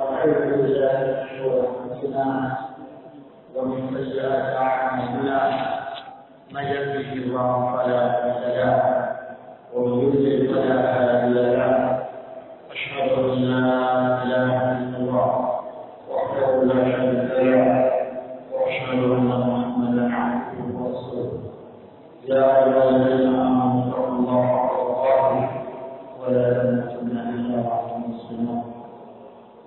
ونعوذ بالله من شرور انفسنا ومن سيئات اعمالنا من يهده الله فلا مضل ومن يضلل فلا هادي له اشهد ان لا اله الا الله وحده لا شريك له واشهد ان محمدا عبده ورسوله يا ايها الذين امنوا اتقوا الله وقواه ولا تموتن الا وانتم مسلمون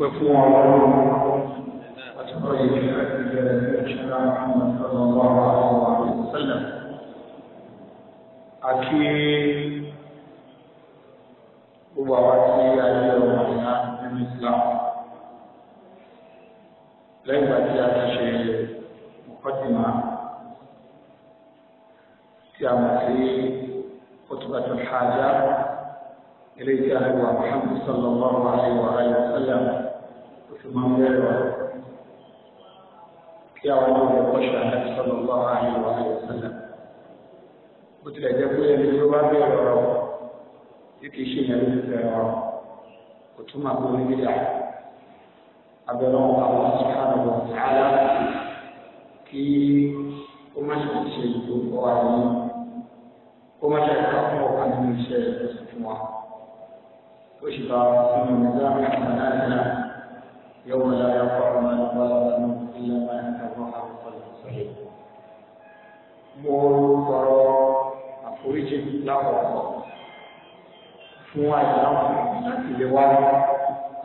perform túmọ̀ àwọn oníbíyà abẹ́rẹ́ wọn àwọn sùkánù wọn tààlà kí ó má ṣe ṣe ìlú ọ̀hà yìí ó má ṣe ká fún ọ̀hà nínú iṣẹ́ ìjọsìn fún wa ó sì bá nínú nígbà mẹ́ta náírà yóò mo tọrọ àforíjì lápapọ̀ fún àìláwọn láti lè wá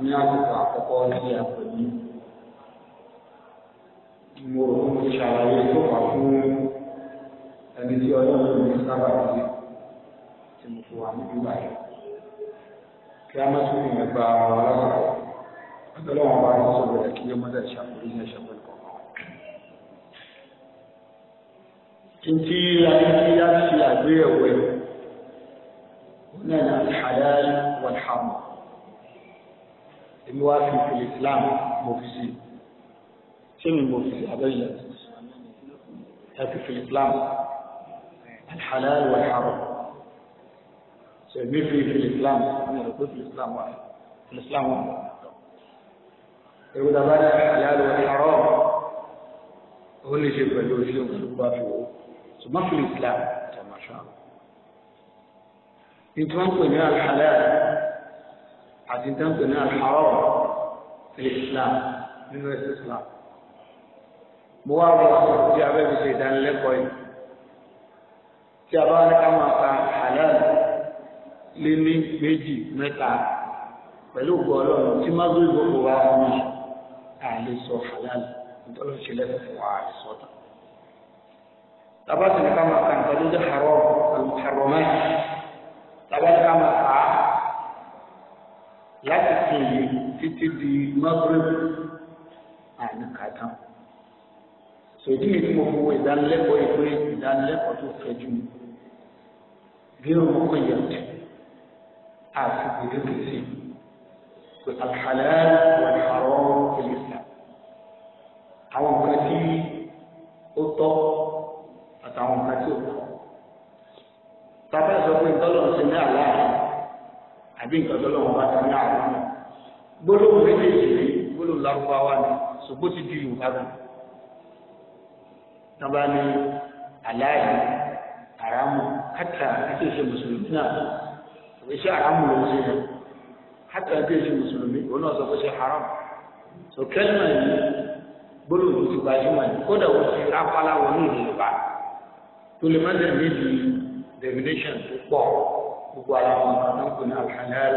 ní àsìkò àkọ́kọ́ sí àpèjì. Mo rò ṣàlàyé tó wà fún ẹni tí ọlọ́run ní sábà sí tí mo fi wà níbi báyìí. Kí a má tún ìyẹn gba ọ̀rọ̀ lọ́sọ̀rọ̀. Ọlọ́run bá yọ sọ̀rọ̀ rẹ̀ kí yóò mọ́tà ìṣàkóso ní ẹ̀ṣẹ̀ pẹ̀lú kọ̀ọ̀kan. Kí n tí a ti fi yá sí àgbéyẹ̀wò ẹ̀. من الحلال والحرام الموافق في الإسلام مفسد شنو المفسد أبين في الإسلام الحلال والحرام شنو في الإسلام في الإسلام واحد الإسلام واحد يقول هذا الحلال والحرام هو اللي يجيب له شنو ما في الإسلام ìtúwọ́pẹ̀ ní الحلال، حتى ìtúwọ́pẹ̀ ní الحرام في الإسلام، nínú ẹ̀sìn islam. mo wá wọ ọ̀sán tí abẹ́ mi حلال ìdánilẹ́kọ̀ọ́ بيجي متى؟ a bá ní ká máa ka halal lé ní méjì mẹ́ta pẹ̀lú tí má gbé gbogbo wa mi à lè sọ halal nítorí ṣe lẹ́sẹ̀ fún wa àìsọ́ta. tábà ní ká máa ka nǹkan tó jẹ́ haram al tàbí ká máa kà á láti fi yìí títí di mọ́gírẹ́bù àní kàtàn. sòdí yìí mo fowó ìdánilẹ́kọ̀ọ́ ìwé ìdánilẹ́kọ̀ọ́ tó fẹ̀jú mi bí o mọ̀ pé yẹtẹ̀ àti ìdíkèsí pé alhalal wà ní àrọ́ ìlísà àwọn nǹkan tí ó tọ́ àtàwọn nǹkan tí ó tọ́. tàbá sọ pé ntọ́lọ́run ṣe ní àlàyé àbí nǹkan tó lọ́wọ́ bá ti ní àlọ́ gbólóhùn méjèèjì ni gbólóhùn lárúbáwá ni ṣùgbọ́n ti di yorùbá gan tàbá ní àlàyé àràmù hàtà àti ìṣe mùsùlùmí náà ìṣe àràmù ló ń ṣe yẹn hàtà àti ìṣe mùsùlùmí òun náà sọ pé ṣe haram kẹ́lìmọ̀ yìí gbólóhùn ti gbajúmọ̀ yìí kódà ti rápálá ìlú examination tó pọ̀ gbogbo àwọn nǹkan tó ń pè ní alhalal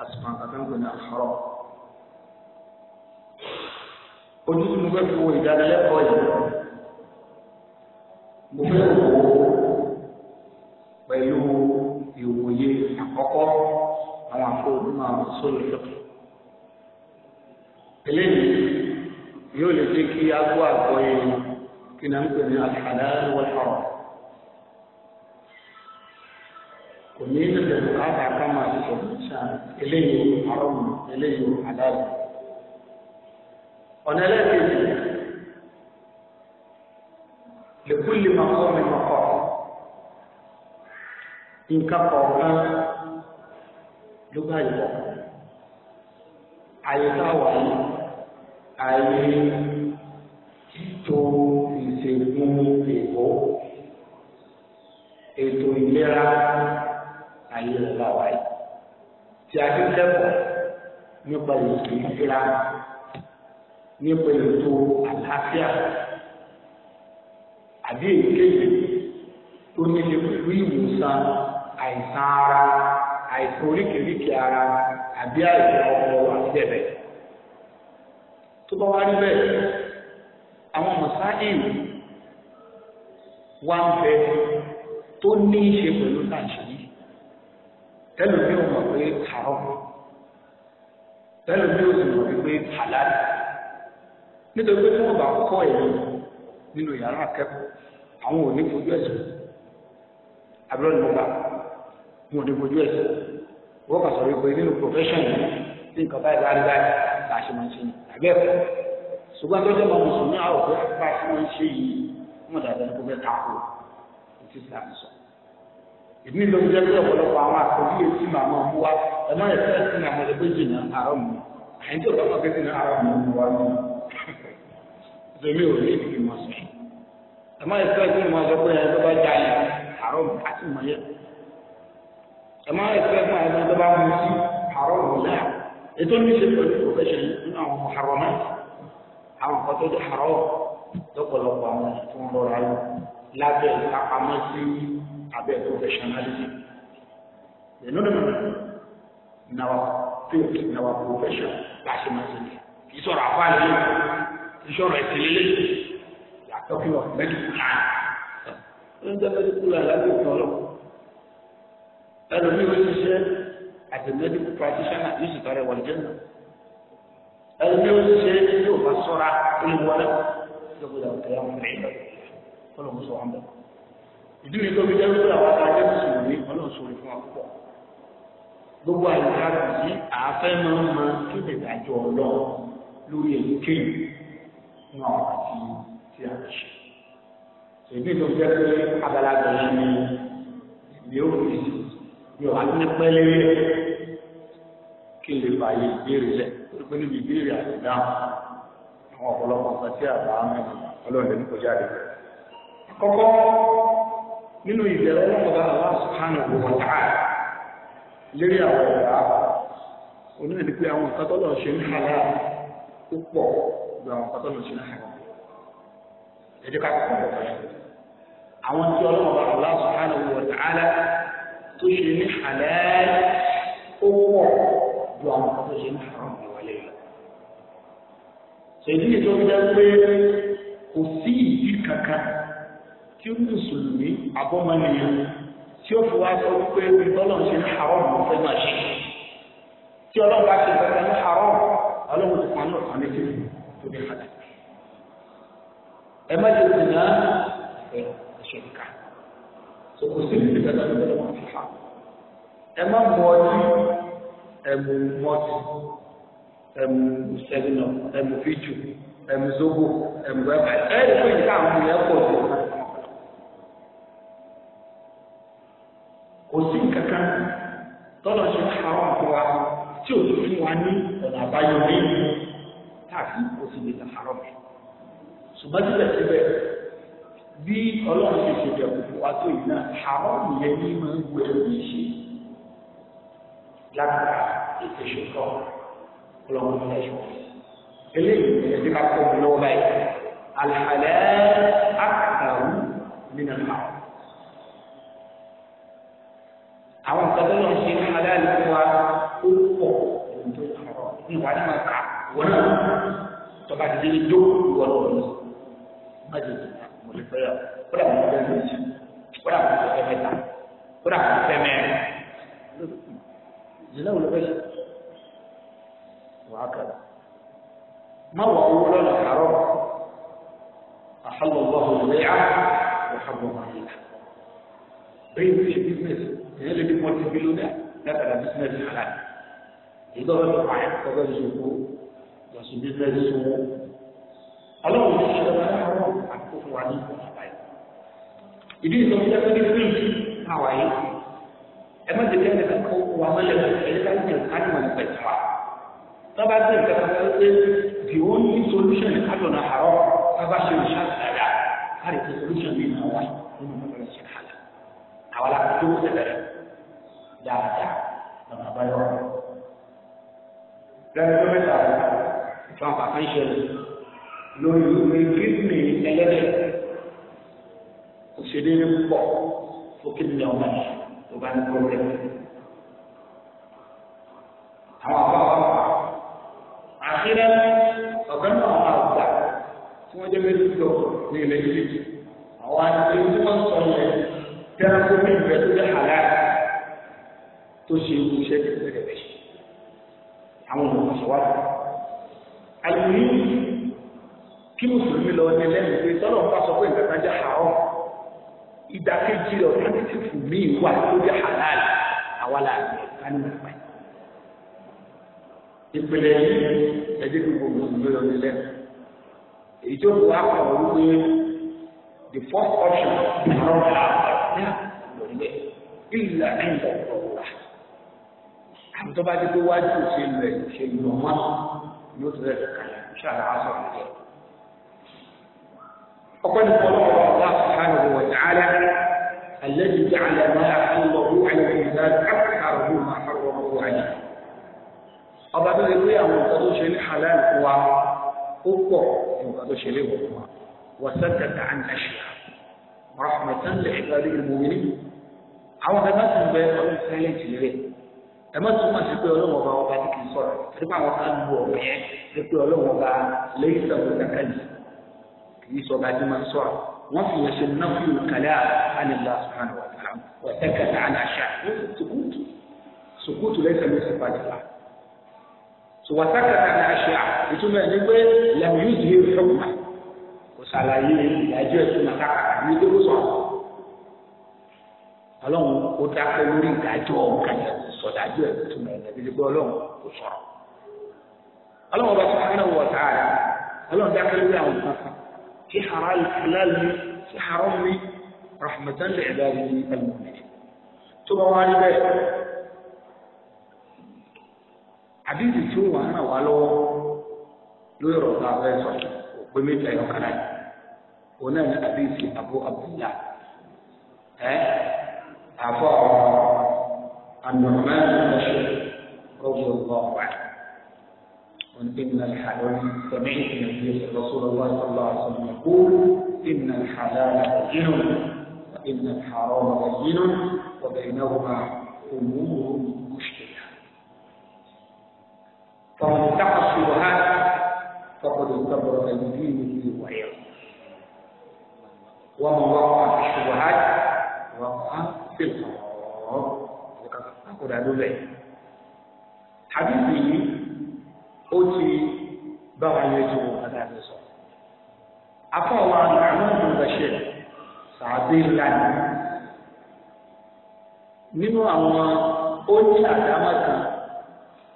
àti nǹkan tó ń pè ní alharam. ojú tí mo fẹ́ fi wo ìdánilẹ́kọ̀ọ́ yìí mo fẹ́ wò ó pẹ̀lú ìwòye àkọ́kọ́ àwọn àfọwọ́dúnmọ́ àwọn sólù fẹ́kù. eléyìí yóò lè jẹ́ kí a gbọ́ àgbọ́yé kí náà ń pè ní alhalal wal haram. bùkátà ká máa sọ eléyìí àrọ́mù eléyìí àdáàbò. ọ̀nà ẹlẹ́ẹ̀kejì lèkúlè màkọ́ mi màkọ́ nǹkan kọ̀ọ̀kan ló bá yọ àyè tá a wà yìí àyè títò ìṣègùn èkó ètò ìlera ayé rẹ̀ náà wáyé tí a ti kẹ́kọ̀ọ́ nípa ètò ìlera nípa ètò àlàáfíà àbí èkéyìí tó ní ṣe pẹ̀lú ìwòsàn àìsàn ara àìsàn oríkèéríkèé ara àbí àìsàn ọpọlọ àti bẹ́ẹ̀ bẹ́ẹ̀ tó bá wá rí bẹ́ẹ̀ àwọn mọ̀sáàdì wá ń bẹ tó ní í ṣe pẹ̀lú náà ṣe tẹ́lẹ̀ mi ò mọ̀ pé haram tẹ́lẹ̀ mi ò sì mọ̀ pé halal nítorí pé tí wọ́n bá kọ́ ẹ̀mí nínú yàrá akẹ́kọ̀ọ́ àwọn ò ní fojú ẹ̀sùn abúlé ni mo gbà wọn ò ní fojú ẹ̀sùn wọ́n kà sọ wípé nínú profession yìí tí nǹkan báyìí bá ń gbà tá a ṣe máa ń ṣe ni àbẹ́ ẹ̀kọ́ ṣùgbọ́n tó jẹ́ máa mùsùlùmí àwọn òfin àpá tí wọ́n ń ṣe yìí wọ́n dàbẹ̀ ní kó fẹ́ ta kó ní ti sàmì sọ ìdí ìlú jẹ́ pé ọ̀pọ̀lọpọ̀ àwọn àkọsílẹ̀ tí màmá mú wa ẹ má yẹ fẹ́ sí àwọn ẹgbẹ́ jìnnà àárọ̀ mi àyìn tó bàbá kẹ́sì ní àárọ̀ mi mú wa ní. ìdèmí ò ní ìdíkì mọ̀ sí. ẹ má yẹ fẹ́ sí ìmọ̀ ọ̀dọ́ pé ẹni tó bá já yẹn àárọ̀ mi àti mọ̀ yẹ. ẹ má yẹ fẹ́ fún ẹni tó bá mú sí àárọ̀ mi lẹ́yà. ètò ní ṣe pẹ̀lú profession nínú àwọn ọmọ àwọn kan tó dé àárọ̀ lọ́pọ̀lọpọ̀ àwọn tó ń lọ abẹ́ professionalism they know the money in our field in our profession láti máa ṣe kì í sọ̀rọ̀ àfáà lélẹ̀ kì í sọ̀rọ̀ ẹ̀sìn lélẹ̀ they are talking of medical line wọ́n ń jẹ́ medical line láti ìtàn lọ ẹlòmíì wọ́n ti ṣe as a medical practitioner yóò sì tọrẹ wọ́n jẹ́ nà ẹlòmíì wọ́n ti ṣe yóò bá sọ́ra olùwọlé yóò gbé dàgbé àwọn ọmọ rẹ̀ lọ́wọ́ kọ́lọ́ mú sọ ìdí mi tó fi jẹ́ wípé àwọn adájọ́ mùsùlùmí ọlọ́run sọ̀rọ̀ fún akpọ̀ gbogbo àyíká yìí àáfẹ́ máa ń mọ kí lè dájọ́ ọlọ́run lórí èyíkéyìí fún àwọn àti tí a ti ṣe èmi tó jẹ́ pé abala gbẹ̀yìn ni èmi ò fi yọ alẹ́pẹ́ lérí kí lè fààyè ìbéèrè lẹ̀ torí pé níbi ìbéèrè àtìdáhùn àwọn ọ̀pọ̀lọpọ̀ kan tí àbá mẹ́rin ọlọ́run lè ní kọjá àdébẹ̀. kọ́kọ́ nínú ìbẹ̀rẹ̀ ọlọ́mọba Allah subhanahu wa ta'ala lérí àwọn ọ̀gá oní ẹni pé àwọn nǹkan tọ́lọ̀ ṣe ń hàlá ó pọ̀ ju àwọn nǹkan tọ́lọ̀ ṣe ń hàlá ẹ̀dí ká kọ́kọ́ bọ̀ fẹ́ àwọn tí ọlọ́mọba Allah subhanahu wa ta'ala tó tí mùsùlùmí abọ́mọnìyàn tí ó fi wá sọ wípé ìtọ́lọ̀ ṣe ní haram ló fẹ́ máa ṣe tí ọlọ́run bá ṣe fẹ́ ní haram ọlọ́run ti pa náà kan létí tó bí hàdà ẹ má lè sìn náà ẹ ṣe nìka so kò sí ní ìgbà tó ń bẹ̀rẹ̀ wọn ẹ má mú ọtí ẹ mú mọ́tì ẹ mú sẹ́gìnà ẹ mú fíjù ẹ mú zobo ẹ mú ẹ̀bà ẹ ẹ lè fún ìdíkà àwọn ọmọ yẹn pọ̀ jù kò sí kankan tọ́lọ̀ ṣe àwọn àbúrò tí ò fún wa ní ọ̀nà àbáyọ lẹ́yìn káàkiri kò sì lè sàárọ̀ mi. ṣùgbọ́n síbẹ̀síbẹ̀ bí ọlọ́run ṣe ṣe bẹ̀rù fún wa tó yìí náà àwọn ìyẹn ní máa ń wẹ ẹ̀rù ìṣe lágbára ètò ìṣòkò ọlọ́run ní ẹ̀ṣọ́. eléyìí ẹ̀sìn ká kọ́ mi lọ́wọ́ báyìí alhalẹ́ akàrú nínú àwọn. àwọn nǹkan tó lọ́n ṣe ní halal wa ó pọ̀ ohun tó kàn ọ́ ní wàá ní máa kà wọ́n náà tọ́ba ti dé ní dó ìwọ lọ́wọ́ ní má jẹ́ ìdìbò mo lè fẹ́ yà ó dà mọ́ fẹ́ méjì ó dà mọ́ fẹ́ mẹ́ta ó dà mọ́ fẹ́ mẹ́rin ìdílé wo ló fẹ́ ṣe wàá kà má wà owó lọ́nà àárọ̀ àhàlọ́ bọ́ ọ̀hún lẹ́yà wàá bọ̀ ọ̀hún lẹ́yà bẹ́ẹ̀ ni business. èyí lè ní mọ́tì kíló náà látara bísíǹnẹ́sì halal ìdọ́rọ̀ ló fà yà kọ́kọ́ ìṣòfò lọ́sí bísíǹnẹ́sì sọ́wọ́ ọlọ́run ní ìṣẹ̀lẹ̀ aláwọ̀ àkókò wa ní àbáyé ìdí ìsọfúnjẹ́ pé ní fíìmù káwa yìí ẹ má tẹ̀lé ẹ̀ka kó wa mọ́lẹ̀ ẹ̀ka ká ní ẹ̀ka ní wọn pẹ̀tẹ́ wa tọ́ba tẹ̀ ẹ̀ka kọ́ pé the only solution kájọ náà àárọ̀ kábà ṣe ìṣàkóso dáadáa ká lè tẹ solution mi náà wá nínú mọ́tò ìṣẹ̀lẹ̀ àlà àwọn alákòókò tẹ̀lé rẹ̀ dáadáa lọ́nà àbáyọ. lẹ́nu tó mẹ́ta ìfọ̀n kàkán ṣẹlẹ̀ lórí ìwé kíndìnì ẹlẹ́dẹ̀ kò ṣe déédé púpọ̀ fún kíndìnì ọmọ ẹ̀ tó bá ní kó rẹ̀. àwọn àbá wa wà àṣírẹ́ ọ̀gá náà wà gbà tí wọ́n jẹ́ mẹ́rin lọ ní ilẹ̀ yìí àwọn àti tí wọ́n sọ yẹn tẹ́lẹ̀ kó ìgbẹ́ tó jẹ́ àlá tó ṣe irú iṣẹ́ tẹ̀lé rẹ̀ àwọn ọmọ ṣèwádìí. àyùrí kí mùsùlùmí lọ ní lẹ́nu pé tọ́lọ̀ ń bá sọ pé nǹkan kan jẹ́ àárọ̀ ìdákejì ọ̀tánítìfù míì wà tó jẹ́ halal àwa là kánú ìpàdé. ìpìlẹ̀ yìí ẹ̀jẹ̀ gbogbo mùsùlùmí lọ ní lẹ́nu. èyí tó kù á wípé the first option àárọ̀ àárọ̀ ní àlọ́ ilẹ̀ ìlà ẹ̀ńdọ̀. àwọn tó bá dé pé wájú ṣe ń lọ ṣe ń lọ mọ́ ni ó ti rẹ̀ kàlẹ́ ṣáà aṣọ àjẹ. ọpẹ́ ní fọlọ́ Allah subhanahu wa ta'ala alladhi ja'ala ma àtúnwọ̀wò àyẹ̀wò àkàrọ̀wò máa àrọ̀wọ̀ àyẹ̀. ọba tó lè pé àwọn nǹkan tó ṣe ní halal fún wa ó pọ̀ nǹkan tó ṣe léwọ̀ fún wa wàsàkàtà àn àṣìyà rahmatan lè ṣe àwọn kan bá ti bẹ ọdún sẹ́yìn tìlẹ̀ ẹ má túmọ̀ sí pé ọlọ́wọ́ ọba ọba tí kì í sọ̀rọ̀ torí pé àwọn kan lu ọ̀rọ̀ yẹn ṣe pé ọlọ́wọ́ ọba lẹ́yìn sọ̀rọ̀ kankan yìí kì í sọ̀rọ̀ àti máa ń sọ̀rọ̀ wọ́n fi yẹn ṣe náfù kàlẹ́ àlẹ́lá sùhánù wọ̀tẹ́kẹ̀tà àlàṣà sùkúùtù sùkúùtù lẹ́yìn sọ̀rọ̀ sí padà sùwàtàkẹ̀tà àlàṣà ìtumọ̀ ẹni pé lẹ́mìí ọlọ́run ó dákẹ́ lórí ìdájọ́ ọ̀kan yẹn ọ̀dájú ẹ̀ tó mọ̀ ẹ̀ ẹ̀dẹ́gbẹ́ ọlọ́run kò sọ̀rọ̀ ọlọ́run ọba subhanahu wa ta'ala ọlọ́run dákẹ́ lórí àwọn kankan kí halal halal mi kí haram mi rahmatan lè ẹ̀dáàbí ní ẹlòmíràn tó bá wá níbẹ̀ àdìsí tí ó wà ń ràn wá lọ́wọ́ lórí ọ̀rọ̀ tá a fẹ́ sọ òpin méjì ayọ̀kan náà òun náà ní àdìsí Abu Abdullah ẹ̀ àfọ̀ ọ̀rọ̀. النعمان بن بشير رضي الله عنه إن الحلال سمعت النبي رسول الله صلى الله عليه وسلم يقول إن الحلال بين وإن الحرام بين وبينهما أمور مشكلة فمن اتقى الشبهات فقد انتظر في وعيه ومن وقع في الشبهات وقع في الحرام kó dàdó bẹ́ẹ̀. Àbísí yìí ó ti bá wa yẹ ju ọ̀gá mi sọ. Afọ wa àwọn ọmọ ìbẹ̀ṣẹ̀ sàbí ńlá ni. Nínú àwọn ó ní àdámọ̀ kan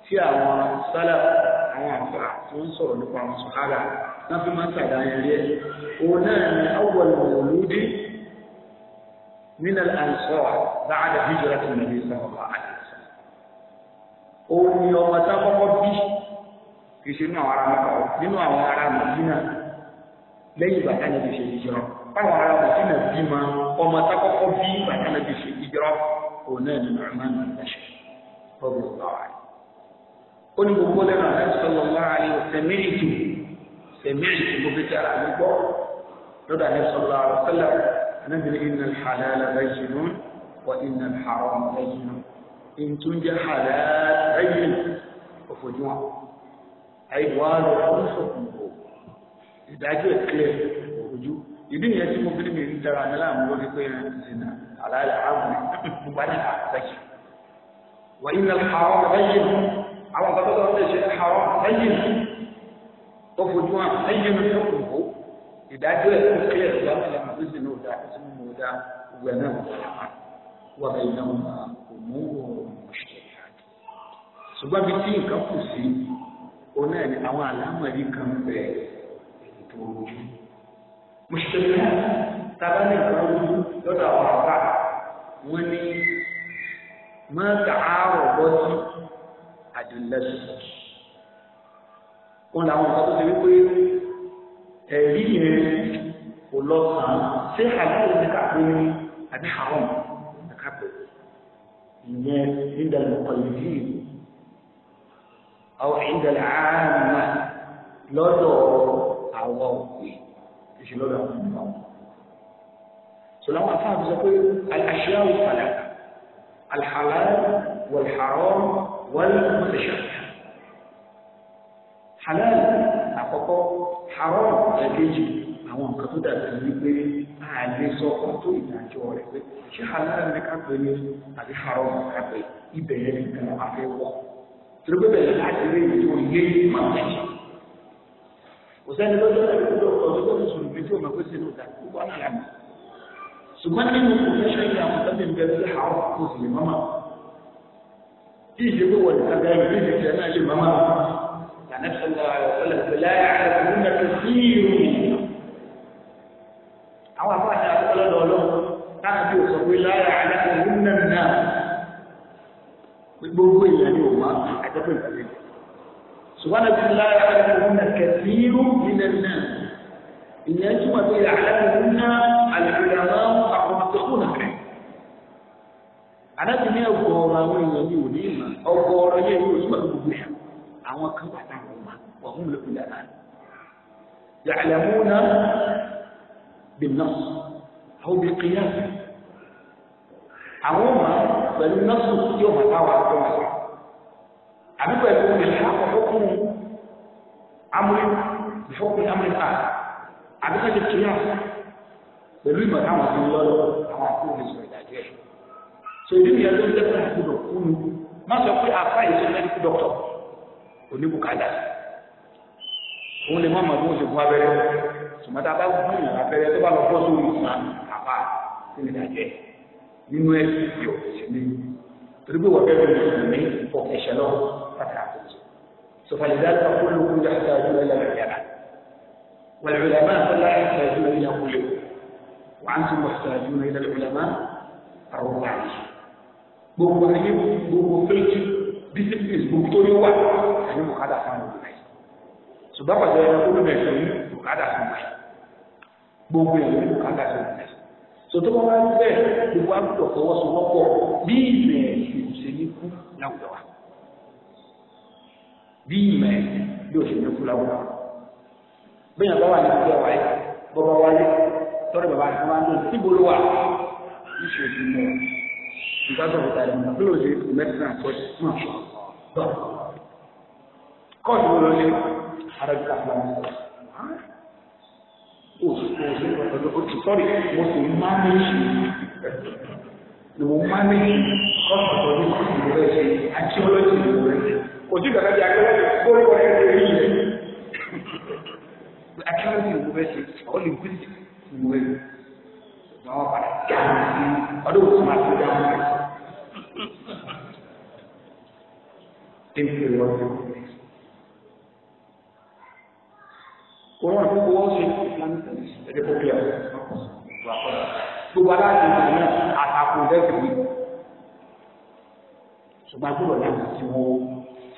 tí àwọn sálà àwọn àfà tó ń sọ̀rọ̀ nípa àwọn sọ̀hárà náà fi máa ń sàdáyẹ̀ rí ẹ̀. Òun náà ni awwal mawludi من الأنصار بعد هجرة النبي صلى الله عليه وسلم òun ni ọmọ tá kọ́kọ́ bí kì í ṣe nínú àwọn ará mọ́kànlá nínú àwọn ará mọ̀dínà lẹ́yìn ìgbà tá níbi ṣe ìjọ báwọn ará mọ̀dínà bí ma ọmọ tá kọ́kọ́ bí ìgbà tá níbi ṣe ìjọ òun náà ni màmá mi lẹ́sẹ̀ lọ́dún ọ̀gá wa ó ní gbogbo lẹ́nu àlẹ́ sọ́lọ́ láàrin sẹ́mìrìtì sẹ́mìrìtì gbogbo tí ara mi gbọ́ lọ́dọ̀ àlẹ́ sọ́lọ́ àrùn sẹ́lẹ̀ àná in tun ẹ̀yìn òfòjúwọ̀n àìwá rẹ̀ ń sọ̀kùn bò ìdájọ́ ìkílẹ̀ òfojú ìdí nìyẹn ya mo fi mi ń dára mi láàmú lórí zina àlàyé àbùnà ṣùgbọ́n bí tí nǹkan kù sí òun náà ni àwọn àlámọ̀rí kan bẹ èyí tó rújú. mùsùlùmí tábà ní nǹkan rújú lọ́dọ̀ àwọn àbá wọn ní máa ta àárọ̀ bọ́ sí àdìlẹ́sùn. òun làwọn nǹkan tó ṣe wípé ẹ̀rí yẹn kò lọ sàn ṣé àlàyé ní kápẹ́ ní àbí àwọn ní kápẹ́ ìyẹn nígbà lọ́kọ̀ yìí àwọn ìdàlẹ̀ àmà lọ́dọ̀ àwọn òkè ìṣe lọ́dọ̀ àwọn ìmọ̀ sọlá wọn fún àbúzọ pé aláṣẹ àwọn fàlà alhalal walharam walmutashabih halal àkọ́kọ́ haram ẹ̀kejì àwọn nǹkan tó dàbí wípé àlè sọ ọtọ ìdájọ́ rẹ̀ pé ṣé halal ní ká pè ní àbí haram ká pè ibẹ̀ yẹn nìkan àfẹ́wọ́. tìrìbùbẹ̀ láti rí ìtò ilé máa ń ṣe. kò sẹ́ni lọ́jọ́ àdúgbò ọ̀rọ̀ tó ń sùn bí tí o máa pèsè sínú ìta gbogbo àná rà mí. ṣùgbọ́n nínú profession yìí àwọn sábẹ̀ ń bẹ sí àwọn kò sì lè mọ́mọ́. tí ìṣe pé wọ́n ti sábẹ́ rẹ̀ bí ìṣe náà lè mọ́mọ́. lànà sọ̀rọ̀ ọ̀lẹ̀ pẹ̀lẹ́ àrùn náà sí ìrù. àwọn àbá àti àtọ́lọ́ lọ́lọ́ láti sọ pé láyà àlẹ́ gbogbo ìyẹn ni ò máa àjẹpẹ́ ìgbàlejò ṣùgbọ́n àti láyé àlẹ́kùnrin náà kẹsìrú nílẹ̀ náà ìyẹn túmọ̀ sí àlẹ́kùnrin náà àlẹ́kùnrin àkọ́mọtẹ́kùn náà rẹ̀ àdájọ́ ní ọgọ́rọ̀ àwọn èèyàn ní òní ìmọ̀ ọgọ́rọ̀ yẹn ní òní ìmọ̀ gbogbo ẹ̀ àwọn kan wà táwọn ọmọ ọ̀hún lókun dára yàlẹ́múnà bìnnà àwọn obìnrin yàtọ̀ àwọn ọmọ pẹ̀lú nọ́ọ̀sù tí àbí pẹ̀lú ìlànà ọkùn amúlé ìfọ́kùn amúlé pa àbí ká ṣe kíyàn pẹ̀lú ìmọ̀ táwọn ti lọ́dọ̀ àwọn àkókò ìṣòro ìdájọ́ ẹ̀. sọ ìdí nìyẹn ló ń dẹ́kun àkúdọ̀ kúnu má sọ pé apá ìṣe mẹ́díkù dọ́kítọ̀ oníbùkádà òun lè má mọ̀ bí wọ́n ṣe fún abẹ́rẹ́ sọmọdé abá gbọ́n abẹ́rẹ́ tó bá lọ fọ́ sórí ìsàn àbá ìṣòro ìdájọ́ ẹ̀ nínú ẹ̀ yọ̀ sí ni torí pé wọ́n fẹ́ فتعبد فلذلك كلكم يحتاجون الى العلماء والعلماء فلا يحتاجون الى كلكم وانتم محتاجون الى العلماء الربانيين gbogbo ayé gbogbo fèjì disciplines gbogbo tó ní wà ẹni bùkádà fún àwọn olùmọ̀ yìí ṣùgbọ́n pàṣẹ ẹni olùmọ̀ ẹ̀sọ́ yìí bùkádà fún ọmọ yìí gbogbo ẹ̀yìn ní bùkádà fún ọmọ yìí sọtọ́ wọn bá ń bẹ́ẹ̀ gbogbo àgùdọ̀ fọwọ́sowọ́pọ̀ bí ìmọ̀ ẹ̀sìn òṣèlú kú láwùjọ wa bí ìmọ̀ ẹ̀ yóò ṣe ní kúláwọ́ bẹ́ẹ̀ bá wà ní ìgbẹ́ wáyé bọ́bá wáyé tọ́rọ bàbá àti wọn náà síbo ló wà níṣẹ́ ti mọ̀ nígbà tó kọta ìmọ̀ tó lò ṣe mẹ́tìrì àkọ́ṣe fún àṣọ bọ́ kọ́ọ̀tù wo ló lé arábíkà fún àwọn ọ̀rọ̀ òtù sọ́rí mo sì máa ní ìṣù mo máa ní kọ́ọ̀tù ọ̀dọ́ ní kọ́ọ̀tù rẹ̀ ṣe àti ọlọ́ọ̀tì rẹ̀ òtí kàkà bí akẹ́lẹ́ gbórí wọn ẹ̀ rí yẹ. akẹ́lẹ́ mi ò bẹ́ẹ̀ ṣe ọ̀ lè gbé ìwé rẹ̀ náà wà padà dáhùn sí ọdún òtún máa ti dáhùn rẹ̀. Tẹ́lifíwọ́n ti wọ́n ti. Kòrán àti kòwọ́ ṣe Islamic studies ẹ̀dẹ́ kó kílẹ̀ gbogbo aláàbò ìlú náà àtàkùn dẹ́sẹ̀ Ṣùgbọ́n a gbọ́dọ̀ ní wọ́n.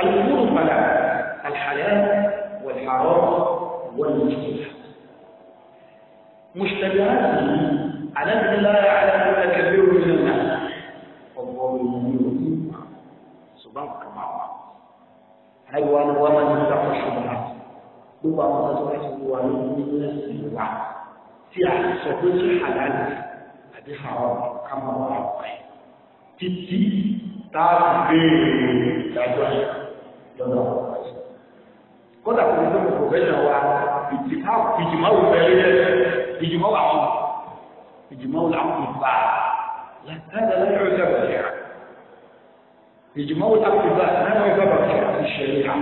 الأمور ثلاثة الحلال والحرام والمشتبهات مشتبهات على أن لا يعلم ولا كثير من الناس والظالمون سبحانك الله أيوة ومن الله الشبهات gbogbo àwọn ọ̀sán tó wá ti wà ní nínú ẹ̀sìn wa tí a sọ pé ṣe halali àti haram lọ́dọ̀ àwọn ọ̀rọ̀ yìí. kódà kò ní tó kò fẹ́sẹ̀ wa ìjùmọ̀ wò pẹ̀lú yẹ ìjùmọ̀ wò àwọn ìjùmọ̀ wò làwọn kò fà látàdà lẹ́yìn ọ̀sẹ̀ bẹ̀rẹ̀ ìjùmọ̀ wò làwọn kò fà lẹ́yìn ọ̀sẹ̀ bẹ̀rẹ̀ ìṣẹ̀lẹ̀ yà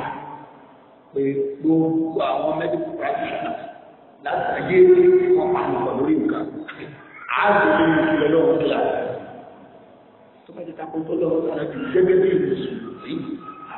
pé gbogbo àwọn mẹ́tíkù pàṣẹ látàgé wọn pa àwọn ọ̀pọ̀ lórí nǹkan àádọ́ ní ìpìlẹ̀ lọ́wọ́ tó yà tó bá ti ta kó tó lọ́wọ́ tó yà gẹ́gẹ́ bí ìrìnsù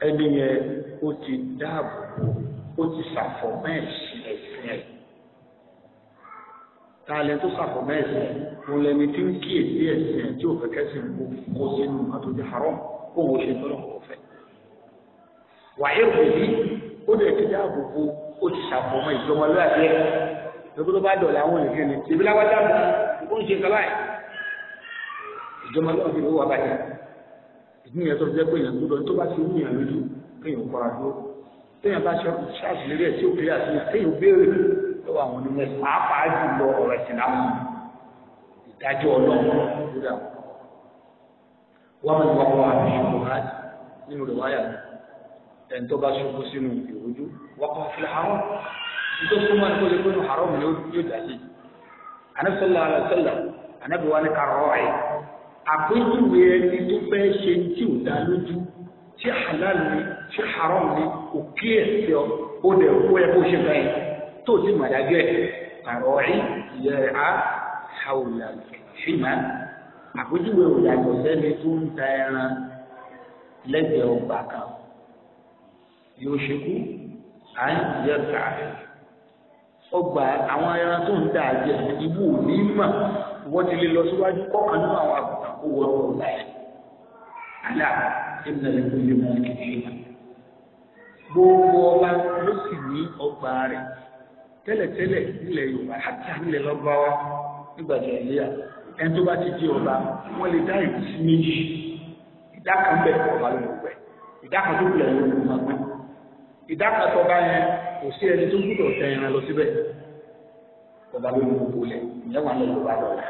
ẹni yẹn ó ti dáàbò ó ti ṣàfọ̀mọ́ ẹ̀sìn ẹ̀sìn ẹ̀ taalẹ tó ṣàfọ̀mọ́ ẹ̀sìn ẹ̀ wọn lẹni tí ń kíyèsí ẹ̀sìn ẹ̀ tí ò fẹ́ kẹ́sìn kó kó sínú àtúndì àárọ̀ kó wọ́n ṣe tọ́lọ̀ kó fẹ́ wàyé wòlí ó lè ti dáàbò bo ó ti ṣàfọ̀mọ́ ìjọmọlúwàbí ẹ̀ lọ́gbọ́n tó bá dọ̀lẹ́ àwọn ènìyàn ni ìbílẹ̀ wájú àbúrò ó ń ṣe kálá ẹ̀ ìjọmọlúwàbí ló wà báyìí ìdíyẹn tó jẹ́ pé èèyàn gbọ́dọ̀ tó bá ti ń yàn lójú kéèyàn kọ́ra dúró téèyàn bá ṣe ṣáàbù lérí ẹ̀ tí ó kéré àti kéèyàn béèrè lọ́wọ́ àwọn onímọ̀ ẹ̀sìn pàápàá jùlọ ọ̀rọ̀ ẹ̀sìn láwọn ìdájọ́ ọlọ́run lórí àwọn wọ́n mú wọn wá àbí ṣubú hàn nínú rẹ̀ wáyà ẹni tó bá ṣubú sínú ìrújú wọ́n kọ́ fi hàn nítorí tó máa ń kọ́lé pé nù haram ni yóò dà sí. àná sọ́lá àlọ́ sọ́lá àná bí wọ́n ní karọ́ọ̀ àpéjúwe ẹni tó fẹ́ ṣe tí ò dá lójú tí halal ni tí haram ni kò kí ẹ̀sẹ̀ ọ ó dẹ̀ kó ẹ bó ṣe báyìí tó ti màdájọ́ ẹ̀ tààrọ̀ rí ìyẹ̀rẹ̀ á hàwùlà fìmà àpéjúwe ò yàtọ̀ sẹ́ni tó ń ta ẹran lẹ́gbẹ̀ẹ́ ọgbà kan yóò ṣe kú à ń yẹ kàrẹ́ ọgbà àwọn ẹran tó ń ta àjẹ ìbú ò ní mà wọ́n ti lè lọ síwájú kọ́kànlélọ́wọ́ àwọn àbọ̀. هو مولاي ألا إن لكل ملك حين gbogbo ọba ló sì ní ọgbà rẹ̀ tẹ́lẹ̀tẹ́lẹ̀ nílẹ̀ Yorùbá àti nílẹ̀ lọgbàwá nígbà tí ẹ léyà ẹni tó bá ti di ọba wọn lè dá ìlú sí méjì ìdá kan bẹ ọba ló gbẹ ìdá kan tó kulẹ̀ ló ló máa gbẹ ìdá kan tó bá yẹn kò sí ẹni tó gbúdọ̀ tẹ ẹran lọ síbẹ̀ ọba ló ló gbó lẹ ìyẹn wà lọ lọba lọla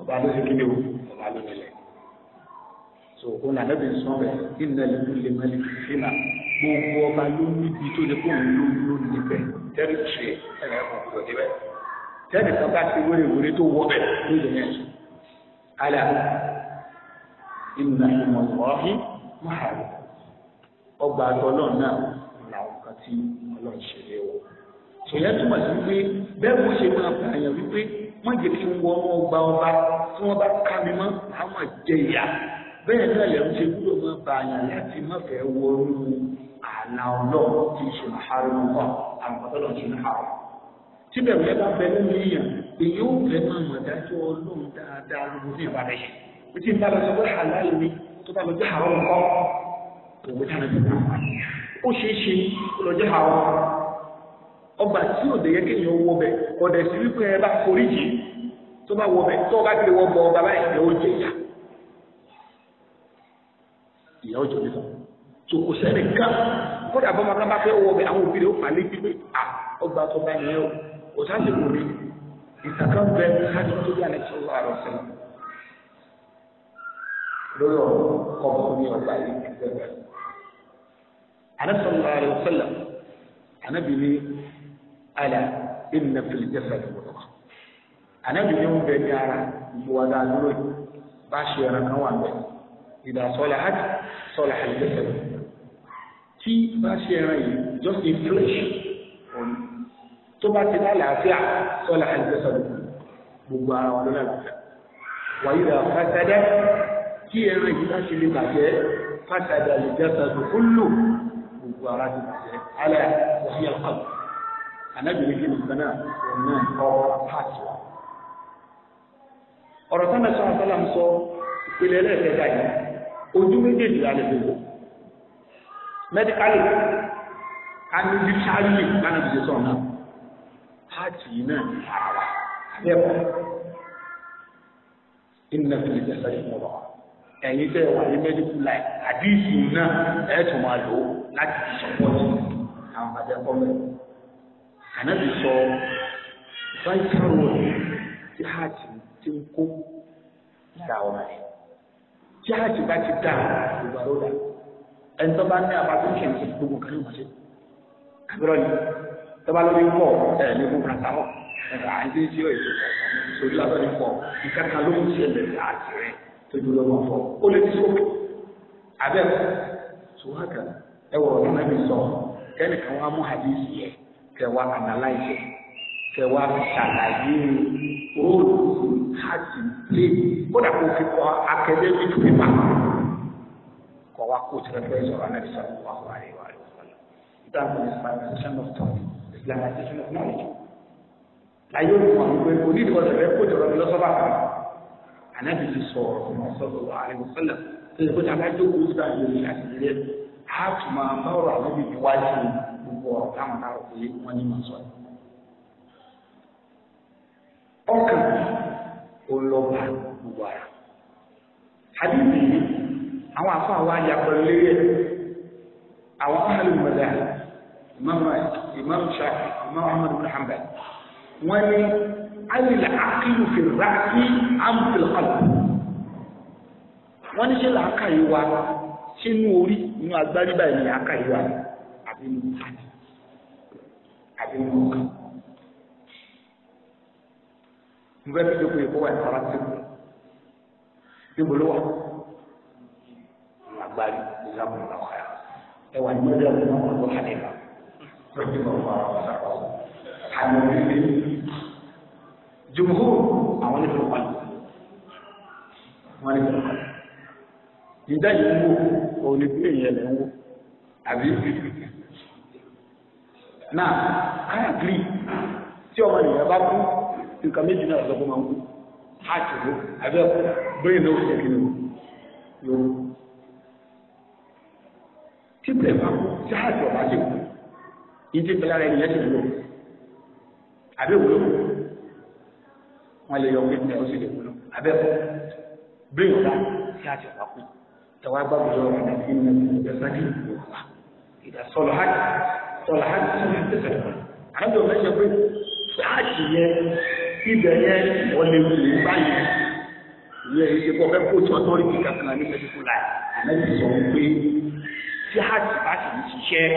ọba ló ti kí ni o ta ló nílẹ̀ so òun là lẹ́bi sọ bẹ́ẹ̀ kí n lẹ́nu tó lè mẹ́lẹ̀ fi mà gbogbo ọba ló níbi tó lè kó òun ló ló níbẹ̀ tẹ́rì tì ẹ̀ ẹ̀ kò gbọdọ̀ níbẹ̀ tẹ́rì kan bá ti wéré wéré tó wọ́ bẹ̀ ló lè yẹn sùn alẹ́ ìnà ìmọ̀ ọ̀hún máa ọgbà àtọ́lọ́ọ̀ náà làwọn kan tí ọlọ́ọ̀ ṣe lé wọ̀ sòyẹ́ túmọ̀ sí pé bẹ́ẹ̀ mo ṣe máa bàyàn wípé wọ́n jẹ́ kí n wọ ọmọ ọgbà ọba tí wọ́n bá ká mi mọ́ àwọn jẹ ìyá bẹ́ẹ̀ náà lẹ́nu ṣe gbúdọ̀ máa bá àyàn láti má fẹ́ wọnú àlà ọlọ́run tí ṣe àárọ̀ náà àgbàdọ́lọ́ ṣe àárọ̀. síbẹ̀ wọ́n bá bẹ nínú èèyàn èyí ó fẹ́ máa mọ̀ dájú ọlọ́run dáadáa lóko ní ìbàdàn yẹn ó ti ń bá lọ pé àlàyé mi tó bá lọ jẹ́ àárọ̀ nǹkan òwe tá ó ṣeé ṣe ó lọ jẹ́ àárọ̀ ọgbà tí òde kọ̀dẹ̀ sí wípé ẹ bá forí yìí tó bá wọ bẹ̀ tó bá ti wọ bọ̀ bàbá ìyá ó jẹ ìyá ìyá ó jọ nípa tó kò sẹ́ni ká kọ́dà bọ́ máa bá fẹ́ wọ bẹ̀ àwọn òbí rẹ̀ ó fà létí pé à ọgbà tó bá yẹ o kò sáàsì kò rí ìsàkà bẹ sáàsì tó bí alẹ́ sọ́wọ́ àrọ̀ sẹ́yìn lórí ọ̀rọ̀ kọ̀ọ̀kan ní ọgbà yìí ẹgbẹ́ alẹ́ sọ́wọ́ àrọ̀ sẹ́yìn inna fil jasad mudghah anabi ni wọn bẹ ní ara ìmúwadà dúró yìí bá ṣe ẹran kan wà bẹ ìdá salahat salaha al-jasad tí bá ṣe ẹran yìí just inflation òní tó bá ti lálàáfíà salaha al-jasad gbogbo ara wọn ló wa idha fasada tí ẹran yìí bá ṣe lè bàjẹ́ fasada al-jasad kullu gbogbo ara ti bàjẹ́ alẹ́ wọ́n yà kọ́ anábìrin kí nìkan náà òun náà ọ̀rọ̀ pàtó wa. ọ̀rọ̀ sọ́nà sọ́nà sọ́nà ń sọ ìpele ẹlẹ́ẹ̀kẹta yìí ojú méjèèjì la lè fi wò mẹ́díkálì káníbi sáyé káníbi sọ̀nà pàtó yìí náà ní ara wa abẹ́ẹ̀kọ́ inna fi lè tẹ̀sán ìmọ̀ràn ẹ̀yin tẹ́ wà ní mẹ́díkù láì àdìsí náà ẹ̀ tún máa lò láti sọ̀pọ̀ àwọn àjẹkọ́ mẹ́rin ànábì sọ vital role tí hajj ti ń kó dá ọmọ rẹ tí hajj bá ti dá ìgbà ló dá ẹni tó bá ní abájú kìí ṣe gbogbo kan ní ìmọ̀ṣẹ́ àbúrò yìí tó bá lórí pọ̀ ẹ̀ ní gbogbo kan sáwọ̀ ẹ̀ka àìsí tí ó èso sórí lásán pọ̀ nǹkan kan ló ń ṣẹlẹ̀ láti rẹ̀ tó dúró wọn fọ ó lè ti sókè abẹ́ sùwákà ẹ̀wọ̀ ọ̀nà mi sọ kẹ́nìkan wá mú hadith yẹn kẹwàá analyze kẹwàá ṣàlàyé róòlù hajj lé kódà kó fi kọ academic paper kọ wá kó tí wọn fẹẹ sọ̀rọ̀ anabi sọ̀rọ̀ wà wà rẹ wà rẹ wọlé ìgbà wọn ní islamization of thought islamization of knowledge láyé olùkọ́ àwọn ọmọ ẹgbẹ́ onídìbọ̀sẹ̀ rẹ kó jọrọ lọ́sọ́bà kan anabi ti sọ̀rọ̀ sọ̀rọ̀ wà rẹ wọlé tó yẹ kó ní alájọ kó sáà yẹ ní àtìlẹ́yẹ a tún máa bá ọ̀rọ̀ àwọn ibi wájú gbogbo ọ̀rọ̀ táwọn ará pé wọ́n ní màá sọ ẹ̀. ọkàn ò lọ bá yìí àwọn afọ àwọn àwọn imam shafi imam ahmed bin hanbal wọ́n ní alìlà àkìlù fi ràkì àmfìlkọlù wọ́n ní ṣe làákàyè wa sínú orí inú agbárí báyìí ní àkàyè wa ni. àti àti mú. mo fẹ́ fi dókòwò ìkó wà ìtara sí mi níbo ló wà agbárí ìsàmù ìlànà ẹ wà ní ọjọ́ ìlú náà ló hàn nípa lọ́jọ́ ìlú ọ̀fọ̀ àwọn ọ̀sán ọ̀sán àmì òbí jùmùhù àwọn onífẹ́ pàlù wọn ní bẹ̀rẹ̀ pàlù ìdá yìí ń wò òun ní bí èèyàn lẹ́ ń wò àbí náà agree tí ọmọ nìyẹn bá kú nǹkan méjì náà lọ́gbọ́n máa ń kú àtìwó abẹ́ bẹ́ẹ̀ náà ṣe kí ni yóò tí bẹ̀rẹ̀ bá kú tí àti ọba lè kú yìí ti pẹ̀lẹ́ ara ènìyàn ti wúlò abẹ́ lè yọ pé ó sì lè bẹ́ẹ̀ tí ọba kú gbàgbọ́ lọ́wọ́ ọ̀là àjọ mẹ́jọ pé fúláàṣì yẹn ibẹ̀ yẹn wọ́n lè wù ú báyìí ìwé ẹ̀yìn ṣe kọ́ fẹ́ kó tí ọtọ́ rí kí kankan ní pẹ̀lú láì àmẹ́jì sọ pé fúláàṣì bá sì ń ṣiṣẹ́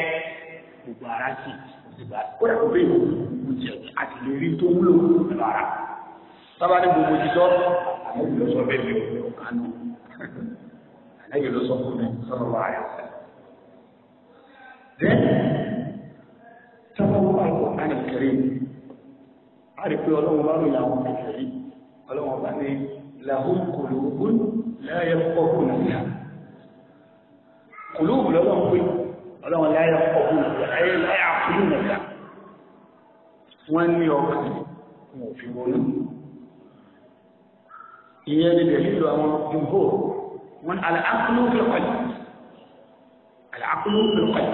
gbogbo ara sì gbogbo ara kó dàgbé gbogbo jẹ àti lè rí tó wúlò pẹ̀lú ara sábà ní gbogbo jíjọ́ àmẹ́jì lọ bẹ́ẹ̀ mi ò kánú àmẹ́jì lọ fún mi sọ́nà wàhálà sábàwọ́ àìkò àìkèrè a rí pé ọlọ́run bá ròyìn àwọn kèfèrí ọlọ́run bá ní làhùn kòlóògùn láyé pọ̀kùn nìyà kòlóògùn lọ́lọ́run pé ọlọ́run láyé pọ̀kùn nìyà ayé láyé àkúrú nìyà wọ́n ní ọkàn wọn ò fi wọnú ìyẹn ni dẹ̀lílù àwọn ìhó wọn àlàákúlù fìlọ̀kọ̀lì àlàákúlù fìlọ̀kọ̀lì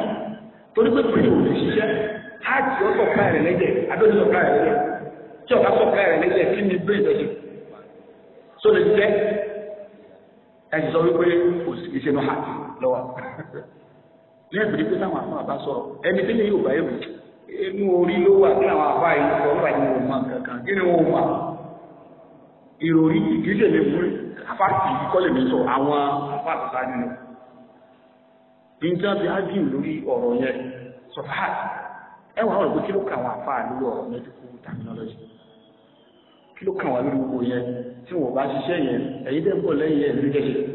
torí pé pèlè òfin ṣiṣẹ́ áàtì ó sọ̀pá rẹ̀ lẹ́jẹ̀ abẹ́ni sọ̀pá rẹ̀ lẹ́jẹ̀ tí ọ̀ká sọ̀pá rẹ̀ lẹ́jẹ̀ kí ni brain lọ so lè jẹ́ ẹ̀sìn sọ wípé kò sí iṣẹ́ náà ní ìbìrì pé táwọn àfọ àbá sọ̀rọ̀ ẹni tí ní yóò bá yẹ̀wò inú orí ló wà kí àwọn àfọ àyè sọ nípa ìwọ̀n mọ̀ kankan kí ni wọ́n mọ̀ ìròrí ìgbésẹ̀ lè mú afáàtì mi sọ àwọn lórí ọ̀rọ̀ yẹn ẹ wà wọn rò pé kí ló kà wọn àfa lórí ọ̀rọ̀ medical terminology kí ló kà wọn lórí gbogbo yẹn tí wọn bá ṣiṣẹ́ yẹn ẹ̀yin dẹ́ bọ̀ lẹ́yìn ẹ̀ lórí ẹ̀ṣẹ̀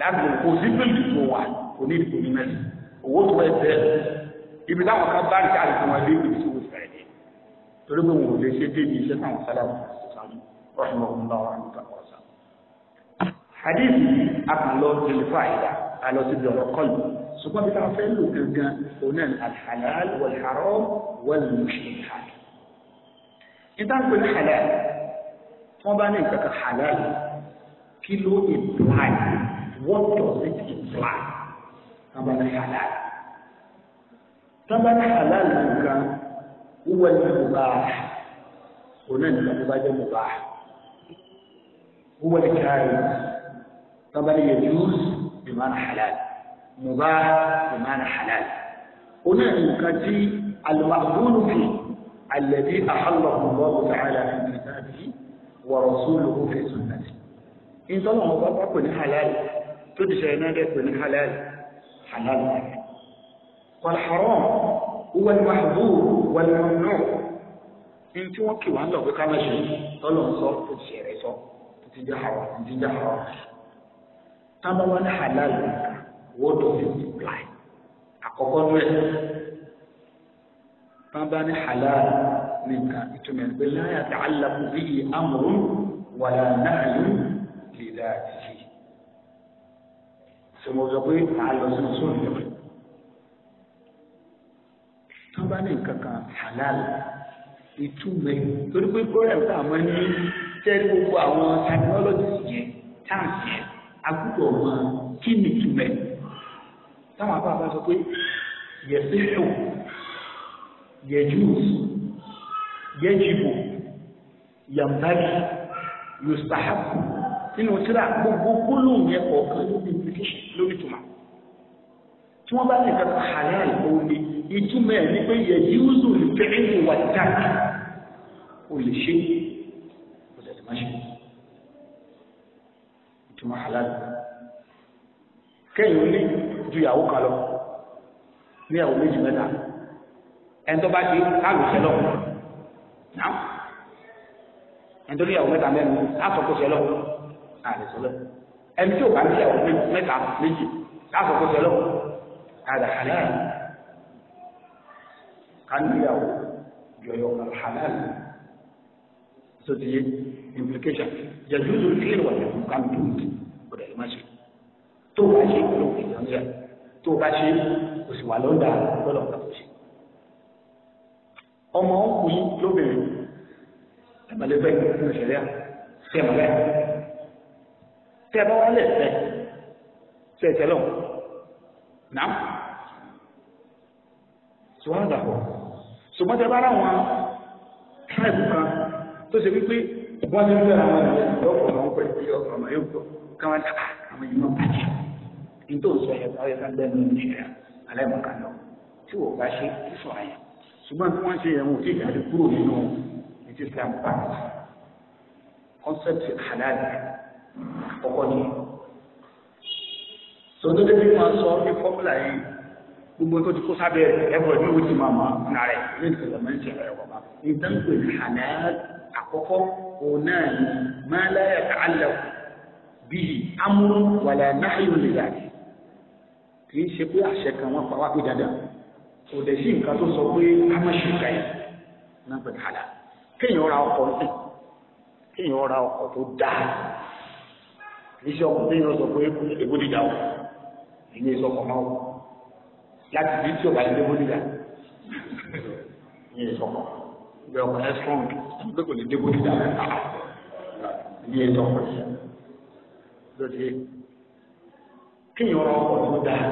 láti kò sí bíbélì tó wà kò ní ìdìbò ní mẹ́rin owó tó ẹ bẹ́ẹ̀ ibi táwọn kan bá ń ká àdìsí wọn lébi tí wọn fẹ́rẹ̀ dé torí pé wọn ò lè ṣe débi iṣẹ́ táwọn sálábù ọ̀hún ọ̀hún lọ́wọ́ àdúgbò àwọn ọ̀sán. hadith yìí a kàn lọ tẹlifà ìdá a lọ síbi ọ̀rọ̀ kọlù ثم بتعطل ان كان هناك الحلال والحرام والمشتبهات اذا كل حلال ثم بنيت حلال كيلو امبلاي what does it imply ثم بنيت حلال ثم بنيت حلال ان كان هو المباح هناك المباح المباح هو الكائن ثم بنيت يجوز بمعنى حلال mubah bimana halal ona nǹkan tí almaqbulu fi alladhi ahallahu allah ta'ala fi kitabihi wa rasuluhu fi sunnati in tọ́lọ̀ wọn bá bá pè ní halal tó ti ṣe iná dẹ́ pè ní halal halal wal haram huwa al mahdhur wal kì wá ń lọ ṣe tọ́lọ̀ ń tó ti ṣe sọ tó ti jẹ́ haram tó halal nìkan word of his reply àkọ́kọ́ nú ẹ̀ bàbá ní halal ní nǹkan ìtumọ̀ ẹ̀ pé láyà tá a lakú bí i amúrún wàlá náàlú lè dáa jìjì sọmọ sọ pé màá lọ sínú sóòlù lọ tó bá ní nǹkan kan halal ìtumọ̀ torí pé problem tá a ní tẹ́lẹ̀ gbogbo àwọn technology yẹn táǹsì yẹn a gbọ́dọ̀ mọ kí ni ìtumọ̀ táwọn àbá bá sọ pé yẹ̀síhù yẹ̀júùs yẹ̀jìbò yàmbáyì yustahabu nínú tíra gbogbo gbólóhùn yẹn kọ̀ọ̀kan lórí implication lórí tuma tí wọ́n bá ní ìka halal òun ni ìtumọ̀ ẹ̀ ní pé yẹ̀júùsù ní fẹ́ẹ́lì wà dáàkì ó lè ṣe ó lè má ṣe ìtumọ̀ halal kẹ́yìn ó ní ju ìyàwó kan lọ ní ìyàwó méjì mẹ́ta ẹni tó bá ti àlùsẹ lọ náà ẹni tó ní ìyàwó mẹ́ta mẹ́rin àsọkóṣẹ lọ àlùsẹ lọ ẹni tí ò bá ní ìyàwó mẹ́ta méjì àsọkóṣẹ lọ àdàkàlẹ kaníyàwó yọyọ alhalal sotiye implication yajuzu lfil wa yajuzu kan tuuti o de ma se tó bá ṣe ló ń èèyàn rẹ̀ tó bá ṣe kò sì wà lọ́dà lọ́dọ̀ kan tó ṣe. ọmọ ọkùnrin lóbìnrin ẹ̀mọ́lẹ́fẹ́ nínú ìṣẹ̀lẹ̀ sẹ́mọ̀lẹ́ tẹ́ bá wálẹ̀ fẹ́ tẹ́ tẹ́ lọ́wọ́ náà sùwọ́n àgbàpọ̀ ṣùgbọ́n tẹ́ bá ara wọn tíráìbù kan tó ṣe wípé wọ́n ti ń bẹ̀rẹ̀ ah, àwọn ìrẹsì lọ́pọ̀ àwọn pẹ̀lú ọkọ̀ nítorí sọ yẹn ọyẹ ká gbẹnu ní ìṣẹ̀lẹ̀ alẹmọkà lọ tí wò bá ṣe tí sọ yẹn ṣùgbọ́n tí wọn ṣe yẹn wọn ò tí ì jáde kúrò nínú ètí islam pàtó concept halal ọkọ ni sọdọdẹ bí wọn sọ ní fọmúlà yìí gbogbo tó ti kó sábẹ́ ẹgbẹ́ ní o ti máa rẹ ní ìṣẹ̀lẹ̀ mọ ìṣẹ̀lẹ̀ rẹ wọba nǹkan pè ní halal òun náà ni máa láyà ká àlẹ bíi amúrú wàlẹ náà yóò lè dàbí kì í ṣe pé àṣẹ kan wọn pa wá pé dandan kò dẹ̀ sí nǹkan tó sọ pé ká má ṣe nǹkan yẹn náà pẹ̀lú àlà kéèyàn ra ọkọ̀ ń sìn kéèyàn ra ọkọ̀ tó dáa kì í ṣe ọkọ̀ kéèyàn sọ pé ègbó dídá o ìyẹn ìsọkọ̀ máa wò láti bí tí ọba ilé bódìdá ìyẹn ìsọkọ̀ ìgbà ọkọ̀ ẹ̀ strong pé kò ní dé bódìdá ìyẹn ìsọkọ̀ yẹn lóde kéèyàn ọ̀rọ̀ ọkọ̀ tó dáa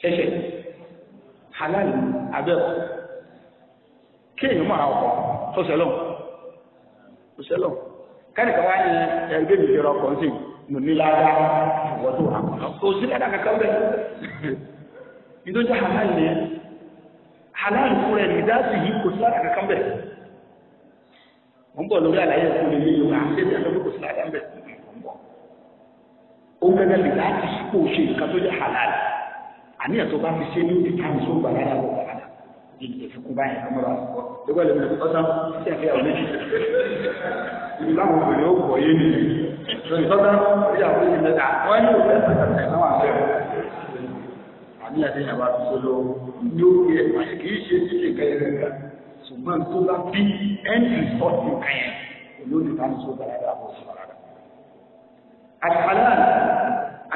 ṣẹ̀ṣẹ̀ halal abẹ́ọ̀ kéèyàn máa ọkọ̀ tó sẹ́lọ̀ tó sẹ́lọ̀ kẹ́nìkan wá ní ẹgbẹ́ mi fi ọkọ̀ sí mo ní lára àwọn tó wà kò sí lára kankan bẹ́ẹ̀ nítorí halal ni halal fúnra ẹni dáàsì yìí kò sí lára kankan bẹ́ẹ̀ wọ́n bọ̀ lórí àlàyé ìfúnni yìí wọ́n á ṣe é bí kò sí lára kankan bẹ́ẹ̀ ó gẹ́gẹ́ lè láti kó ṣe nǹkan tó jẹ́ halal àníyàn tó bá fi ṣe ní òde táwọn tó gbà rárá lọ gbàrà ní ìfikún báyìí lọ́mọdé àkọ́kọ́ ẹgbẹ́ lè mẹ́rin ọ̀sán sí ẹ̀fẹ́ ọ̀lẹ́ ìlú láwọn obìnrin ó pọ̀ yé nìyí lórí tọ́tà orí àwọn ìlú mẹ́ta wọ́n ní òfẹ́ pàtàkì láwọn àfẹ́ àníyàn tí yàrá fi solo ní ó yẹ àṣẹ kì í ṣe sílẹ̀ kẹyẹrẹ ṣùgbọ́n tó bá bí ẹni ìsọ́ọ̀tì kẹyẹ olóòtú táwọn tó gbà rárá lọ الحلال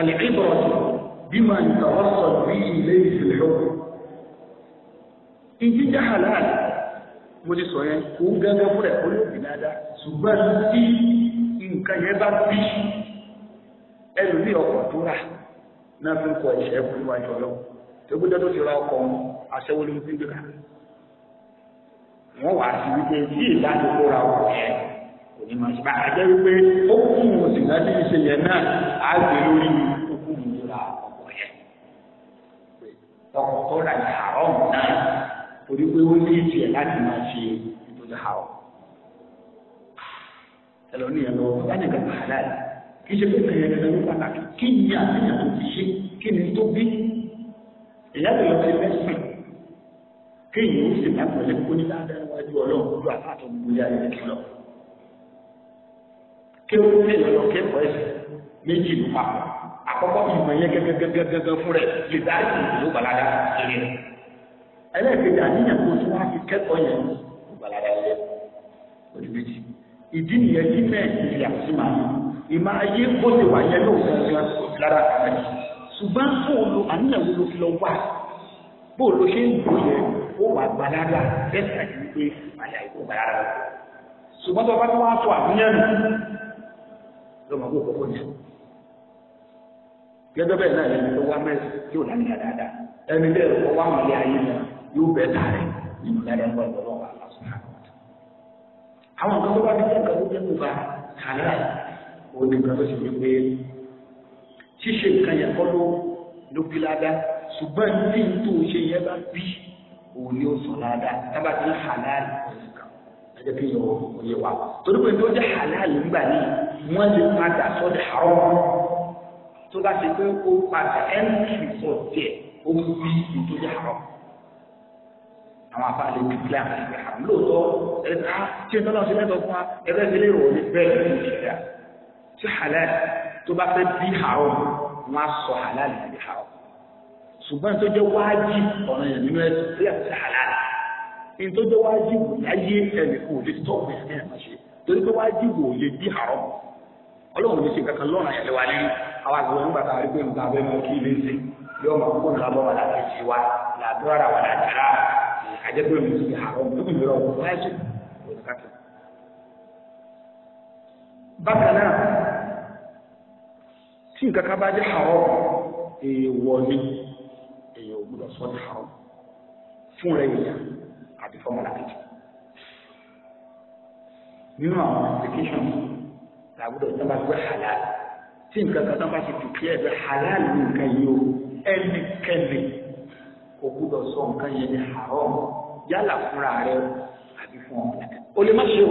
العبرة بما يتوصل به إليه في الحكم إن جد حلال mọ́lẹ̀ sọ yẹn kò ń gẹ́gẹ́ fún ẹ̀kọ́ yóò bí dáadáa ṣùgbọ́n tí nǹkan yẹn bá bí ẹnu ní ọkọ̀ tó rà náà fi ń kọ ẹ̀ṣẹ̀ fún iwájú ra kò ní máa ṣe bá àjẹ́ wípé ó kún un sìgá tí ìṣe yẹn náà á gbé lórí tó kún un ra ọkọ̀ yẹn ọkọ̀ tó ra ní àrọ́ọ̀mù náà torí pé ó ní ìtì ẹ̀ láti máa ṣe ìtòjú àrọ̀ ẹlòmíràn lọ láti gbàgbà aláìsí kí ṣe pẹ̀lú ẹ̀yẹ lẹ́nu pàtàkì kí ni àníyàn tó fi ṣe kí ni tó bí ìyá lè lọ sí mẹ́sìn kí ìyẹn ó sì lápẹ̀lẹ́ kó ní dáadáa wájú ọlọ́run lójú àbá àtọ̀ gbogbo ilé ayé lọ kéwù kéèyàn lọ kéèkọ ẹsẹ méjì ló pa àkọ́kọ́ ìmọ̀ yẹn gẹ́gẹ́gẹ́gẹ́gẹ́ fún rẹ̀ lè dá ìsìn ló balada lórí rẹ̀ ẹlẹ́ẹ̀kejì àníyàn kó tó wá fi kẹ́kọ̀ọ́ yẹn ló balada lórí rẹ̀ òdì méjì ìdí nìyẹn tí mẹ́ẹ̀ẹ́ ti yàtọ̀ sí màá ìmọ̀ ayé bó ti wà yẹn ló fẹ́ fi lára kàrà jù ṣùgbọ́n fún olo àníyàn wo ló fi lọ wà bó ló balada bẹ́ẹ̀ sì àti wípé àyà ìkó balada ṣùgbọ́n tó bá tó wá tó àníyàn tó máa wó kókó ní. gẹ́gẹ́ bẹ́ẹ̀ náà ẹni tó wá mẹ́sì tí ò lánìyàn dáadáa ẹni bẹ́ẹ̀ kọ́ wá mọ̀lẹ́ ayé náà yóò bẹ́ẹ̀ tààrẹ̀ nínú dáadáa ń bọ̀ lọ́wọ́ wa lọ́sùn náà. àwọn nǹkan tó bá dé nǹkan tó dé mú ba kàlá òun ni nǹkan tó sì wípé ṣíṣe nǹkan yẹn kọ́ ló ló fi ládàá ṣùgbọ́n tí n tó ṣe yẹn bá bí òun ni ó sọ ládàá tábàtí ń hà láàrin ẹjẹ kí yẹn o yẹ wa torí pé tó jẹ halal ńgbà ni wọn lè padà sọdọ haram tó bá ṣe pé ó padà ẹnìtì sọdẹ ó ń bí tó jẹ haram àwọn afáàlẹ bíi kílẹ̀ àwọn ìgbà haram lóòótọ́ ẹ ká tí n tọ́lá ṣe lẹ́tọ̀ọ́ fún wa ẹgbẹ́ ìdílé rò ní bẹ́ẹ̀ ní ìṣẹ̀dá tí halal tó bá fẹ́ bí haram wọn á sọ halal ní haram ṣùgbọ́n tó jẹ́ wájib ọ̀nà ìrìnnú ẹ̀ tó fẹ́ àti halal. ìtọ́jọ́ wájìbù láyé ẹnìkan ò lè stọ́ọ̀pù ẹ̀ máa ṣe torí pé wájìbù lè bí àrọ́ ọlọ́run lè ṣe kankan lọ́rùn àyẹ̀lẹ́ wa lẹ́yìn àwọn àgbẹ̀ nígbà tá a rí pé nǹkan abẹ́ mọ́ kí ilé ṣe yóò máa kó nǹkan bọ́ láti ṣe wa láti mi ti àrọ́ mi tóbi mìíràn wọ́n láì sùn lọ́sàkàtà. bákan náà tí nǹkan bá jẹ́ àrọ́ èèwọ̀ ni èèyàn ò sọ ní àrọ́ fún rẹ̀ àti fọ́mùlà kejì nínú àwọn applications làbúdọ̀ tó bá gbé halal tí nǹkan kan tó bá ti dùkú ẹ̀ bẹ halal ní nǹkan yìí o ẹnikẹ́ni kò gbúdọ̀ sọ nǹkan yẹn ní haram yálà fúnra rẹ àbí fún ọmọ rẹ o lè má ṣe o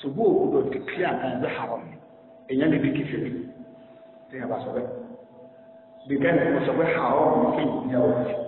ṣùgbọ́n o gbúdọ̀ dùkú àǹkan yẹn bẹ haram èèyàn lè di kìfìrí tí yẹn bá sọ bẹ́ẹ̀ bí kẹ́ni kò sọ pé haram ní ni ní ọ̀rọ̀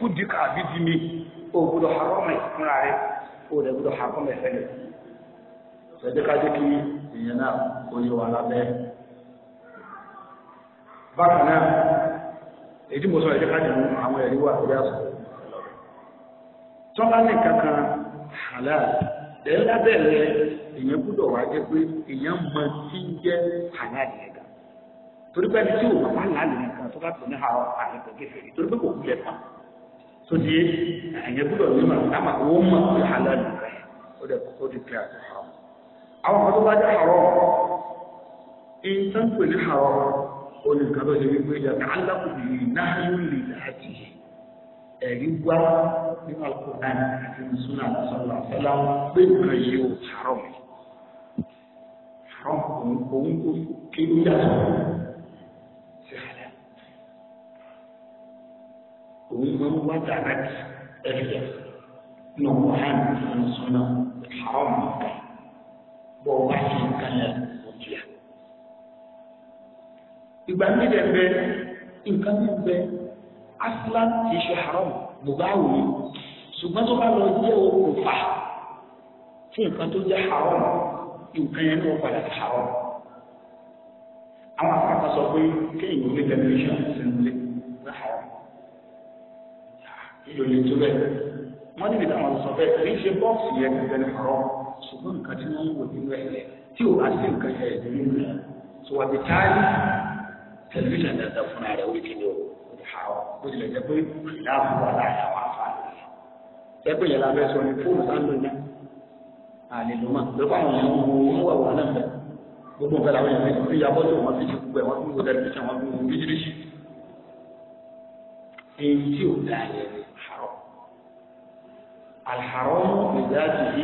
fúdi kàbí di mi o gbọ́dọ̀ harọmọ ìfúnra rẹ o rẹ gbọ́dọ̀ harọmọ ìfẹlẹ sọdẹkájẹ kí èèyàn náà ó yẹ wà lábẹ́ bákan náà èdè mọ sọ èdè kájẹ mú àwọn ẹ̀rí wà lórí àṣọ tọ́lá ní kankan halal ẹ̀ lábẹ́ rẹ èèyàn gbọ́dọ̀ wá jẹ́ pé èèyàn mọ tí ń jẹ́ halal yẹn gan torí pé ẹni tí ò bàbá làálẹ̀ nìkan tó bá tó ní àwọn àlẹ́ tó kéfèé torí pé kò kú lẹ́ẹ̀kan. a ẹ̀yìn gbúdọ̀ ní màá àmà owó mọ̀ pé halal rẹ̀ ó dẹ̀ kó di clear àti haram àwọn kan tó bá jẹ́ haram in tán pè ní haram ó ní nǹkan tó ṣe wípé ووضعت اليد نوعان من صنع الحرام ووحي كان وجيه يبقى من إن كان أصلا في شيء حرام مباوي ṣùgbọ́n tó bá lọ jẹ́ okùnfà tí nǹkan tó jẹ́ haram nǹkan yẹn ló padà sí haram. àwọn àpapọ̀ sọ pé kéèyàn gbé tẹlifíṣàn sínú ilé yóò lè tó bẹ́ẹ̀ wọ́n níbi táwọn sọ bẹ́ẹ̀ kì í ṣe bọ́ọ̀sì yẹn gẹ́gẹ́ ní ọ̀rọ̀ ṣùgbọ́n nǹkan tí wọ́n ń wò nínú ẹ̀ lẹ̀ tí ò bá sí nǹkan yẹn ìlú nínú ẹ̀ tó wà ní táyì tẹlifíṣàn dandan fúnra rẹ̀ orí kíni o àwọn bó tilẹ̀ jẹ́ pé ìlànà wà láàyè àwọn àfààní ẹgbẹ́ yẹn la fẹ́ sọ ní fóònù sáńdó ní àlèlúmọ̀ lọ́pọ̀ àwọn ọmọ wọn wà wà náà bẹ̀ gbogbo nǹkan làwọn èèyàn fi yabọ́ tó wọn fi ti gbogbo ẹ̀ wọ́n fi wo tẹlifíṣàn wọn fi wo bíjìrìṣì èyí tí ò dáa yẹn ni alḥaramu ìdájìí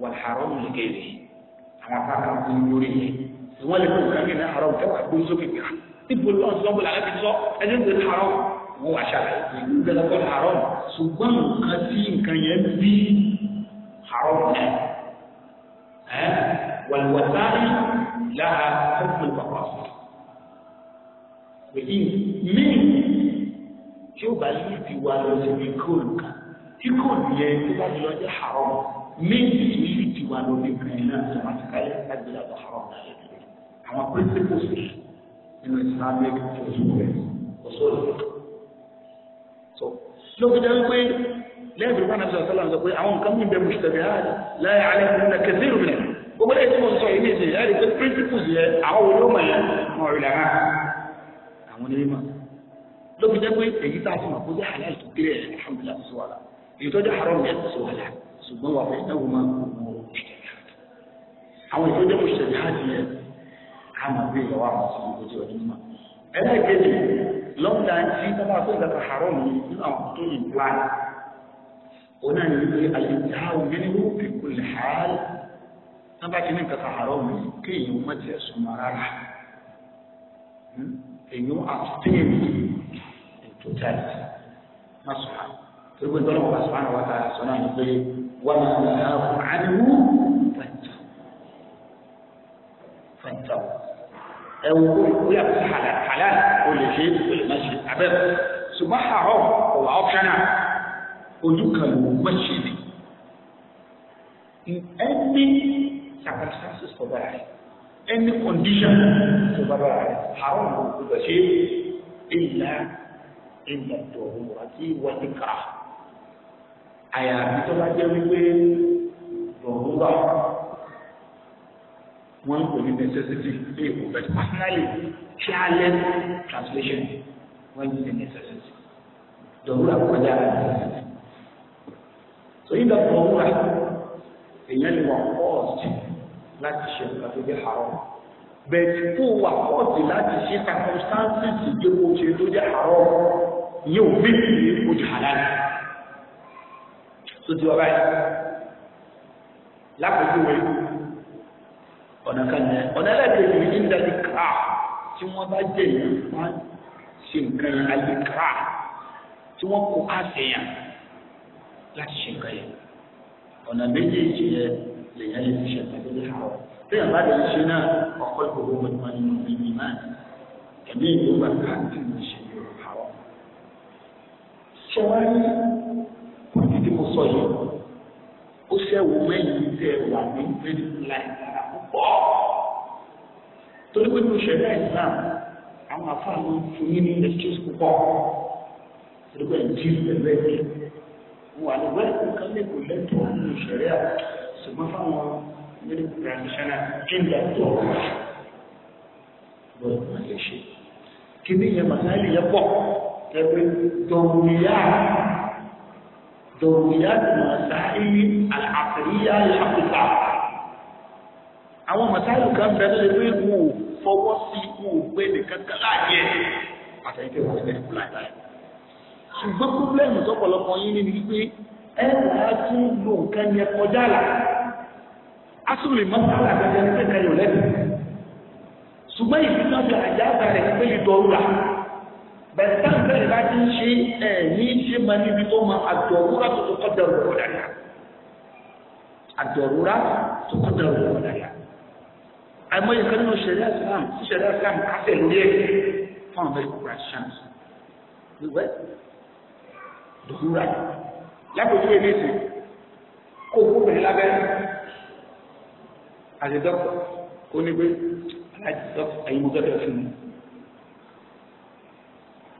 wà alḥaramu ìgèrè àwọn afárá ń fún lórí yẹn ìwọ́n lè fún kàmí ní haram kẹwàá gbó sókè gbà ibo lọ sọ bọlá láti sọ ẹni tó haram wọ́n wà ṣàlàyé ìlú bẹ̀rẹ̀ kọ́ haram ṣùgbọ́n nǹkan tí nǹkan yẹn bí haram náà ẹ̀ wàlúwàsáì láha fún bàbá sọ. mí tí ó bá yí ti wá lọ síbi kóòlù kan kíkò nìyẹn tó bá jọ jẹ́ haram méjì ìlú ti wà lórí ìkànnì náà tó máa ti káyọ̀ lágbèlàgbà haram náà yẹn àwọn principles nínú islamic principles òṣòro. so lókè jẹ́ wípé lẹ́yìn tó kánà sọ̀rọ̀ sọ́lá ń sọ pé àwọn nǹkan mìíràn bẹ́ẹ̀ mùsùlùmí á láyé alẹ́ nínú náà kẹsí rẹ̀ gbogbo lẹ́yìn tí mo sọ yìí principles yẹ àwọn olóòmọ̀ yẹn wọn rí lára àwọn onímọ̀ lókè jẹ́ pé èyí tá ìtọ́jú haram yàtọ̀ sí wàhálà ṣùgbọ́n wà fún ẹ̀dáwó máa kú mọ́ àwọn ìtọ́jú mùsùlùmí hàn yẹn á máa gbé ìyàwó àwọn sí ojú ọdún mọ́ ẹlẹ́ẹ̀kejì lọ́kùnrin àti bàbá àti ìdàkà haram yìí nínú àwọn tó yìí wá ọ̀nà ní wípé àyíkáwó nínú ìkú lẹ́hàál náà bá ti ní nǹkan kan haram kéèyàn má tiẹ̀ súnmọ́ rárá hmm? èèyàn àti يقول بلغ الله سبحانه وتعالى سبحانه وتعالى وما نهاكم عنه فانتهوا فانتهوا ويقول حلال حلال كل شيء كل المسجد عباد ثم حرام هو اوبشن ودكان ماشي دي in any circumstances for that any condition for that حرام كل شيء إلا إلا الضرورة والإكراه àyàfi tó bá jẹ́ wípé ọ̀hún wà wọ́n ń pè ní necessity pé o but personally challenge translation wọ́n ní necessity dọ̀wúrà kọjá necessity so yín dọ̀wúrà wúrà èèyàn lè wà forced láti ṣe nǹkan tó jẹ́ àárọ̀ bẹ́ẹ̀ kó wà forced láti ṣe circumstances ìjẹ́wọ́ ṣe tó jẹ́ àárọ̀ yóò bí ìwé ojú àlàyé sotí ọba yìí lápẹjúwe ọ̀nà kan yẹn ọ̀nà ẹlẹ́kẹ̀ẹ́ yìí ń dàbí káà tí wọ́n bá jẹ yìí wọ́n ṣe nǹkan yẹn ayé káà tí wọ́n kó àṣeyàn láti ṣe nǹkan yẹn ọ̀nà méjèèjì yẹn lèyàn lè fi ṣe tàbí lè hà ọ́ téèyàn bá lè ṣe náà ọkọ ìgbòho wọn wọn nínú mímí náà ẹ̀mí ìgbòho àti àti ìṣèlú hà ọ́ ṣé wọ́n rí sọ yìí ó ṣẹ́wó mẹ́yìn tẹ́ wà ní fẹ́ẹ́lì láì lára púpọ̀ torí pé mo ṣẹ̀dá islam àwọn afáàmù fún yín ní excuse púpọ̀ torí pé ẹ̀jí pẹ̀lú ẹ̀jí wọn wà lọ́wọ́ ẹ̀kọ́ kan lè kò lẹ́tọ̀ọ́ nínú ìṣẹ̀rí à ṣùgbọ́n fáwọn medical practitioner kí n lẹ́tọ̀ọ́ bọ́ọ̀ máa lè ṣe kí ni ìyẹn màtá yẹn pọ̀ ẹgbẹ́ dọ̀wùyá dòwòyà masáyí àfìríyà àfìsà àwọn masáyí kan bẹ tó lè pé wò ó fọwọ́ sí wò ó gbé nìkan kan láàyè àtẹ̀yìntẹ̀ wọ́n ti lẹ́nu láì láì ṣùgbọ́n pọ́blẹ́mù tọ́pọ̀lọpọ̀ yín ni wípé ẹ wàá tún lo nǹkan yẹn kọjá là asúlè mọ́tàlá àgbẹ̀dẹ̀ ní pẹ̀lú ẹ̀yọ̀ lẹ́nu ṣùgbọ́n ìfisọ́jà àjábà rẹ̀ ní pẹ̀lú dọ́rùrà bẹ̀ntàn bẹ́ẹ̀ bá ti ń ṣe ẹ̀ ní ṣe máa níbi tó máa àdọ̀rúra tó tó kọjá òwò dáadáa àdọ̀rúra tó kọjá òwò dáadáa àìmọye kan nínú ṣẹlẹ̀ islam tí ṣẹlẹ̀ islam kásẹ̀ lórí ẹ̀ fún àwọn ẹ̀kọ́ christians wíwẹ́ dọ̀rúra lápòjú ẹ̀ nísìn kó owó bẹ̀rẹ̀ lábẹ́ àti dọ́kọ̀ kó aláàjì dọ́kọ̀ ẹ̀yin mo gbọ́dọ̀ fún mi.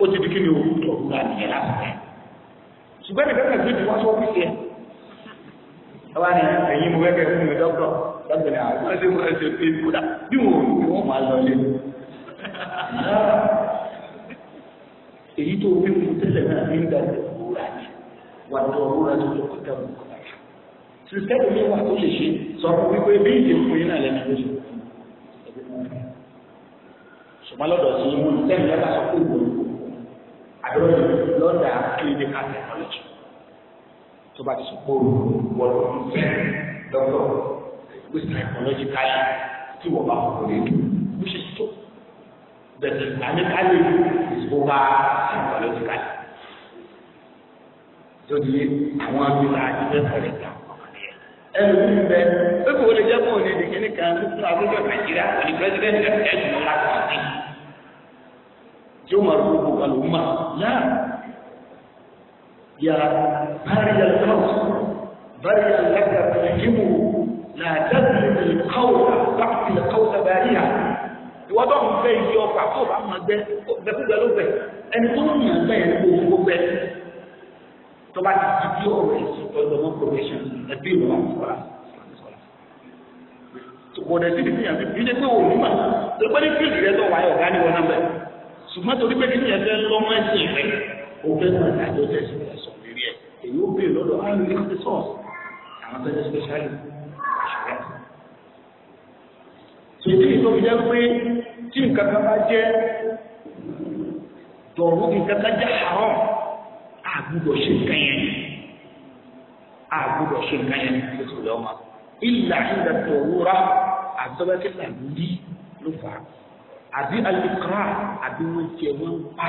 ó ti di kí ni òun tó ọ̀gbà nìyẹn lásán ẹ̀ ṣùgbọ́n ní bẹ́ẹ̀ gbé tiwọn sọ wíṣẹ́ ẹ̀ wá ní ẹ̀yin mo wẹ́kẹ̀ fún mi dọ́kọ̀ dọ́kọ̀ ní àwọn ẹ̀ṣẹ̀ mo ẹ̀ṣẹ̀ pé kódà bí wọn ò ní wọn máa lọ lé èyí tó fi mú tẹ́lẹ̀ náà ní ìdájọ́ òwúrọ̀ àti wà tó òwúrọ̀ tó lọ kọ́tà mọ́ sìtẹ́ẹ̀lì mi wà tó lè ṣe sọ fún wípé bí ìdè fún yín náà lẹ́nu lóṣù ṣùgbọ́n lọ́dọ̀ sí mú tẹ́lẹ̀ bá sọ pé ìwọ̀n àdóyè lọ́dà clinical technology tó bá ti sọ̀kò wọ́n ń fẹ́ dọ́tọ̀ with psychological tí wọ́n bá fọ̀rọ̀ lé bó ṣe tó the clinically is over psychologically tó di àwọn abúlé àdìsẹ́ sọ̀rọ̀ ìgbà ẹlòmíì bẹ pé kò wọlé jẹ́ kó o ní ìdíkẹ́ nìkan ní àwùjọ nàìjíríà òní pẹ́sidẹ́ntì ẹ̀ ẹ̀ ẹ̀ ẹ̀ ẹ̀ tí ó máa gbogbo àlùmọ́ náà yà báyà lọ́wọ́ báyà lọ́wọ́ ìdíbò làdáàbí ìkọ́wà báàbí ìkọ́wà báyà ìwọ́n tó ń fẹ́ iye ọkọ̀ àti ọba máa gbẹ gbẹkúgbẹ ló bẹ ẹni tó ń yàn gbẹ yẹn kó owó gbẹ tọ́ba ti di bí ọ̀rọ̀ ẹ̀sìn ọ̀dọ̀ mọ́ probation ẹbí ìwọ̀n àwọn ọ̀rọ̀ tòkòdẹ̀sí ti sí ilé pé òun mà lọ́gbẹ́ni fíìlì rẹ̀ tó wáyé ọ̀gá ni wọn náà bẹ̀rẹ̀ ṣùgbọ́n torí pé kí ni ẹ̀fẹ́ lọ́mọ ẹ̀sìn rẹ̀ o fẹ́ mọ ìdájọ́ tẹ̀sán ẹ̀sán lérí ẹ̀ èyí ó bèèrè lọ́dọ̀ àwọn ilé ti sọ́ọ̀sì àwọn tẹ́lẹ̀ spẹ́ṣálì ṣùgbọ́n. ṣètì ìtọ́ fi jẹ́ pé tí nǹkan kan bá jẹ́ dọ̀rú nǹkan kan jẹ́ àárọ̀ àgbúdọ̀ ṣe nǹkan yẹn àgbúdọ̀ ṣe nǹkan yẹn ló ti lọ́mọ ìlà ìlà dọ̀rú rà àtọ́bẹ́kẹ́lá ló fà á àbí alìkọ́ra àbí wọ́n jẹ wọ́n pa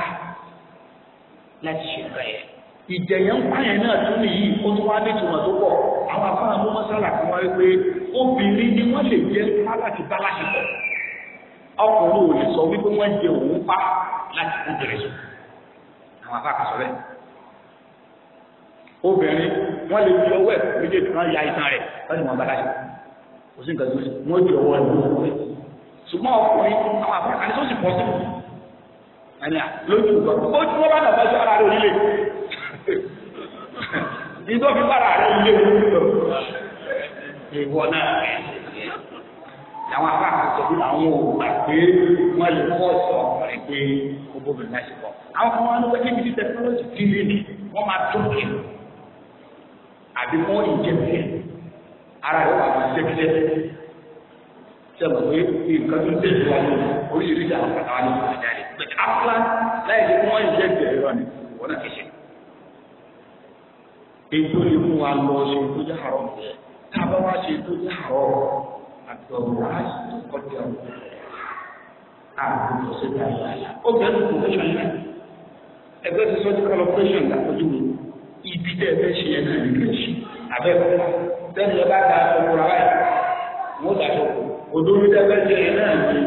láti ṣe nǹkan yẹn ìjẹyẹ ń pààyàn náà tún nìyí ó tún wá ní ìtumọ̀ tó pọ̀ àwọn afárá mú mọ́sálà fún wa wípé obìnrin ni wọ́n lè jẹ́ pa láti bá láti pọ̀ ọkùnrin ò lè sọ wípé wọ́n jẹ òun pa láti kó bẹ̀rẹ̀ sùn àwọn afárá kan sọ bẹ́ẹ̀ obìnrin wọ́n lè fi ọwọ́ ẹ̀ méjèèjì kan ya itan rẹ̀ lọ́dún wọn bá láti kò sí nǹkan tó ṣe wọ́n jẹ ọwọ́ ẹ̀ ṣùgbọ́n ọkùnrin àwọn àbúrò àti sọ́ọ̀sì pọ̀ sí àní lójú ìgbà ó ti wọ́n bá dàgbà sí ara rẹ̀ onílé ìdó fi bára rẹ̀ ilé ìwọ náà àwọn àbá àkàtọ̀ bí àwọn òògbà pé wọ́n lè kọ́ ọ̀sọ̀ ọkùnrin pé ó bóbi náà ṣe pọ̀ àwọn kan wọn ló wáyé bíi tẹkinọlọsì tí lé ní wọn máa tó kí àbí wọn ìjẹbìlẹ ara rẹ̀ wà ní ìjẹbìlẹ sẹ́wọ̀n pé nǹkan tó ń tẹ̀lé wa ló oríṣiríṣi àwọn kàtà wa ní ìgbà jáde pé afúlá láì lè wọ́n ìṣe ìbẹ̀rẹ̀ rẹ̀ ni wọ́n náà ti ṣe. ètò lè mú wa lọ ṣe tó jẹ́ àrọ́ tá a bá wá ṣe tó jẹ́ àrọ́ àtọ̀rọ̀ á sì tó kọ́ di àwọn àgùntàn síta ìyá. ó bẹ̀rẹ̀ tó kọ́ ṣọ́yìn náà ẹgbẹ́ ti sọ́jú kálọ̀ pẹ́ṣọ̀n lápẹ́jú mi ibi tẹ́ ẹ fẹ́ ṣe yẹn náà ní kẹ́ṣì àbẹ́ẹ̀kọ́ tẹ́lẹ̀ bá ta ọkùnrin wọ́n dà sọ́kùn olórí dẹ́gbẹ́jẹ́ yẹn náà ní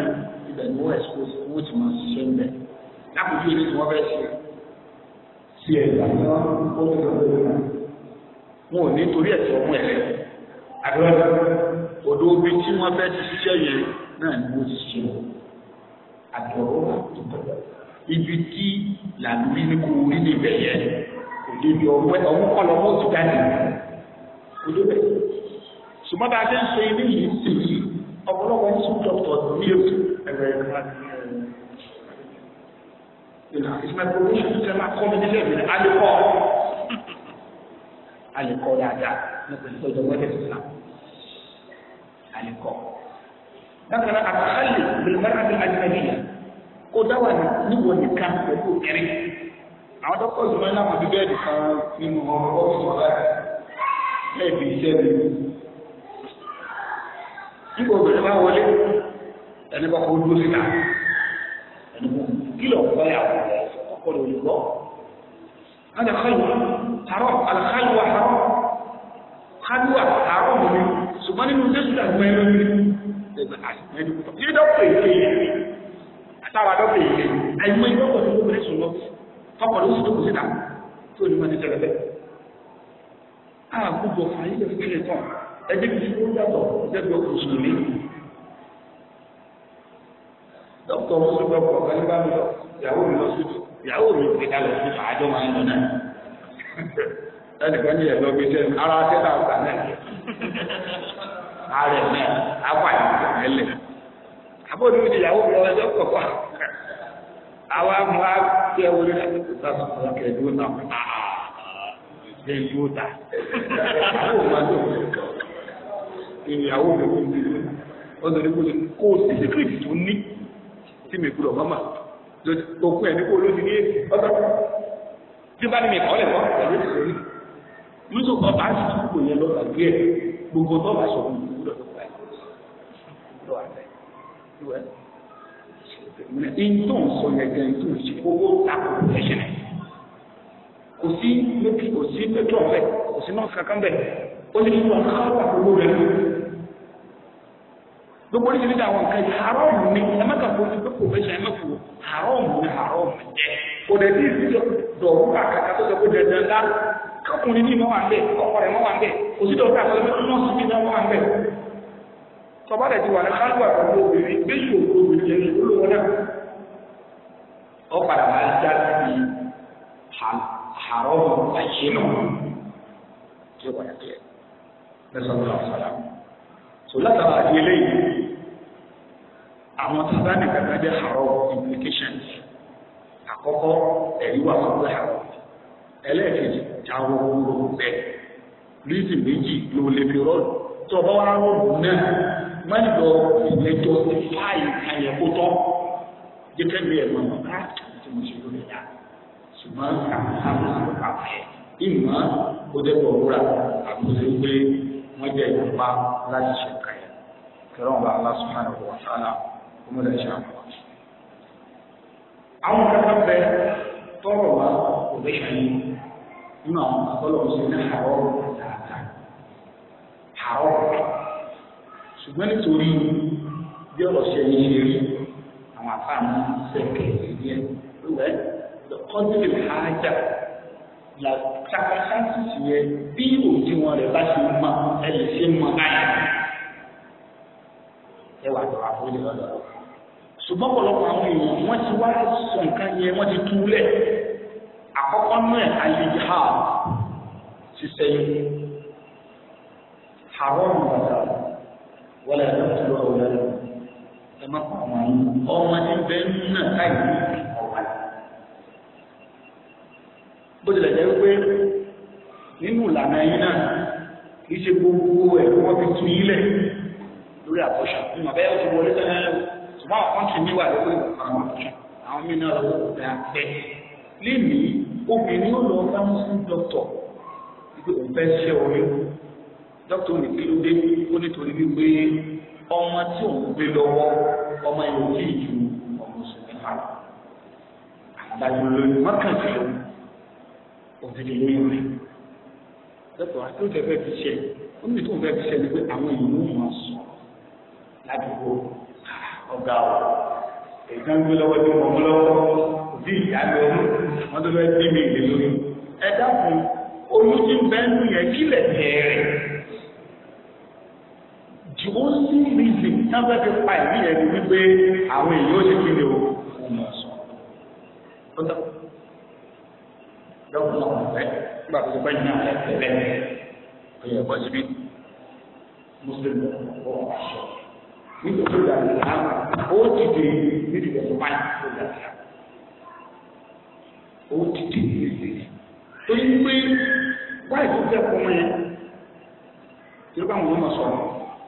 ibẹ̀ ni wọ́n ẹ̀sìkò sí owó tí wọ́n ṣiṣẹ́ ń bẹ̀ lápòjú èyí tí wọ́n fẹ́ ṣe sí ẹ̀dá ni wọ́n kó ní ọdún náà wọn ò ní torí ẹ̀sìn ọmọ ẹ̀rẹ́ àdúrà odò omi tí wọ́n fẹ́ ti ṣiṣẹ́ yẹn náà ni wọ́n ṣiṣẹ́ àdúrà ibi tí làlúrí ní kò rí níbẹ̀ yẹn kò débi ọwọ́ kọ́ lọ́wọ́ tó dáadé kò débẹ̀ ṣùgbọ́n bá a ti ń ṣe ilé yìí sí yìí ọ̀pọ̀lọpọ̀ ń sún dọ́kítọ̀ mílíọ̀tù ẹ̀rọ ẹ̀rọ ìsìnkú tó máa kọ́ mi nílé mi alẹ́kọ́ alẹ́kọ́ dáadáa nípa ìtọ́jú wẹ́lẹ̀ sísá alẹ́kọ́. Dákàrà àtàlẹ́ bìrìmọ́ra bí alimẹ́lìyà kó dáwà níwò nìkan pẹ̀lú ẹ̀rí. Àwọn dọ́kítọ̀ ìgbìmọ̀ náà mọ̀ bí bẹ́ẹ̀ nìkan nínú ọmọ ọ̀ṣun ọ̀la lẹ́ẹ̀bí iṣẹ́ mi nígbà obìnrin bá wọlé ẹni bá kó dúró síta ẹni bó kílọ̀ báyà ọkọ̀ ló lè gbọ́. alakaluwa arọ alakaluwa arọ kaluwa arọ mi ṣùgbọ́n nínú jésù àgbẹ̀ ẹ̀rọ mi ẹgbẹ́ àgbẹ̀ ẹ̀rọ mi yíyá dọ́kítà èké yìí àtàwọn adọ́kítà èké yìí àìmọ̀ ìdọ́kọ̀ tó ló bẹ̀rẹ̀ sùn lọ tọkọ̀ ló sì tó kù síta tó ní ma ti tẹ̀lé bẹ́ẹ̀. a gbogbo fàyè lè fi kéré tán. ẹjẹ bí fún yàtọ̀ lẹ́gbẹ̀ẹ́ mùsùlùmí dókítà mùsùlùmí ọkọ kálíbà mi lọ ìyàwó mi lọ sí ìyàwó mi pè kalẹ̀ sí àjọ máa ń lọ náà ẹnìkan ní sẹ́yìn ara náà ìyàwó mi lọ wọlé láti kó náà ṣe ta ìyàwó mi kò ní ọdún ní kò ní kò sí síkírìtì tó ní tí mi gbúdọ̀ mọ́mà òkú ẹ̀ ní kò lóṣù ní èsì ọ̀tọ̀ tí bá ní mi kọ́ lẹ́kọ́ pẹ̀lú ìṣòro yìí yusuf ọba ń sùn kò yẹ lọ́ba gbé ẹ̀ gbogbo tó bá sọ fún mi gbúdọ̀ tó báyìí lọ́wọ́ àgbẹ̀ ìwẹ́ ìtò sọ yẹn gan ìtò ìṣe owó takò ẹ̀ṣẹ̀ náà kò sí méjì kò sí pétrọ̀ bẹ́ẹ̀ kò sí náà kankan bẹ́ẹ̀ ó gbogbo orí ìdílé àwọn nǹkan yìí haram ni ẹ má kàkó ní pípò fẹsẹ ẹ má kó haram ni haram jẹ kò dẹ̀ bí ìdílé dọ̀rọ̀ kàkàkà tó sọ pé dandan ńlá kọkùnrin ní ìmọ̀ wà ń bẹ̀ ọkọ rẹ̀ mọ̀ wà ń bẹ̀ òsì dọ̀rọ̀ kàkà tó nọ́ọ̀sì bí náà wà ń bẹ̀. tọ́ba dẹ̀ ti wà ní kálíwà pẹ̀lú obìnrin gbèsè obìnrin yẹn ló lọ́wọ́ náà ọ padà máa já sí haram àyè náà tí ó wà ní ẹ̀ lẹ́sọ̀rọ̀ sọ̀rọ̀ sọ̀rọ̀ látara àdìyẹ lẹ́yìn àwọn sàbánì kankan jẹ́ haram implications àkọ́kọ́ ẹ̀rí wà fún pé haram ẹlẹ́ẹ̀kejì jáwọ́ kúrò bẹ́ẹ̀ rízì méjì ló lè fi rọ́ọ̀lù tó ọba wa rọ́ọ̀lù náà má lọ ìlẹ́jọ́ fáì àyẹ̀kótọ́ jẹ́kẹ́ mi ẹ̀ máa bá tí mo ṣe lórí ẹ̀dá ṣùgbọ́n àwọn sábà àfẹ́ ìmọ̀ ó dẹ́gbọ̀ wúrà àbúrò pé wọ́n jẹ́ ìjọba láti ṣe kàyà kẹrọ̀ǹba Allah subhanahu wa ta'ala ọmọ rẹ̀ ṣe àwọn. àwọn kankan bẹ tọrọ wa kò bẹ ṣàyè nínú àwọn akọlọ́wọ́ sí ní àárọ̀ dáadáa àárọ̀ ṣùgbọ́n nítorí bí ọ̀rọ̀ ṣe ń ṣe rí àwọn afáàmù sẹ́kẹ̀ ìdíyẹ wẹ́ lọ́kọ́dé hájà la takasasi yẹ bí òdiwọ̀n rẹ̀ bá ṣe mọ ẹ lè ṣe mọ báyìí ẹ wà tọrọ àforíjì lọ́dọ̀ rẹ̀ ṣùgbọ́n ọ̀pọ̀lọpọ̀ àwọn èèyàn wọ́n ti wá sọ nǹkan yẹn wọ́n ti tú lẹ̀ àkọ́kọ́ náà àlejò ha ṣiṣẹ́ yìí haram bàtà wọlé ẹ̀dọ́ tó lọ wọlé ẹ̀dọ́ ẹ má pa àwọn àyè ọmọ ní bẹ́ẹ̀ náà káyìí ọ̀pá bó tilẹ̀ jẹ́ pé nínú ìlànà yìí náà kì í ṣe gbogbo ẹ̀ wọ́n fi tu yìí lẹ̀ lórí àbọ̀ṣà nínú abẹ́yẹ tó wọlé lẹ́yìn ẹ̀rọ ṣùgbọ́n àwọn kọ́ńtì mi lórí àwọn àbọ̀ṣà àwọn mi náà lọ́wọ́ kò dáa pẹ́. obìnrin ó lọ bá sí dọ́kítọ̀ wípé òun fẹ́ ṣe oyún dọ́kítọ̀ mi kí ló dé ó nítorí wípé ọmọ tí òun gbé lọ́wọ́ ọmọ yóò kí ìjù ọmọ oṣù mẹ́fà àgbàdo lóyún mọ́kàndínlógún òdìdí ni pé àwọn èèyàn ládùúgbò ọ̀gá o èèyàn gbé lọ́wọ́ tí mo mú lọ́wọ́ òbí ìyá lọ wọn tó fẹ́ bí mi ìlè lórí ẹ dákun oyún ti bẹ́ẹ̀ nù yẹn kílẹ̀ tẹ̀ẹ̀rẹ̀ the only reason tí wọ́n fẹ́ fi pa ìlú yẹn ni wípé àwọn èèyàn ó ṣe kí ni o kò mọ̀ sùn lọ́wọ́ náà fẹ́ nígbà tó bá yín náà fẹ́ tẹ̀lé ó yẹ kó síbi muslim ọ̀pọ̀ àṣọ nítorí ó dàbí ìhàmà ó dìde níbi ìdẹ̀kùn báyìí ó dàbí ìhàmà ó dìde níbi torí pé wáyé tó fẹ́ pọ́n yẹn tí ó bá wọn mọ̀ sọ̀rọ̀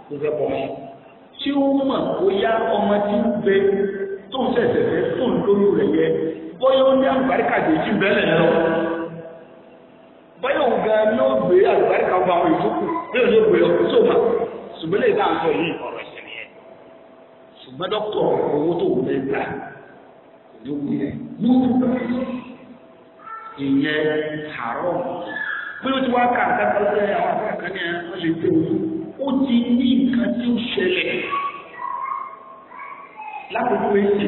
tó fẹ́ pọ́n yẹn tí ó mọ̀ bóyá ọmọ tí ń bẹ tó ń ṣẹ̀ṣẹ̀ fẹ́ tó ń lóyún rẹ̀ yẹ bóyá ó ní àgbáríkà jèjì bẹ́ẹ̀ lọ bóyá òun gan ó gbé àgbáríkà ọba àwọn ìdókòwò bóyá ó gbé ọkùnrin tó mà ṣùgbọ́n lè dá àǹtọ̀ yìí ọ̀rọ̀ yìí ṣùgbọ́n dókítà owó tó wù lẹ́ gbà kò ní wù yẹn lóòótọ́ bẹ́ẹ̀ ìyẹn àárọ̀ bí ó ti wá ká àkàtà ó jẹ́ àwọn àkàkà ní àwọn lè tẹ̀ wọ́n ó ti ní nǹkan tí ó ṣẹlẹ̀ lákòókò èsì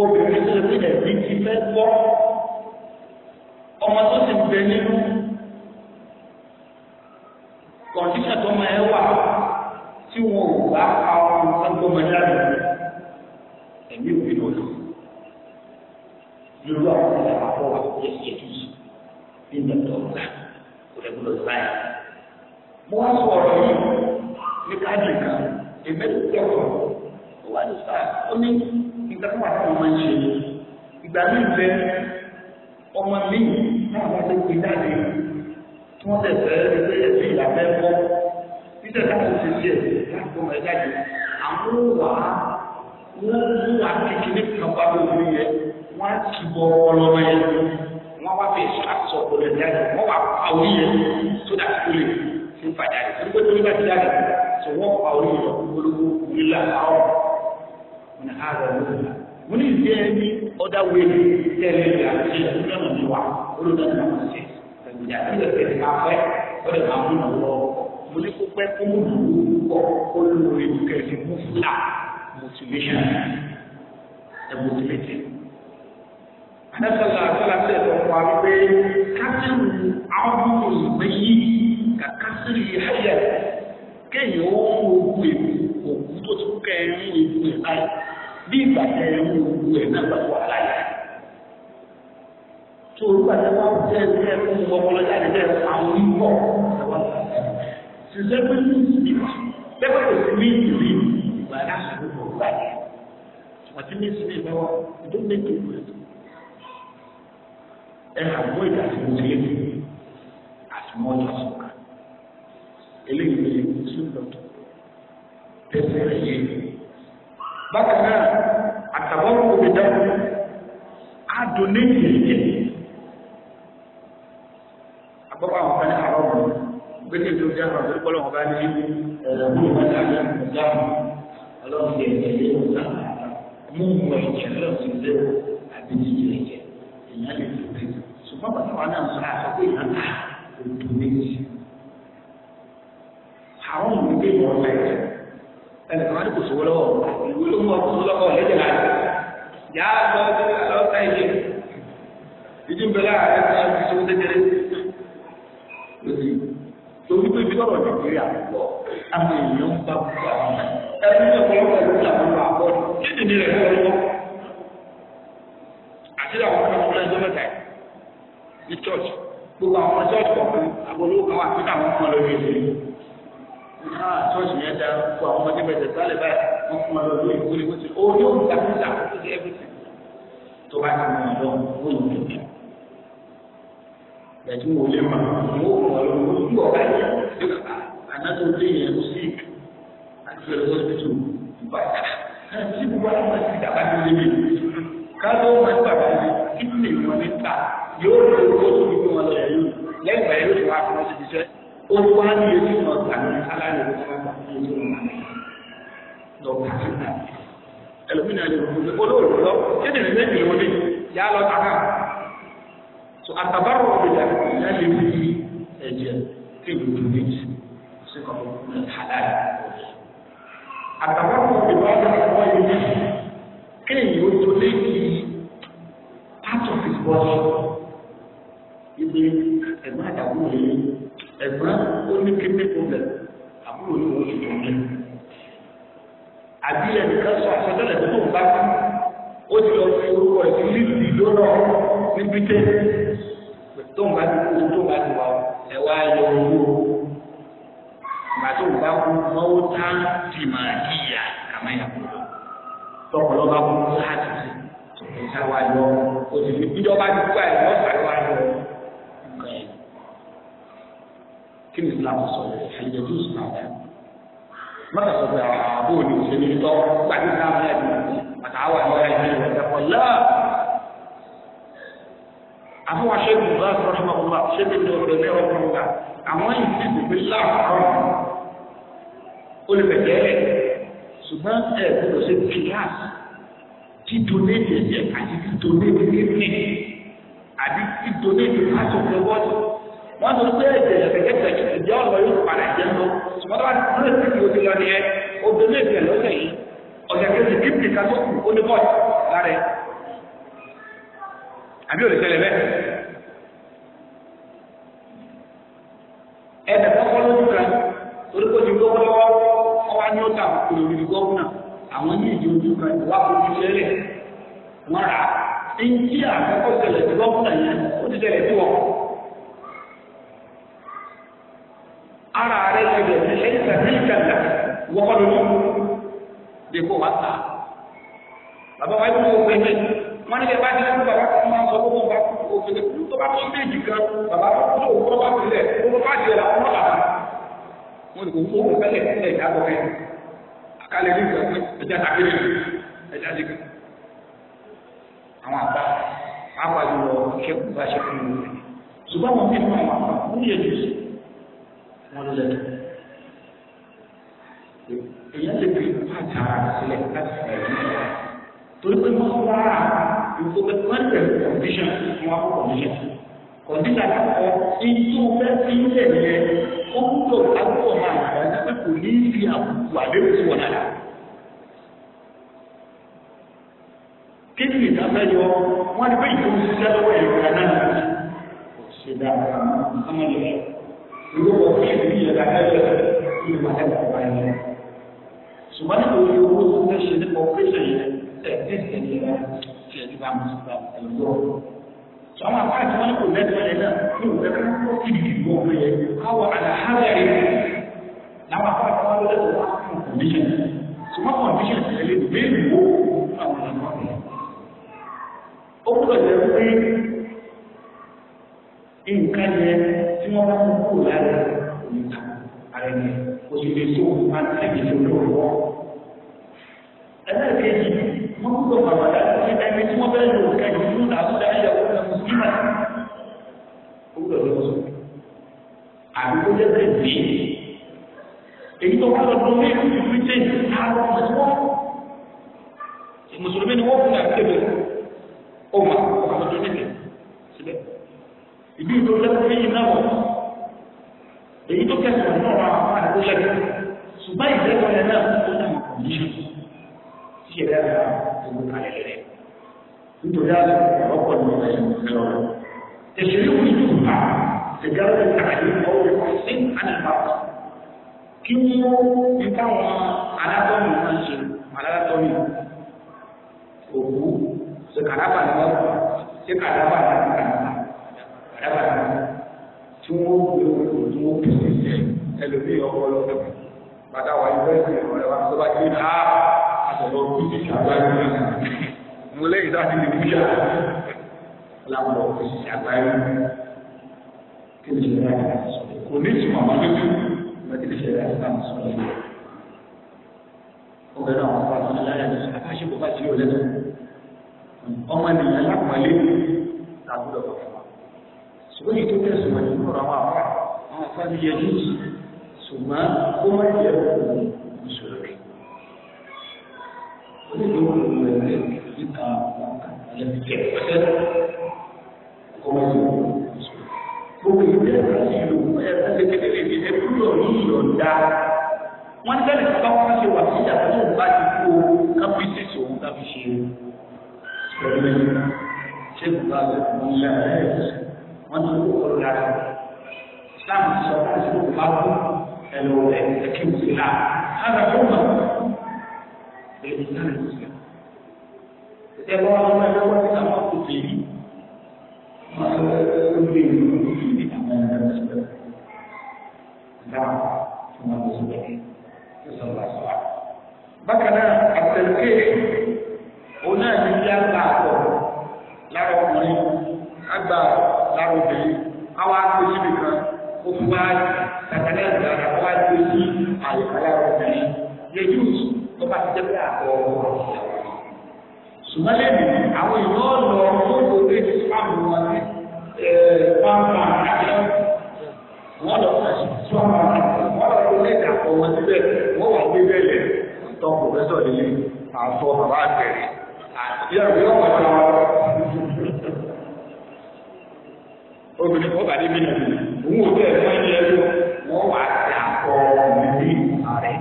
obìnrin tó ti ẹ̀bí ti fẹ́ gbọ́ ọmọ tó ti bẹ nínú kọ̀ǹtíṣà tó máa ẹ wà tí wọn ò bá pa ọmọ agbọmọdé ẹmí òbí ló lò lórí àwọn ọmọ àpò ẹsẹ tó yìí ní ìdàgbà ọgbà kò lè gbọ́dọ̀ báyà. mo wá sọ ọ̀rọ̀ yìí ní káàdì kan èmi ló tẹ ọ̀rọ̀ ó wá ní sáà ó ní ìgbà tó wà fún ọmọ ń ìgbà mi bẹ ọmọ mi náà wọ́n ti gbé jáde tí wọ́n tẹ̀ fẹ́ ẹgbẹ́ ẹ̀sìn ìlàbẹ́ títẹ̀ táwọn ti tiẹ̀ láti ọmọ ẹ̀dá yìí àwọn wà á wọ́n mú wa kékeré kan bá lórí yẹn wọ́n á ti bọ̀ ọlọ́mọ yẹn wọ́n wá fi aṣọ ọ̀pọ̀ ẹ̀dá yẹn wọ́n wá pa orí yẹn sódà tó lè fi ń fàjà rẹ̀ torí pé torí bá ti dá rẹ̀ sọ wọ́n pa orí yẹn olówó orílẹ̀ àwọn ọ̀nà àrẹ̀ olóòlà mo ní ìdí ní kó pẹ́ kó mú kọ́ kó lò ewu kẹ́lẹ́ mú fúlà motivation ẹ̀ motivate. Adásọ̀lá àtọ́lá ti ẹ̀sọ̀ fún wa wípé kásìrì áwùjọ ìwé yìí kà kásìrì ayẹ̀ kéèyàn ó mú ogun èbù òkú tó ti kẹ́ ẹ̀ mú ewu ẹ̀ báyìí bí ìgbà tẹ ẹ̀ mú ogun ẹ̀ náà gbàgbọ́ aláya. Tó olúwa tẹ wá jẹ́ ẹ̀ fún ọmọlọ́jà níbẹ̀ àwọn onígbọ̀ ẹ̀ wá lọ tó jẹ́ pé ní ìsìn wa lẹ́gbẹ̀ẹ́ kò sí ní ìrírí ìgbà aláṣẹ ló What wá yẹn àti ní ìsìn ìgbà wa ìdó méjì ìlú ẹ̀ ẹ̀ àbúrò As much as ṣe é fi àti mọ́ ọjà sọ̀kan eléyìí lè sún lọ́tọ̀ tẹ̀sẹ̀ rẹ̀ yé bákan náà àtàwọn òbí dáhùn á dùn ní ìrìn yẹn àwọn kan ní àwọn gbẹ́kẹ̀ tó dá àwọn àgbẹ̀kọ́ lọ́wọ́ bá ní ọ̀rọ̀ mú ìwà láti ọ̀gá ọlọ́run lè tẹ̀lé ọ̀gá mú ìwà ìjẹ́ lọ́sìn lé àbí jíjẹ ìjẹ́ ìyá lè tó dé ṣùgbọ́n bàtà wà náà sọ àṣọ pé ìyá náà kò tó méjì. àwọn òun gbé wọn fẹ́ ẹnì kan wáyé kò sówó lọ́wọ́ ìwé ló mú ọkọ̀ lọ́kọ̀ lẹ́jẹ̀ láti yá lọ sí ọ̀sán ìjẹ́ ìdí ń bẹ láàárín ọ̀sán ìṣòwò kékeré torí pé sọ̀rọ̀ nàìjíríà lọ àwọn èèyàn ń bá gbogbo àwọn ẹni tó kọ́ lọ́wọ́ ló ń làwọn ọmọ àbọ̀ kí nìyí rẹ̀ kọ́ lọ́wọ́ àti àwọn ọmọ ọmọ ẹjọ́ mẹ́ta ní church gbogbo àwọn ọmọ church kọ̀ọ̀kan àbọ̀lówó kan wà nínú àwọn ọmọ lórí ìlú náà church yẹn da gbogbo àwọn ọmọdé bẹ̀rẹ̀ sálẹ̀ báyìí wọ́n fún wọn lórí ìwúrí wọ́n ti ó yóò ń ẹ̀jú wo lè mà mo mọ̀ ló mo ju ọ̀gá yẹn ṣé bàbá ànátó lé yẹn ló sí àti lọ sí ọsibítù ìgbà tí gbogbo àwọn ọmọ ti dàgbà tó lé mi káàdó wọn ti bàbá mi kí ni wọn ní ta yóò lọ owó tó fi fún wọn lọ yẹn lẹ́yìn ìgbà yẹn ló ti wá fún wọn síbi iṣẹ́ ó wá ní etí wọn tàbí aláìní ló fún wọn ní etí wọn lọ́wọ́ ẹlòmínà lè wọ́n olóòrùn lọ kéde ní méjì lóde yá lọ tàkà tó àtàbárò ọ̀gbẹ̀dà ìyá lè fi ẹ̀jẹ̀ kéwòn tó méjì sí kọ́ halal. àtàbárò ọ̀gbẹ̀dà ìyá lè fi kéwòn tó méjì part of his body ibi ẹ̀gbọ́n àdàbò yìí ẹ̀gbọ́n ó ní kidney problem àbúrò ní òun ìtọ́ mi àbí ẹnìkan sọ àsọtẹ́lẹ̀ tó ń bá ó ti lọ fi orúkọ ẹ̀ sí lílù ìdó náà ní tó ń bá ti kú tó ń bá ti wà ẹ wá yọ owó ìgbà tó ń bá kú mọ́wó tá ti máa yíyà àmọ́ yà kú tọkọ lọ bá kú láti ṣe tó ń wá yọ kò sì fi ìjọba ti kú àìsàn wọ́n sá wá yọ nǹkan yẹn kí ni Islam sọ ẹ̀yẹ tó sùn àwọn mọ́tà sọ pé àbúrò ah, ni òṣèlú tọ́ gbàdúrà náà yà ní àtàwọn àwọn ẹ̀yẹ rẹ̀ ẹ̀kọ́ lọ́ọ̀ àbúwá ṣẹ́gun bá rọ́ṣọ́mọ́ ọba ṣẹ́gun ní ọ̀rọ̀ ilé ọkọ̀ ọba àwọn ìdí gbogbo láàárọ̀ olùbẹ̀tẹ̀ ṣùgbọ́n ẹ̀ gbọ́dọ̀ ṣe kíláàsì títúnéèdì ẹ̀jẹ̀ àti títúnéèdì ẹ̀mí àti títúnéèdì pásọ̀tẹ̀ wọ́ọ̀tì wọ́n sọ pé ẹ̀jẹ̀ ẹ̀kẹ́kẹ́ ìjẹ́ ọ̀rọ̀ yóò padà jẹ́ lọ ṣùgbọ́n tó bá ti kúrò sí ìwé lọ nìyẹn obìnrin ìfẹ́ lọ́sẹ̀ yìí ọ̀sẹ̀ kejì kíkì kásọ̀kù ó ní bọ́ọ̀tì lára ẹ̀ àbí òrìṣẹ́lẹ̀ bẹ́ẹ̀ ti lówó lọ́wọ́ ọwọ́ ní ó dàbò kúrò lórí gọ́ọ̀nà àwọn ní ìdí ojú kan ìwà ojú sẹ́lẹ̀ wọ́n rà á ń tí àkọ́kọ́ sẹlẹ̀ tí gọ́ọ̀nà yẹn ó ti sẹlẹ̀ ara wá ta. bàbá wa yóò wọ ẹgbẹ́ wọn ní bá bàbá máa sọ òfin tó bá tó wọn kò fowó fẹlẹ fẹlẹ ìdábọ ẹ àkàlẹ ní ìgbà pé ẹja tàbí rẹ ẹja dìgbà àwọn àbá àbá yìí wọ ṣẹkùn bá ṣẹkùn ní ìlú rẹ ṣùgbọ́n wọn fi fún àwọn wọn yẹ jù sí wọn ló lẹ́tọ̀ èyí lè fi pàtàkì ara sílẹ̀ láti fẹ ẹ̀yìn rẹ torí pé wọn wá ìfowópamọ́ condition wọn kọ condition condition àkọ́kọ́ ìtú bẹ́ẹ̀ fi ń tẹ̀lé ó ń ọmọ àgbà náà kò ní í àbùkù àdéhùn wọn lára. kí ni ìdámẹ́yọ wọn ní pé ìfún ṣiṣẹ́ lọ́wọ́ ẹ̀ka náà kò ṣe dáadáa ọmọ yẹn ìlú wọn kò ṣe bí ìyẹn dáadáa kí ni wọn ẹ̀ wọ́n bá yẹn. ṣùgbọ́n nípa oye owó tó ń ṣe nípa yẹn ẹ̀ ẹ̀ ẹ̀ àwọn àwọn àti wọn kò lẹ́tọ̀ọ́ yẹn náà ní òfẹ́ ká kó kìdì ìgbò ọmọ yẹn káwọ àlàhálà yẹn làwọn àwọn àti wọn lẹ́tọ̀ọ́ wọn fún kọ̀míṣọ̀n ṣùgbọ́n kọ̀míṣọ̀n tẹ̀lé bẹ́ẹ̀ wò fún àwọn àwọn àwọn. ó gbọ́dọ̀ jẹ́ pé nǹkan yẹn tí wọ́n bá ń kó lára níta ara ẹni kò sì lè tó máa ń tẹ̀lé lọ́wọ́. ẹlẹ́ẹ̀kejì wọ́n gbọ́dọ̀ bàbá wọ́n fẹ́ lò ìmọ̀ owó ẹ̀rọ sọ àdúgbò jẹ́ kẹ̀kẹ́ èyí tó wà lọ́dún ní ìlú britain àrùn ọ̀sán mùsùlùmí ni wọ́n fún mi àti ẹ̀bẹ̀ ó lọ́dún ní síbẹ̀ ìdí ìlú lẹ́kọ̀ọ́ yìí náà wọ̀ èyí tó kẹsàn-án náà wà á àdúgbò lẹ́kọ̀ọ́ ṣùgbọ́n ìdẹ́kọ̀ọ́ yẹn náà ó dà mọ̀ nítorí ọ̀pọ̀ ní ẹ̀sìn ọ̀rọ̀. Tẹ̀sírí wí jù bá ṣègára ní àyè ọ̀rọ̀ ọ̀sìn àdìbàbà. Kí wọ́n ní káwọn alátọ́nù máa ń ṣe alátọ́nù òkú ṣe kàdábà ní wọ́n ṣe kàdábà ní kàdábà kàdábà ní tí wọ́n gbé òkú tí wọ́n pè sí ẹlòmíì ọkọ lọ́wọ́ bàtà wà ní mo lẹ́yìn sáà ti lè mú yà lápò àgbáyé kí ni ìṣẹ̀lẹ̀ àti àṣọ kò ní ìtumọ̀ àmọ́ lójú ìgbà tí ìṣẹ̀lẹ̀ àti àṣọ yìí ó bẹ̀rẹ̀ àwọn afáàfin aláya ní àkáṣe kó bá ti yọ lẹ́nu ọmọ ènìyàn lápàlẹ́ àbúrò bàbá wa ṣùgbọ́n èyí tó tẹ̀sùn wọn ní ọ̀rọ̀ àwọn afá àwọn afá ní yẹ wọ́n tẹ́lẹ̀ tí wọ́n kọ́ ṣe wà sí ìyàtọ̀ tó ń bá ti kú o káfí sí ìṣòwò káfí ṣe o pẹ̀lú ẹni ṣé kò bá lẹ̀ wọ́n lẹ́ ẹ̀ wọ́n ti kó kọ́ lára sáàmù sọ fún ìṣòwò bá kú ẹ̀lọ́wọ̀ ẹ̀ kí n sì là á rà fún wọn tẹ̀wọ́ ọmọ ẹ̀rọ wọn ti àwọn àkókò yìí. Bákan náà, àtẹ̀lé òun náà ní bí àgbà àpọ̀ lára ọkùnrin, àgbà lára obìnrin, àwọn akpẹ́sí nìkan, ó fún wa tàtàlẹ́ àgbà àwọn akpẹ́sí àyè lára obìnrin, yẹ yóò tó bá ti dẹ́pẹ́ àpọ̀ ṣùgbọ́n lẹ́nu àwọn èèyàn lọ wọ́n kò ti spam wọn ní pampa àti wọ́n lọ spam wọ́n lọ lé dàpọ̀ wọn síbẹ̀ wọ́n wà gbé bẹ́ẹ̀ lẹ̀ tọ́ pòfẹ́sọ̀ nílé àtọ́ bàbá àgbẹ̀rẹ̀ àti ẹ̀rọ yóò wọ́n lọ. obìnrin kọ́ bàdé mi nìyí òun ò bẹ́ẹ̀ fún ẹni ẹ̀rọ wọ́n wà dàpọ̀ nílé ààrẹ.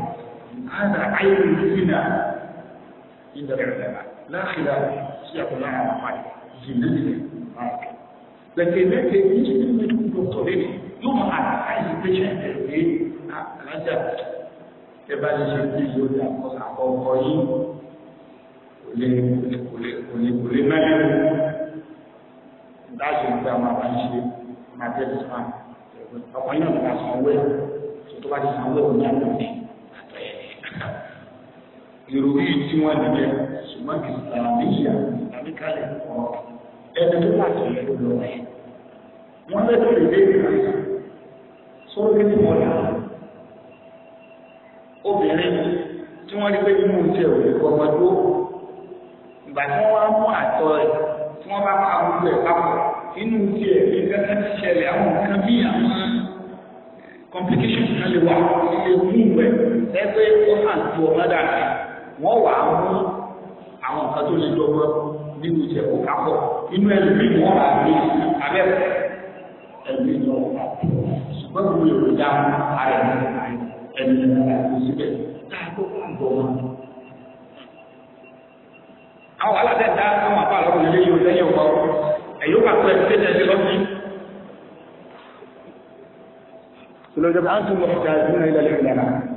Ana ayi ni fina inda rẹ̀ lẹ́ba láàkìlá sí àkọlá àwọn àpáyé jìnnà sílẹ̀ máa kẹ́. Lẹ̀kẹ̀ mẹ́kẹ̀ ní ṣe ní mẹ́kù dọ́kítọ̀ lẹ́nu yóò máa àdáyé patient ẹ̀ pé alájà ẹ bá lè ṣe bí yóò dà àkọ́kọ́ yìí kò lè kò lè kò lè kò lè má lẹ́nu. Láti ìgbà máa bá ń ṣe máa tẹ́ ti fà ọkọ̀ yóò máa sanwó ẹ̀ tó bá ti sanwó ẹ̀ ní àná ìròyìn tí wọ́n nìyẹn ṣùgbọ́n kì í sàmìyà tàbí kalẹ̀ ọ̀ ẹni tó láti rí lọ rẹ̀. wọ́n lẹ́tọ̀ ìdè ìrìnàjò sórí ní mọ́lá obìnrin tí wọ́n rí pé nínú ìṣe òye kọ́mọdó ìgbà tí wọ́n wá mú àtọ̀ rẹ̀ tí wọ́n bá ká gbogbo ẹ̀ papọ̀ inú ìṣe ẹ̀mí kankan ti ṣẹlẹ̀ àwọn nǹkan bí àwọn complications kan lè wà ilé fún ìwẹ̀ ẹgbẹ́ ó hàn ju ọmọdé àti wọ́n wà á mú àwọn nǹkan tó lè dọ́gbọ́ nínú ìjẹ̀kù kápọ̀ inú ẹlòmíì wọn bá gbé abẹ́ ẹlòmíì ni wọn bá ṣùgbọ́n gbogbo èròjà ara ẹ̀ ẹni ẹ̀ka ìlú síbẹ̀ káàkó àgbọ̀ wọn. àwọn aláṣẹ dá àwọn àpá àlọ́ òlélẹ́ yìí lẹ́yìn ọ̀pọ̀ ẹ̀yọ́ bá pẹ́ ṣe tẹ̀lé lọ́sí. sọlọ́jọ́ bá ń tún mọ̀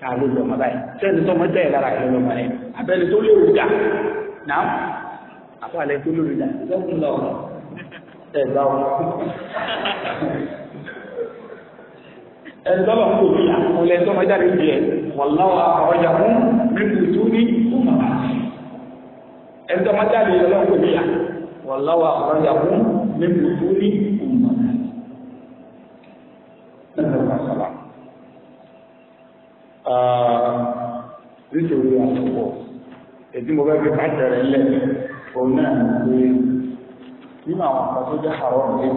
ta ló lọ́mọ báyìí sẹ́ni tọ́mọ jẹ́ ẹ̀ lára ẹ̀ lọ́mọ yẹn abẹ́ni tó lè rúdà náà àfàlẹ́ tó lè rúdà lọ́kùn lọ ẹ̀ gbà wọn. ẹni tọ́mọ kò bí àkọlẹ̀ tọ́mọ jáde ń jẹ wọ̀láwà ọjà fún mímu tó ní fún màmá ẹni tọ́mọ jáde ọlọ́kùn bí à wọ̀láwà ọjà fún mímu tó ní nítorí àsopọ̀ èdè mo fẹ́ fi káàkiri rẹ̀ lẹ̀ òun náà ń pè é nínú àwọn kan tó jẹ́ àrọ́ rẹ̀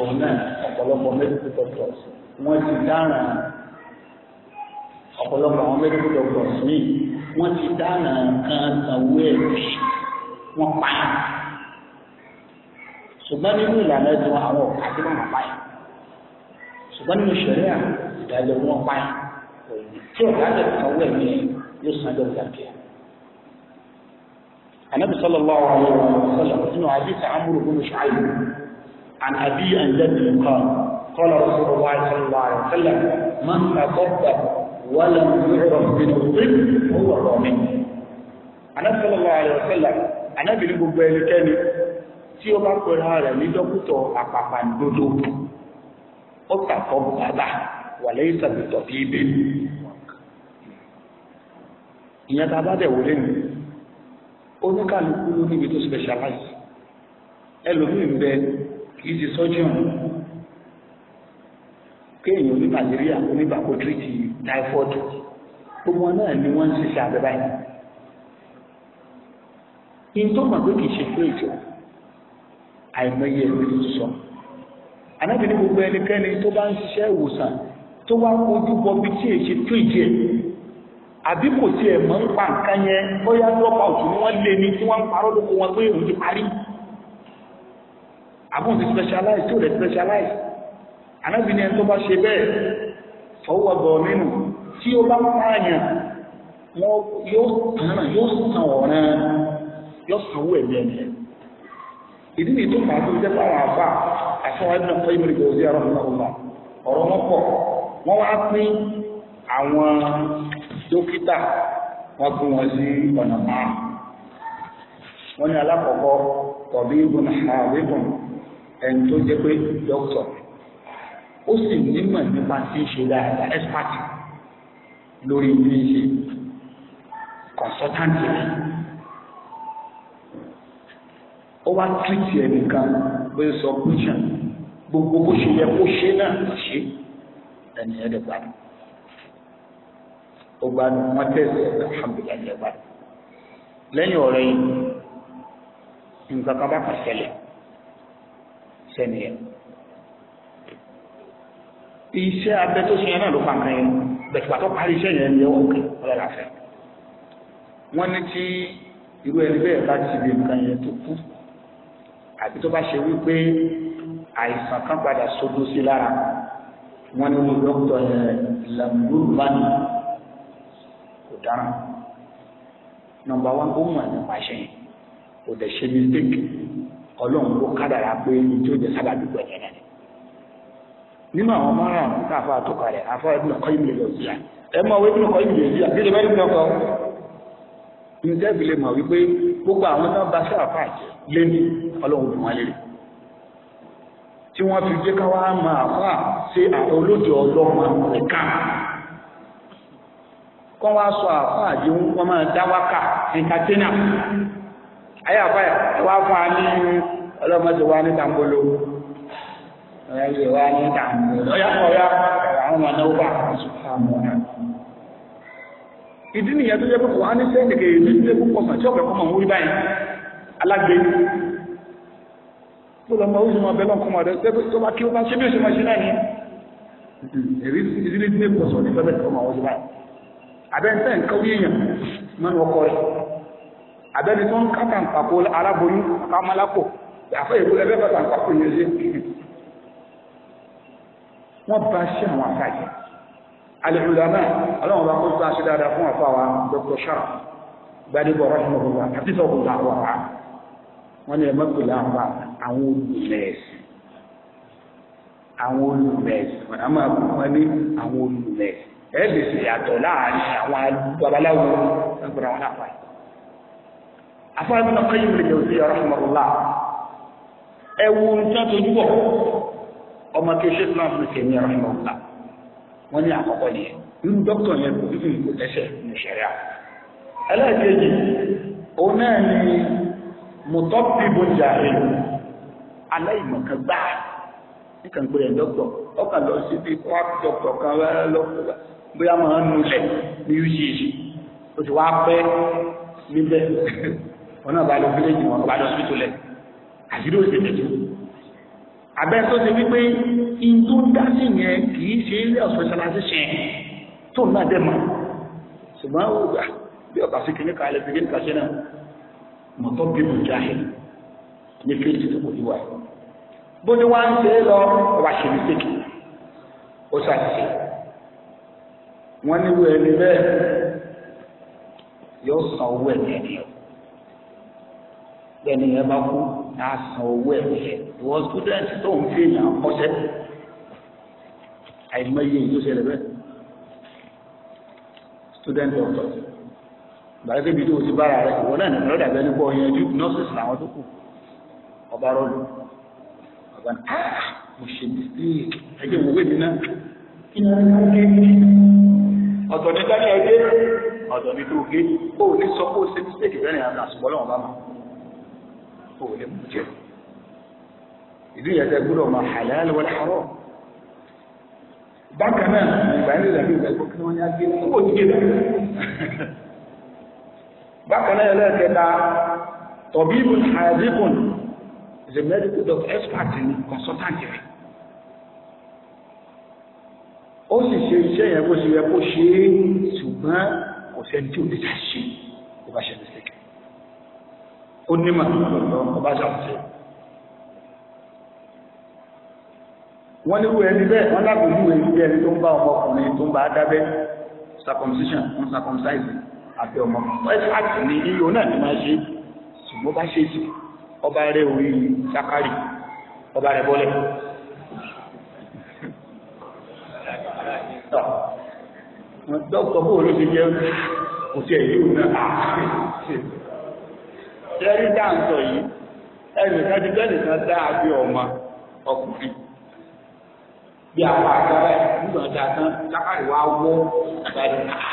òun náà ọ̀pọ̀lọpọ̀ medical doctors wọ́n ti dára ọ̀pọ̀lọpọ̀ àwọn medical doctors mi wọ́n ti dára kan sanwó ẹ̀rí wọ́n pa á ṣùgbọ́n nínú ìlànà ẹ̀dùn àwọn ọ̀kadì wọn pa á ṣùgbọ́n nínú ìṣẹ̀lẹ̀ ìdájọ́ wọn pa á. كيف هذا التمويل من يسند الزكيه النبي صلى الله عليه وسلم انه حديث عمرو بن شعيب عن ابي الذي قال قال رسول الله صلى الله عليه وسلم من تصدق ولم يعرف من الطب هو الرامي النبي صلى الله عليه وسلم انا بلغ بلكني tí ó bá pẹ̀lú ara rẹ̀ ní dókítọ̀ àpàpàǹdodo ó tàkọ́ bùkátà wàlẹ́ ìtàbí tọ̀bí ibẹ̀ ìyẹn tá a bá dẹ̀ wọlé ni oníkàlùkù ló níbi tó specialize ẹlòmíì ń bẹ kì í ti surgeon kéèyàn oní malaria oníbàkó tírìtì typhoid gbogbo náà ni wọ́n ń ṣiṣẹ́ abẹ báyìí ìtọ́ mà pé kì í ṣe plate o àìmọye ẹ̀mí ló sọ anábìíní gbogbo ẹnikẹ́ni tó bá ń ṣiṣẹ́ ìwòsàn tó wá kojú bọbi tí èsì tó ìjẹ àbí kò tiẹ̀ mọ̀ ń pa nǹkan yẹn bóyá drop out ni wọ́n lé ní tí wọ́n ń parọ́ lóko wọn pé òun ti parí àbúrò ti specialize tí ò lè specialize ẹni tó bá ṣe bẹ́ẹ̀ fọwọ́ bọ̀ nínú tí bá pààyàn wọn yóò yóò sàn ọ̀ràn yóò ẹ̀mí ẹ̀mí wọ́n wá pín àwọn dókítà wọ́n pín wọn sí ọ̀nà márùn wọ́n ní alákọ̀ọ́kọ́ tọ̀bí ibùn àwẹ̀bùn ẹni tó jẹ́ pé dókítà ó sì nímọ̀ nípa tí ń ṣe dáadáa expert lórí bí ń ṣe consultant ó wá treat ẹnìkan pé sọ patient gbogbo bó ṣe yẹ kó ṣe náà ṣe ẹni yẹn lè gbádùn ó gbádùn wọn tẹsí ẹ alhamdulilayi lè gbádùn lẹ́yìn ọ̀rẹ́ yìí nǹkan kan bá kà ṣẹlẹ̀ sẹ́ni yẹn iṣẹ́ abẹ tó ṣe yẹn náà ló fa nǹkan yẹn bẹ̀tùpà tó parí iṣẹ́ yẹn ni ó kè ọlọ́dà fẹ́ wọ́n ní tí irú ẹni bẹ́ẹ̀ bá ti di nǹkan yẹn tó kú àbí tó bá ṣe wípé àìsàn kan padà sodo sí lára wọ́n ní wọ́n dọ́kítọ̀ yẹn eh, lamdulmani kò dára nọ́mbà wọn ó mọ̀ nípa ṣe yẹn kò dẹ̀ ṣe mistake ọlọ́run ló kádàrá pé ìjọ jẹ sábàbí pẹ̀lú ẹ̀ nínú àwọn márùn-ún tá a fọ́ àtọ́kọ rẹ̀ afọ́ ẹ̀dùn ọkọ ìmìlẹ̀ lọ sí à ẹ mọ̀ wípé ọkọ ìmìlẹ̀ sí à kí lè bá ìmìlẹ̀ ọkọ ní tẹ́bìlì mọ̀ wípé gbogbo àwọn tó bá sáà fà lé ní ọlọ́run ló wọlé rẹ̀. tí wọ́n fi jẹ́ káwá máa fà ṣe àwọn ọlọ́mọ nìkan kọ́ wá sọ àfà àjẹ́ wọ́n máa dá wákà ẹ̀ńtátẹ́nà ayé wá fún wa ní ọlọ́mọdé wa ní tàǹbọ̀lọ́ ọ̀yàwó ní tàǹbọ̀lọ́ wà ìdí nìyẹn tó yẹ kó wá ní púpọ̀ tó lọ mọ oṣù mọ bẹ́ẹ̀ lọ́kọ́ mọ rẹ tó bá kí ó bá ṣe bí oṣù mọ ṣe náà yẹn èrí ìdílé ní ìpọ̀sọ̀ ní bẹ́ẹ̀ tó mọ oṣù báyìí abẹ́ntẹ́ nǹkan wí èèyàn mọ́nu ọkọ rẹ̀ abẹ́ni tó ń kápá nǹpapò aláboyún kámálápò àfẹ́ ìlú ẹgbẹ́ bàtà nǹpapò yẹn ṣe wọ́n bá ṣe àwọn àfáàyè alìhùlámà ọlọ́run bá kó tó aṣọ dáadáa fún àfáà wa Dr. Sharaf Gbadebo rahimahullah àti sọ̀kùnrin àwọn àwọn wọ́n ní ẹ̀mọ́ pẹ̀lú àwọn àwọn olùmẹ̀ẹ̀sì àwọn olùmẹ̀ẹ̀sì wọ́n á máa kún wọn ní àwọn olùmẹ̀ẹ̀sì ẹ̀ lè ṣe yàtọ̀ láàrin àwọn babaláwo ẹgbẹ̀rún àwọn àfáà àfáà mi náà kọ́ yìí lè jẹ́ òṣèlú ọ̀rọ̀ ẹwu nǹkan tó dúbọ̀ ọmọ kẹsẹ̀ tó náà fún kẹmí ọ̀rọ̀ ọ̀la wọ́n ní àkọ́kọ́ nìyẹn irú dókítà yẹn kò fífi kò lẹ́sẹ̀ ní sẹ̀ríà ẹlẹ́ẹ̀kejì òun náà ní mùtọ́bìbò jàre aláìmọ̀kan gbà nǹkan gbé ẹ̀ dọ́kítọ̀ ọkàn lọ sí bí wọ́n á dọ́kítọ̀ kan wẹ́rẹ́ lọ́kọ̀ bóyá máa ń nulẹ̀ ní uch o ti wá pẹ́ níbẹ̀ wọn náà bá lọ fílẹ̀jì wọn bá lọ sí tó lẹ̀ àṣírí òsè tẹ̀tù abẹ́ tó ṣe wípé ìdó dásì yẹn kì í ilé ọ̀sán ṣaláṣíṣẹ́ tó náà dẹ̀ mọ̀ ṣùgbọ́n ó gbà bí ọ̀bà sí kìnnìkan alẹ́ fi kìnnìkan ṣe náà mọ̀tọ́ bí mujahid ní kéèjì tó kò yíwá yìí bó ni wá ń ṣe é lọ ọba ṣe ní tèkì ó ṣàṣìṣe wọn ní wo ẹni bẹ́ẹ̀ yóò san owó ẹni ẹni o bẹ́ẹ̀ni ẹ bá kú náà san owó ẹni ẹ ìwọ student tó ń fi èèyàn kọ́ṣẹ́ àìmọye yìí tó ṣẹlẹ̀ bẹ́ẹ̀ student ọ̀tọ̀ gbàgbé ibi tó o ti bára rẹ ìwọ náà nìkan lọ́dà bẹ́ẹ̀ nípa ọyàn ju nọ́ọ̀sìsì làwọn tó kù ọba rọlù ọba ní ah mo ṣe mistake ẹgbẹ́ ìwòwe mi náà kí ni wọ́n ń gé ọ̀dọ̀ ní dání ẹgbẹ́ ọ̀dọ̀ ní tó gé o ò ní sọ pé o ṣe mistake bẹ́ẹ̀ ni àwọn àṣùbọ̀ lọ́wọ́ bá mọ̀ o lè mú jẹ ìdí yẹn tẹ gbúdọ̀ mọ halal wal haram bákan náà ìgbà yẹn lè dàbí ìgbà yẹn kó kí wọ́n yá gé kó o ti gé dàbí bákan náà ẹlẹ́ẹ̀kẹta tọ̀bíbù àìdíkùn is a medical doctor expert ni consultant rẹ̀ ó sì ṣe iṣẹ́ yẹn bó ṣe yẹ kó ṣe é ṣùgbọ́n kò sẹ́ni tí ò lè ṣàṣe bó bá ṣe mistake ó nímọ̀ lọ́dọ̀ ọba ṣàkóso wọ́n ní wo ẹni bẹ́ẹ̀ wọ́n lábòjú ẹni bẹ́ẹ̀ tó ń bá ọmọkùnrin tó ń bá dábẹ́ circumcision uncircumcised àti ọmọ isaac ní yíyọ náà ni máa ṣe ṣùgbọ́n bá ṣe sí ọba rẹ orí sakari ọba rẹ bọ́lẹ̀. dókítà bó ló ti jẹ́ kò sí èyí ò náà ṣẹ́rí dáńtọ̀ yìí ẹnì kan ti bẹ́ẹ̀ nìkan dá àbí ọmọ ọkùnrin bí àwọn àgbà ẹ̀ nígbà tá a tán sakari wá wọ́ àgbà rẹ̀ náà.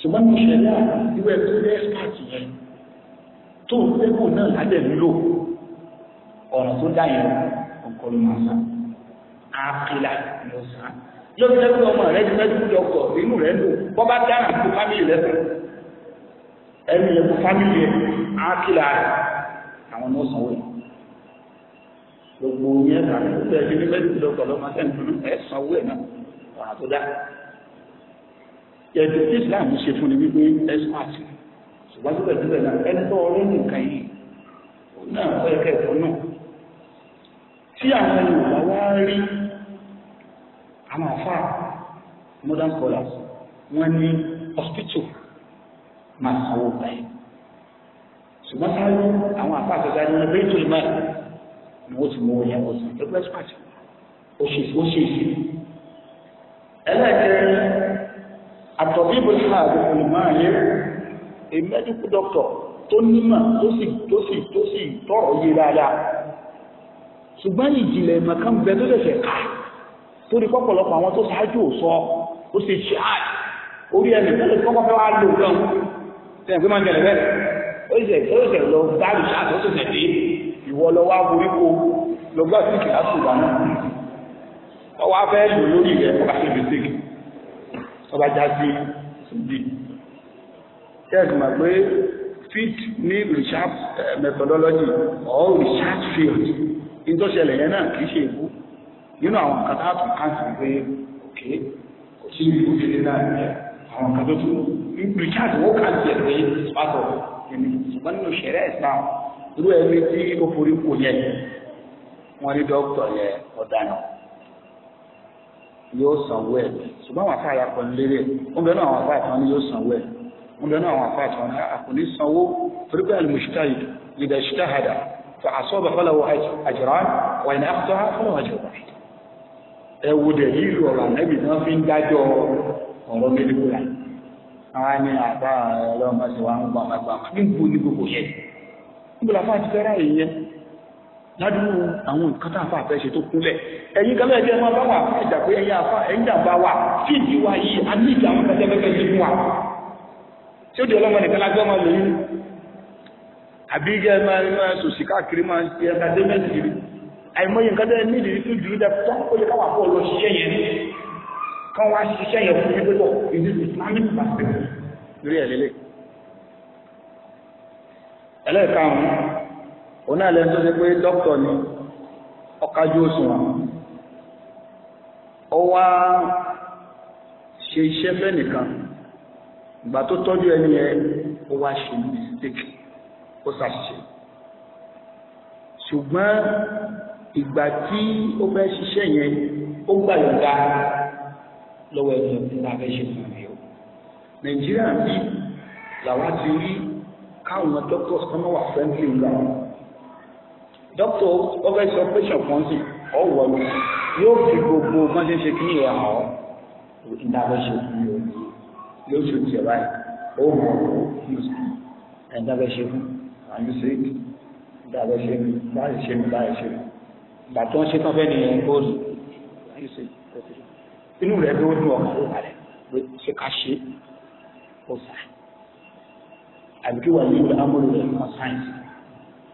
ṣùgbọ́n mo ṣẹlẹ̀ irú ẹ tó jẹ́ yẹn tó ń fẹ́kù náà lábẹ́ mi lò ọ̀rọ̀ tó dá yẹn ọkọ ló máa sá àpìlà ló sá yóò fẹ́ kí ọmọ rẹ ti fẹ́ kí ọkọ̀ inú rẹ lò bọ́ bá dára kó fámìlì rẹ fẹ́ ẹnu yẹn kó fámìlì yẹn àpìlà àwọn náà sanwó yẹn gbogbo yẹn kàwé tó fẹ́ kí ní ọkọ̀ ló máa sẹ́ni fún ẹ sanwó náà ọ̀rọ̀ tó dá ẹ̀dù tí islam ṣe fún ni wípé expert ṣùgbọ́n síbẹ̀síbẹ̀ náà ẹni tó ọrẹ́ nìkan yìí òun náà fẹ́ kẹ́kọ̀ọ́ náà tí àwọn yorùbá wá rí àwọn àfà modern scholars wọ́n ní hospital máa sanwó báyìí ṣùgbọ́n sáré àwọn àfà àgbẹ̀gbẹ̀ ní ẹgbẹ́ ìtòlú máa ni wọ́n ti mú owó yẹn wọ́n sàn ẹgbẹ́ expert ó ṣe ìṣe ẹlẹ́ẹ̀kẹrin àtọ̀bíbò ṣáàbù olùmọ̀ọ́yẹ a medical doctor tó nímọ̀ tó sì tó sì tó sì tọ̀rọ̀ yé dáadáa ṣùgbọ́n ìjìnlẹ̀ ìmọ̀kan bẹ tó ṣẹ̀ṣẹ̀ ká torí pọ̀pọ̀lọpọ̀ àwọn tó ṣáájú ò sọ ó ṣe ṣe àì orí ẹni tó lè kọ́kọ́ fẹ́ wá lò gan tẹ̀yìn pé máa ń jẹ̀lẹ̀ bẹ́ẹ̀ ó ṣe ó ṣe lọ bá rìṣáàtì ó ṣe ṣẹ̀ dé ìwọ lọ wá boríko lọ gbà sí ìkìlá ṣùgbọ́n náà ọwọ́ afẹ́ lò lórí rẹ̀ kọ́kà ṣe ọba já sí ìdí tẹ́ẹ̀sì mọ̀ pé fit ní research methodology or research field In tó ṣẹlẹ̀ yẹn náà kì í ṣe ìbú nínú àwọn nǹkan tá a tún káàsì pé òkè kò sí ìbú ṣe náà ní àwọn nǹkan tó tún research wọ́n káàsì ẹ̀ pé pàtó ẹ̀mí ṣùgbọ́n nínú ṣẹ̀rẹ́ Islam irú ẹni tí ó forí kò yẹ wọ́n rí dókítà yẹ ọ̀daràn. yóò sanwó ẹ̀ ṣùgbọ́n àwọn afáàyà kan lérè àwọn afáàyà kan yóò sanwó àwọn afáàyà kan ní sanwó torí pé ìdá wà ní ẹ yìí lọ náà fi ń àwọn àbá ládùúgbò àwọn nǹkan tá a fà fẹ́ ṣe tó kúnlẹ̀ ẹ̀yin kan lẹ́yìn tí ẹ máa bá wà fún ìjà pé ẹ̀yin àfa ẹ̀yin jàǹbá wà tí ìdí wa yìí a ní ìjà àwọn kẹtẹ fẹ́fẹ́ sí fún wa tí ó di ọlọ́mọ nìkan lágbẹ́ ọmọ lòyún àbí ẹ máa máa sòsì káàkiri máa ṣe ẹ̀ka dé mẹ́sìrì àìmọye nǹkan tẹ́ ní ìdílé tó jùlọ dẹ́kun tó ó yẹ káwà pọ̀ lọ ṣiṣẹ́ yẹn kán wá ṣiṣẹ́ yẹn fún yín pẹ́tọ̀ ìdí islamic perspective lórí ẹ̀ òun náà lẹ́nu tó ṣe pé dókítà ni ọ̀kájú òṣùwọ̀n ó wá ṣe iṣẹ́ fẹ́ nìkan ìgbà tó tọ́jú ẹni yẹn ó wá ṣe mistake ó ṣàṣìṣe ṣùgbọ́n ìgbà tí ó fẹ́ ṣiṣẹ́ yẹn ó gbà yọ̀ǹda lọ́wọ́ ẹni ọ̀gbìn abẹ́ ṣe fún mi o nàìjíríà bí làwa ti rí káwọn doctors kan wà friendly ńlá wọn dókítà ó fẹ́ sọ pẹ́sàn kan sí yóò fi gbogbo bọ́n ṣe ṣe kíni ìyá ọ̀ ìdábẹ́ṣe fún mi yóò ṣe tiẹ̀ báyìí ó mọ̀ ọ́ ìdábẹ́ṣe fún àyùn sí ìdábẹ́ṣe fún báyìí ṣe fún báyìí ṣe fún bàtọ́ ń ṣe tán fẹ́ nìyẹn ó rí àyùn sí inú rẹ̀ bí dùn ọ̀kan ló balẹ̀ pé ṣe ká ṣe ó sà àbíkí wà nínú amúlò rẹ̀ fún sáyẹ́nsì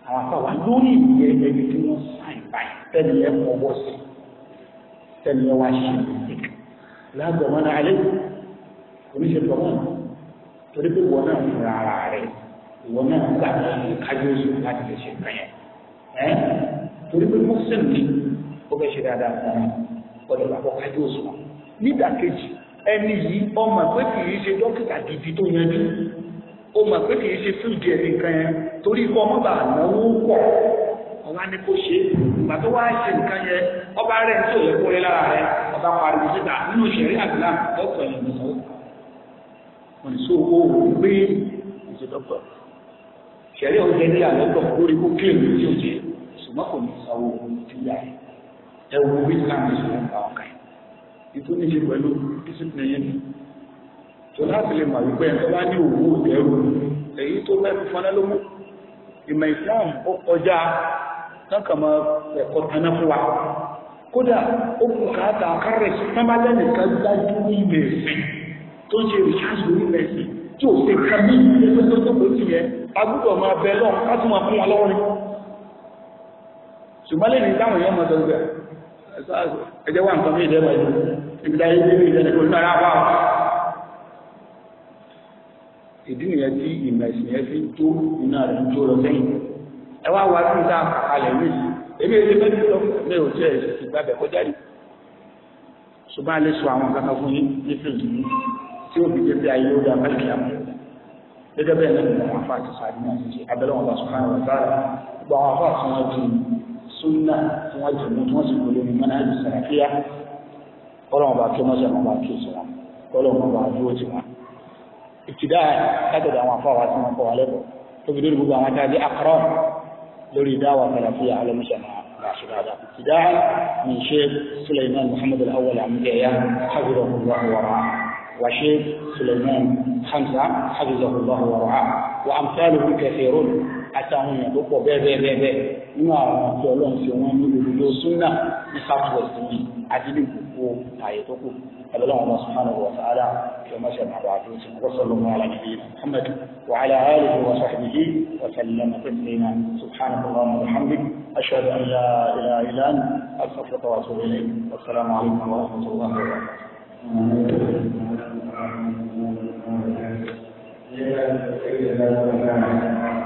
àwọn afáwà lórí ìyẹ ẹni tí wọ́n sáìn báyìí tẹ́lẹ̀ yẹn fọwọ́ sí tẹ́lẹ̀ yẹn wá ṣe lágbọ̀mọ́ náà alẹ́ oníṣẹ́ tọ́mọ́ torí pé wọ́n náà fúnra ara rẹ̀ wọ́n náà gbà kájú oṣù láti lè ṣe nǹkan yẹn ẹ́ torí pé mọ́sìn ni ó fẹ́ ṣe dáadáa fún wọn ọ̀dọ̀ àpọ̀ kájú oṣù nídàkejì ẹni yìí ọmọ pé kì í ṣe dókítà gidi tó yanjú ó mọ̀ pé kì í ṣe fíìdì ẹ̀ nìkan yẹn torí kọ́ ọmọ bá náwó pọ̀ ọba ní kò ṣe ìgbà tó wá ṣe nǹkan yẹn ọba rẹ̀ tí yẹ kó rí lára rẹ̀ ọba pariwo síta nínú ìṣẹ̀rí àgbà ọ̀pọ̀ ẹ̀yìn ìṣòwò wọn ní sóò owó òun gbé ìṣẹ̀rí àlọ́gbọ̀ lórí kó tí ó ṣe sanwó yá tó láti lè mọ̀ wípé ẹ̀ wá ní òwú òtẹ́rù èyí tó mẹ́rin fọnà ló mú ìmọ̀ Islam ó kọjá kankama ẹ̀kọ́ kaná fún wa kódà ó kù káàtà kárẹ̀sì tábàlẹ́nì kan dájú ní ilẹ̀ ẹ̀sìn tó ń ṣe rìṣáàṣì ní ilẹ̀ ẹ̀sìn tí ò ṣe ká ní ilé tó tó tó kó sí yẹn a gbúdọ̀ máa bẹ lọ ká máa fún wọn lọ́wọ́ ni ṣùgbọ́n táwọn èèyàn máa sọ ẹ̀jẹ̀ wà nǹkan bí ìdẹ́gbẹ̀ẹ́ ìdílé ìdílé ìdílé ìdílé ìdí nìyẹn tí ìmọ̀ ẹ̀sìn yẹn fi tó iná rẹ̀ ń tó lọ sẹ́yìn ẹ wá wá sí ìta àkàlẹ̀ mi èmi èdè mẹ́rin lọ mi ò tiẹ̀ ti gbàgbẹ́ kọjá yìí ṣùgbọ́n a lè sọ àwọn kankan fún yín ní fíìmù yìí tí ó fi pé ayé ó dá mẹ́rin àmọ́ gẹ́gẹ́ bẹ́ẹ̀ náà nìyẹn wọn fà sáré náà ti ṣe wọn bá sọ fún sára gbogbo àwọn afọ wọn ju sunna tí ابتداء هذا دعوة فوق اسم فوق عليه تقدر بقى ما تادي لوري دعوة فلسية على مجتمع راشد هذا ابتداء من شيخ سليمان محمد الأول عم جاية حفظه الله ورعاه وشيخ سليمان خمسة حفظه الله ورعاه وأمثاله كثيرون àtàwọn èèyàn tó pọ̀ bẹ́ẹ̀ bẹ́ẹ̀ bẹ́ẹ̀ bẹ́ẹ̀ nínú àwọn ọ̀tí ọlọ́run tí wọ́n ní olùdó súnà ní south west ní àdílé gbogbo ààyè tó kù ẹlọ́run ọmọ sùnmọ́nà wọ̀ sáárà kí ọmọ ṣe màdà àti oṣù kọ́kọ́ sọ́lọ́ mọ́ ala nabi muhammad wa ala alihi wa sahbihi wa sallam taslima subhanahu wa alhamdi ashhadu an la ilaha illa anta astaghfiruka wa atubu ilayk wa alaykum wa rahmatullahi wa barakatuh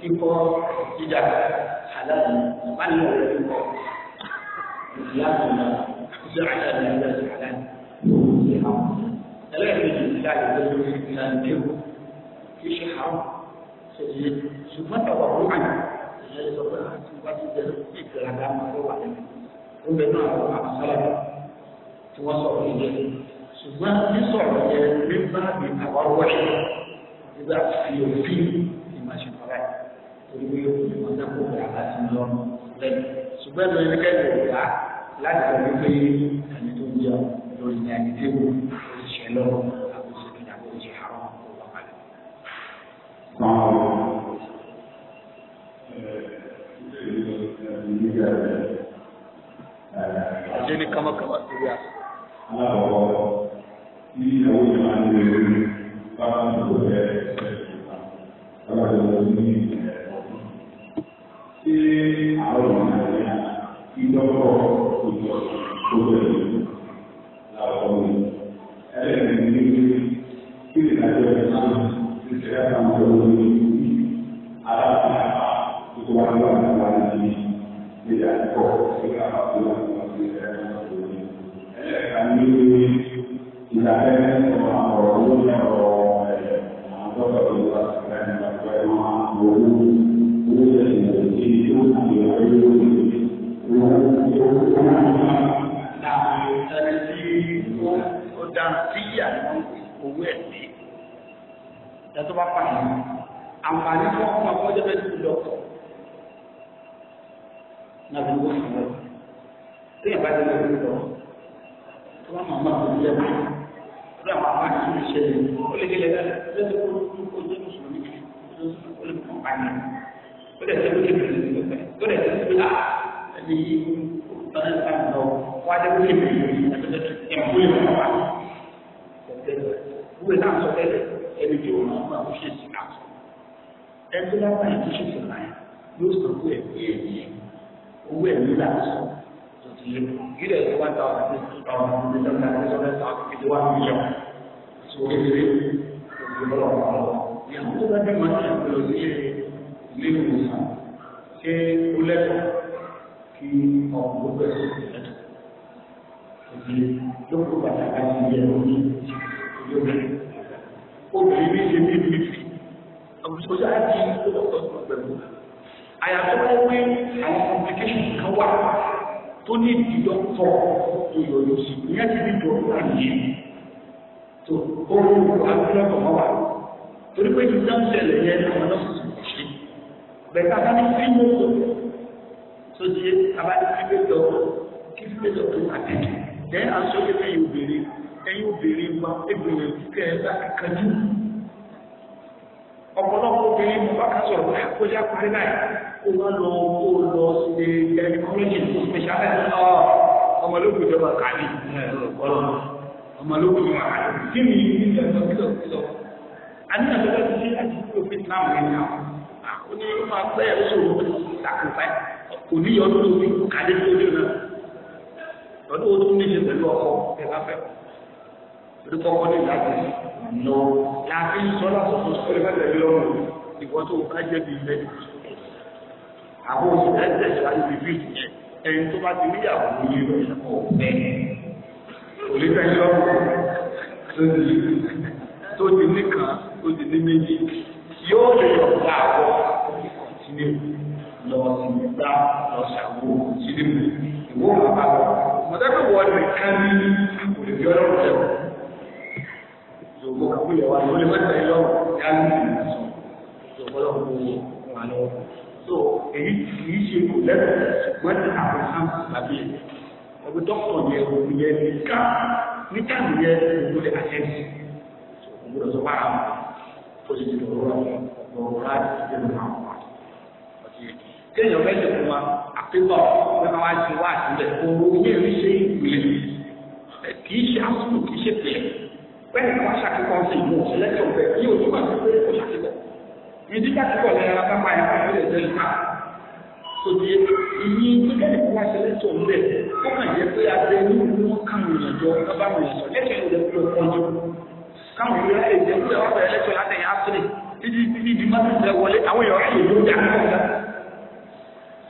kíkọ́ jíjà àlàyé ìbálẹ̀ rẹ̀ kíkọ́ ìsìlámù náà àkóso àlàyé àlàyé àlàyé ṣe hàn. ẹlẹ́ẹ̀kejì ìlà ìlú ìlà ìlú kì í ṣe hàn ṣèṣe ṣùgbọ́n tàwa kó hàn ìyẹn sọ pé àti wájú jẹ ìgbéraga máa ló wà lẹ́nu. ó bẹ náà wọ àbúsálà tí wọ́n sọ̀rọ̀ yẹn ṣùgbọ́n sísọ̀rọ̀ yẹn nígbà mi àwa wọ̀ṣẹ̀ nígbà fi òfin orí ọjọ́ kò gbà láti lọ lẹ́yìn ṣùgbọ́n ẹ̀rọ ẹnikẹ́ni kò gbà láti lọ wípé ẹni tó ń jẹ lórí ní ẹni tí kò ṣiṣẹ́ lọ àkóso ìdá kò ṣe àwọn ọmọ balẹ̀. Ajé ní kámákámá tó yá. Aláwọ̀ tí ìyàwó yìí máa ń lè rí bá a ń lò ẹ́ ẹ̀ẹ́dẹ̀ẹ́ta. Aláwọ̀ ni tí àwọn ọmọ ìjọba ìjọba tó bẹ̀rẹ̀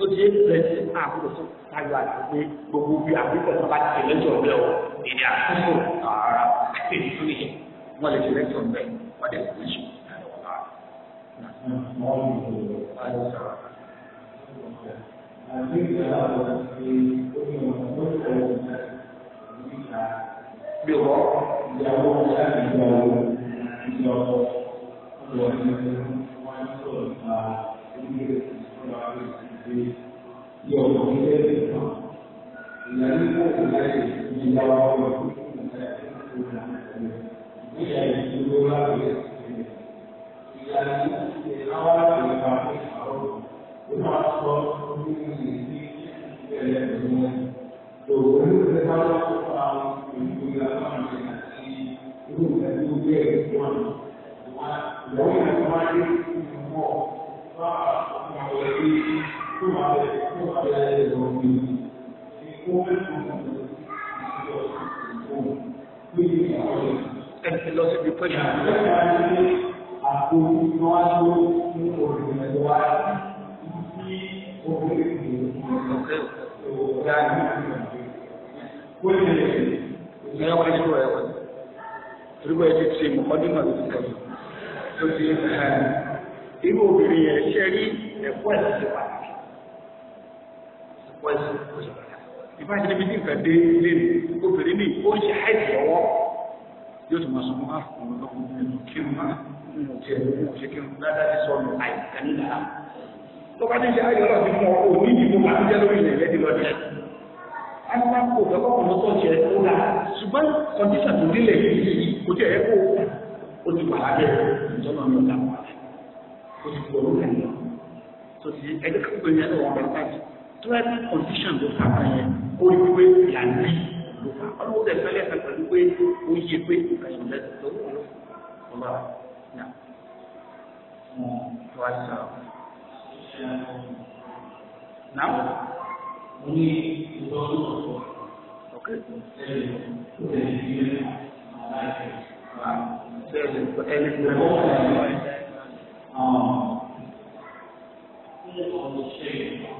tó di ẹgbẹ̀rẹ̀ sí àkóso táyọ̀ àti gbogbo bí àbíkọ̀ tó bá ti tẹ̀lé bẹ́ẹ̀ o èdè àkóso ara àti ìdúró yẹn wọ́n lè tẹ̀lé jọ bẹ́ẹ̀ wọ́n lè tẹ̀lé jọ bí o bọ ìyàwó ìyá ìyàwó ìyàwó ọlọ́run wọn ní sọ̀rọ̀ nípa ìdílé ìṣúná àgbẹ̀. 有同一些地方，人不在比较不在不在，不在比如那个，人比较那个不好，不好说你你这些什么，就我们这方面不好，你不要放弃，你不能就别管，我永远关心你我，啊。Ẹ̀sìn lọ síbi pẹ̀lú. Àpò níwájú ní obìnrin ẹ̀dọ́ wa tí obìnrin kìí. Ọ̀kẹ́ òkè. Wọ́n lè ní ẹwà ìṣòro ẹ̀wà. Torípé ẹ ti ṣe mọ̀kọ́dún náà lórí kan. Tó ti irú obìnrin yẹn ṣẹ́rí ẹ̀kọ́ ẹ̀sìn wa. wọ́n sì kó sàrà ìfáàjì níbi tí nǹkan dé ilé mi obìnrin mi ó ṣe àìsí lọ́wọ́ yóò tún máa sọ fún kí n nínú tiẹ̀ nínú kí n dáadáa ti àìsàn nígbà ti ṣe ayọ̀ òní ìdìbò máa ń jẹ́ lórí ilẹ̀ ṣùgbọ́n tó délẹ̀ yìí kò jẹ́ o ti ìjọba mi ò dà wọ́n o ti twelve condition ló fà kan yẹn ó ní pé ìyàní ló fà kan ó dẹ̀sán lẹ́sẹ̀ pẹ̀lú pé ó yẹ pé nǹkan yìí lẹ́sẹ̀ tó wù ló fà ọba nà mọ tó a sọ. Nà. Mo ní ìtọ́jú ọ̀pọ̀. Ok. Ẹni tó ń bọ̀. Ọ̀hún. Ṣé o ṣe é?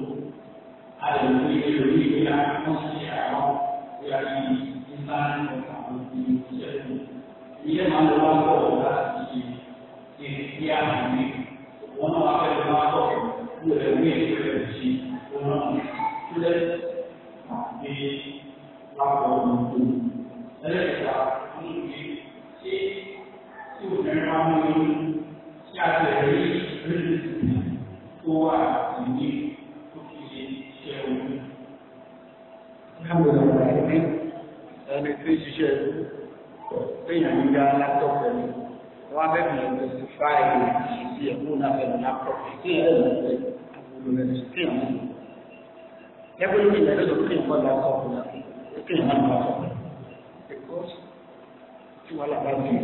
还有历史、历史、公司、企业、然后第二一、一三、工厂、一五、一一六忙完了之我们自己进第二领域，我们那边就拉货，就在工业区、五七，我们就在啊，拉高浓度，再加空军七，库存拉高，下个月一十多万平米。kámẹ́rà ẹni ẹni tí ṣiṣẹ́ téèyàn ń yá látọ̀pọ̀ ni wọ́n fẹ́ fi ẹ̀sìn fáìlì ìṣèlú ẹ̀kú náà fẹ́ látọ̀pọ̀ sí ẹ̀rọ ìṣẹ́ àbúrò kéèyàn ẹgbẹ́ ló ń yẹ lọ́dọ̀ kéèyàn kọ́ látọ̀pọ̀ náà kéèyàn má látọ̀pọ̀ because tí wàhálà bá ti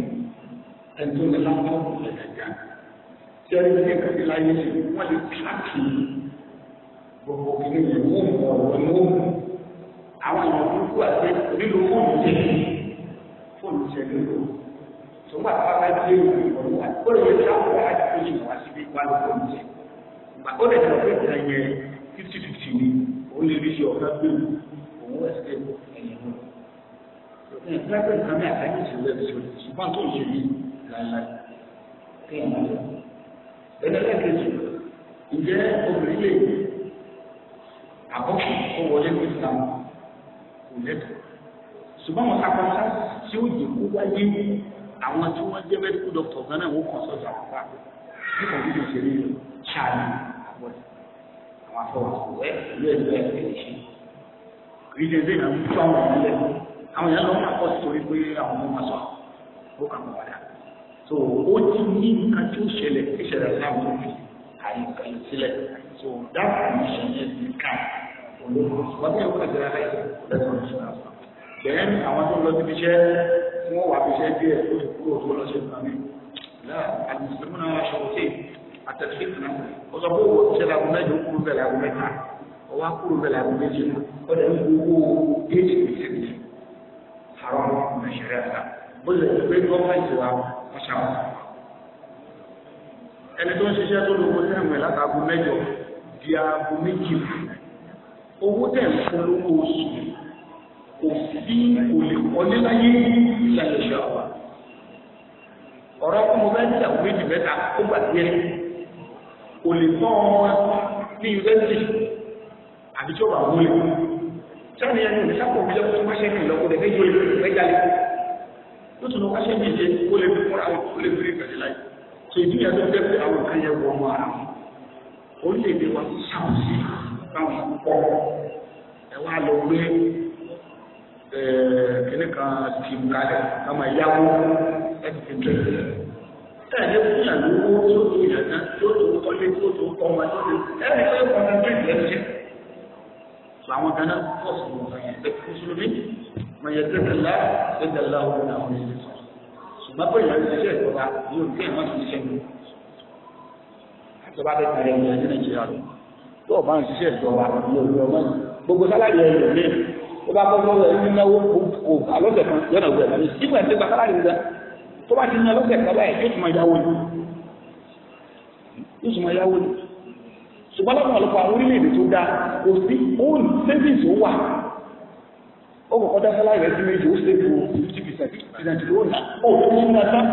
ẹni tó ní látọ̀pọ̀ lẹ́gàgà tí ẹni tó kàkí láyé wọ́n lè kíláàkì gbogbo kìnìún wọ́n mọ̀ wọ́n mọ̀ àwọn èèyàn burúkú àti lílo fóònù jẹ̀bi fóònù jẹ̀bi lò tó bá dé ìwọ̀n wà ó lè ṣe àwọn ọ̀rọ̀ àti tó yìnbọn àti bí wà ló fóònù jẹ̀ gbà ó lè tẹ̀lé ìtàn yẹn fifty fifty ni ó lè rí ọ̀gá gbé òun ẹ̀sẹ̀ ẹ̀yìn lọ. ìgbà pé nǹkan mẹ́ta ní ìṣẹ̀lẹ̀ ìṣẹ̀lẹ̀ ṣùgbọ́n tó yẹ yìí lálẹ́ kéèyàn lọ. ẹlẹ́lẹ́kẹ̀jì kò lẹ́tọ̀ ṣùgbọ́n wọn kápá tí ó yẹ kó wáyé àwọn tí wọ́n jẹ́ mẹ́díkù dọ́kítọ̀ gan wọ́n kàn sọ́jà àpá nípa bí mo ṣe ṣáàlì àbọ̀dé àwọn afọwọ́sọ ẹ̀ pẹ̀lú ẹ̀lú ẹ̀ pẹ̀lú ṣe ìdílé ẹ̀dẹ́ ìyàwó tó àwọn ọmọ lẹ̀ àwọn ìyá lọ́wọ́ àpọ̀ sítorí pé àwọn ọmọ máa sọ ó kà mọ́ padà wọ́n ti ẹ̀kọ́ ìdíra rẹ̀ lẹ́sọ̀rọ̀ ìṣúná. bẹ́ẹ̀ ni àwọn tó ń lọ síbi iṣẹ́ tí wọ́n wà bíṣẹ́ díẹ̀ tó ti kúrò tó lọ ṣe nǹkan mi. láà àdìsílẹ́mù náà aṣọ òkè àtẹ̀síkì náà ó sọ pé owó ṣẹlẹ̀ àgọ́ mẹ́jọ kúrò bẹ̀rẹ̀ àgọ́ mẹ́ta ọwọ́ kúrò bẹ̀rẹ̀ àgọ́ méjì ó dẹ̀ ń gbowó déètì gbèsè mi. àwọn ọmọ nàìjíríà náà ó lè ń ṣiṣẹ́ tó lówó sẹ́wọ̀n látàgọ́ mẹ́jọ di owó tẹ̀ ń polówó oṣù kò sí olùkọ́léláyé ìṣẹ̀lẹ̀ ìṣọ̀wà ọ̀rọ̀ kó mo bá ń jà wíìdì mẹ́ta ó gbà díẹ̀ olùkọ́ ọmọ ní yunifásitì àbí tí ó bá wọlé sani yẹn ní o sábà òbí lọ́kọ́ wáṣẹ́ mi lọ́kọ́ dẹ̀ méjì olè mẹ́jálé yóò tún lọ wáṣẹ́ mi jẹ kó lè fi fúnra wọn kó lè fi gbẹ̀dẹ̀ láyé tó ìdí yẹn tó fẹ́ fi àwọn kan yẹ wọ́n mọ́ ara wọn orílẹ̀-èdè wa sáwọn sí i táwọn yìí kọ́ ẹ wá lọ gbé kíní kan tìmù kalẹ̀ káma yáwó ẹ ti tẹ̀ tẹ̀lé fún yàrá owó tó tó yàrá tó tó kọ́lé tó tó kọ́ wọn tó tó ẹni pé kọ́ni tó ìlú ẹ̀ jẹ́ tó àwọn dáná fọ́ọ̀sì wọn kàn yẹn mùsùlùmí mà yẹ tẹ̀lé lá tẹ̀lé lá wọn náà wọn yẹn sọ ṣùgbọ́n pé yàrá ìṣiṣẹ́ ìjọba yóò gbé ìwọ̀n ìṣiṣẹ́ mi àjọba bẹ́ẹ̀ tẹ̀lé ní Nàìjíríà lọ tó o bá ń ṣiṣẹ́ ìjọba ní olú ọmọ yìí gbogbo sálárì ẹ̀ lò ní tó bá kọ́ lọ́wọ́ ẹni náwó kò alọ́sẹ̀ kan yọ̀nà wẹ̀ lálẹ́ sípò ẹ̀ ti gba sálárì rẹ̀ tó bá ti ní alọ́sẹ̀ kan báyìí yóò tún máa yáwó ni yóò tún máa yáwó ni ṣùgbọ́n lọ́wọ́ ọ̀lọ́pàá àwọn orílẹ̀-èdè tó dáa kò sí own savings ó wà ó kọ̀kọ́ dá sálárì rẹ̀ sí méjì ó save o fifty percent fifty percent ló ń ná ó tó ń ná tán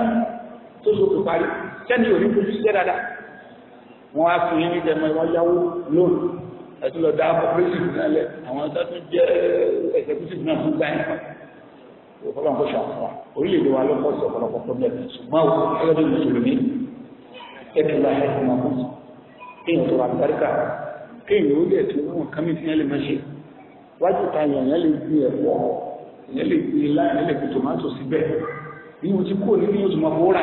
tó so kò parí sẹ́ni ò ní fojú sí dáadáa wọ́n á fún yín ní tẹ̀mọ́ ìwọ́n yáwó lónìí ẹtú lọ dá cooperative náà lẹ àwọn tó tún jẹ executive náà fún gbáyìn kan ọlọ́run kò ṣàfihàn wa orílẹ̀-èdè wa ló kọ́ sí ọ̀pọ̀lọpọ̀ problem ṣùgbọ́n o ẹgbẹ́ bíi mùsùlùmí ẹ̀kẹ́ la ẹ̀ fún ọmọ sùn kéèyàn tó wà àgbáríkà kéèyàn ó lè tún wọn kàmí tí yẹn lè má ṣe wájú ta yẹn yẹn lè gbé ẹ̀fọ́ yẹn lè gbé láì yẹn lè gbé tòmátò síbẹ̀ ìwọ̀n ti kúrò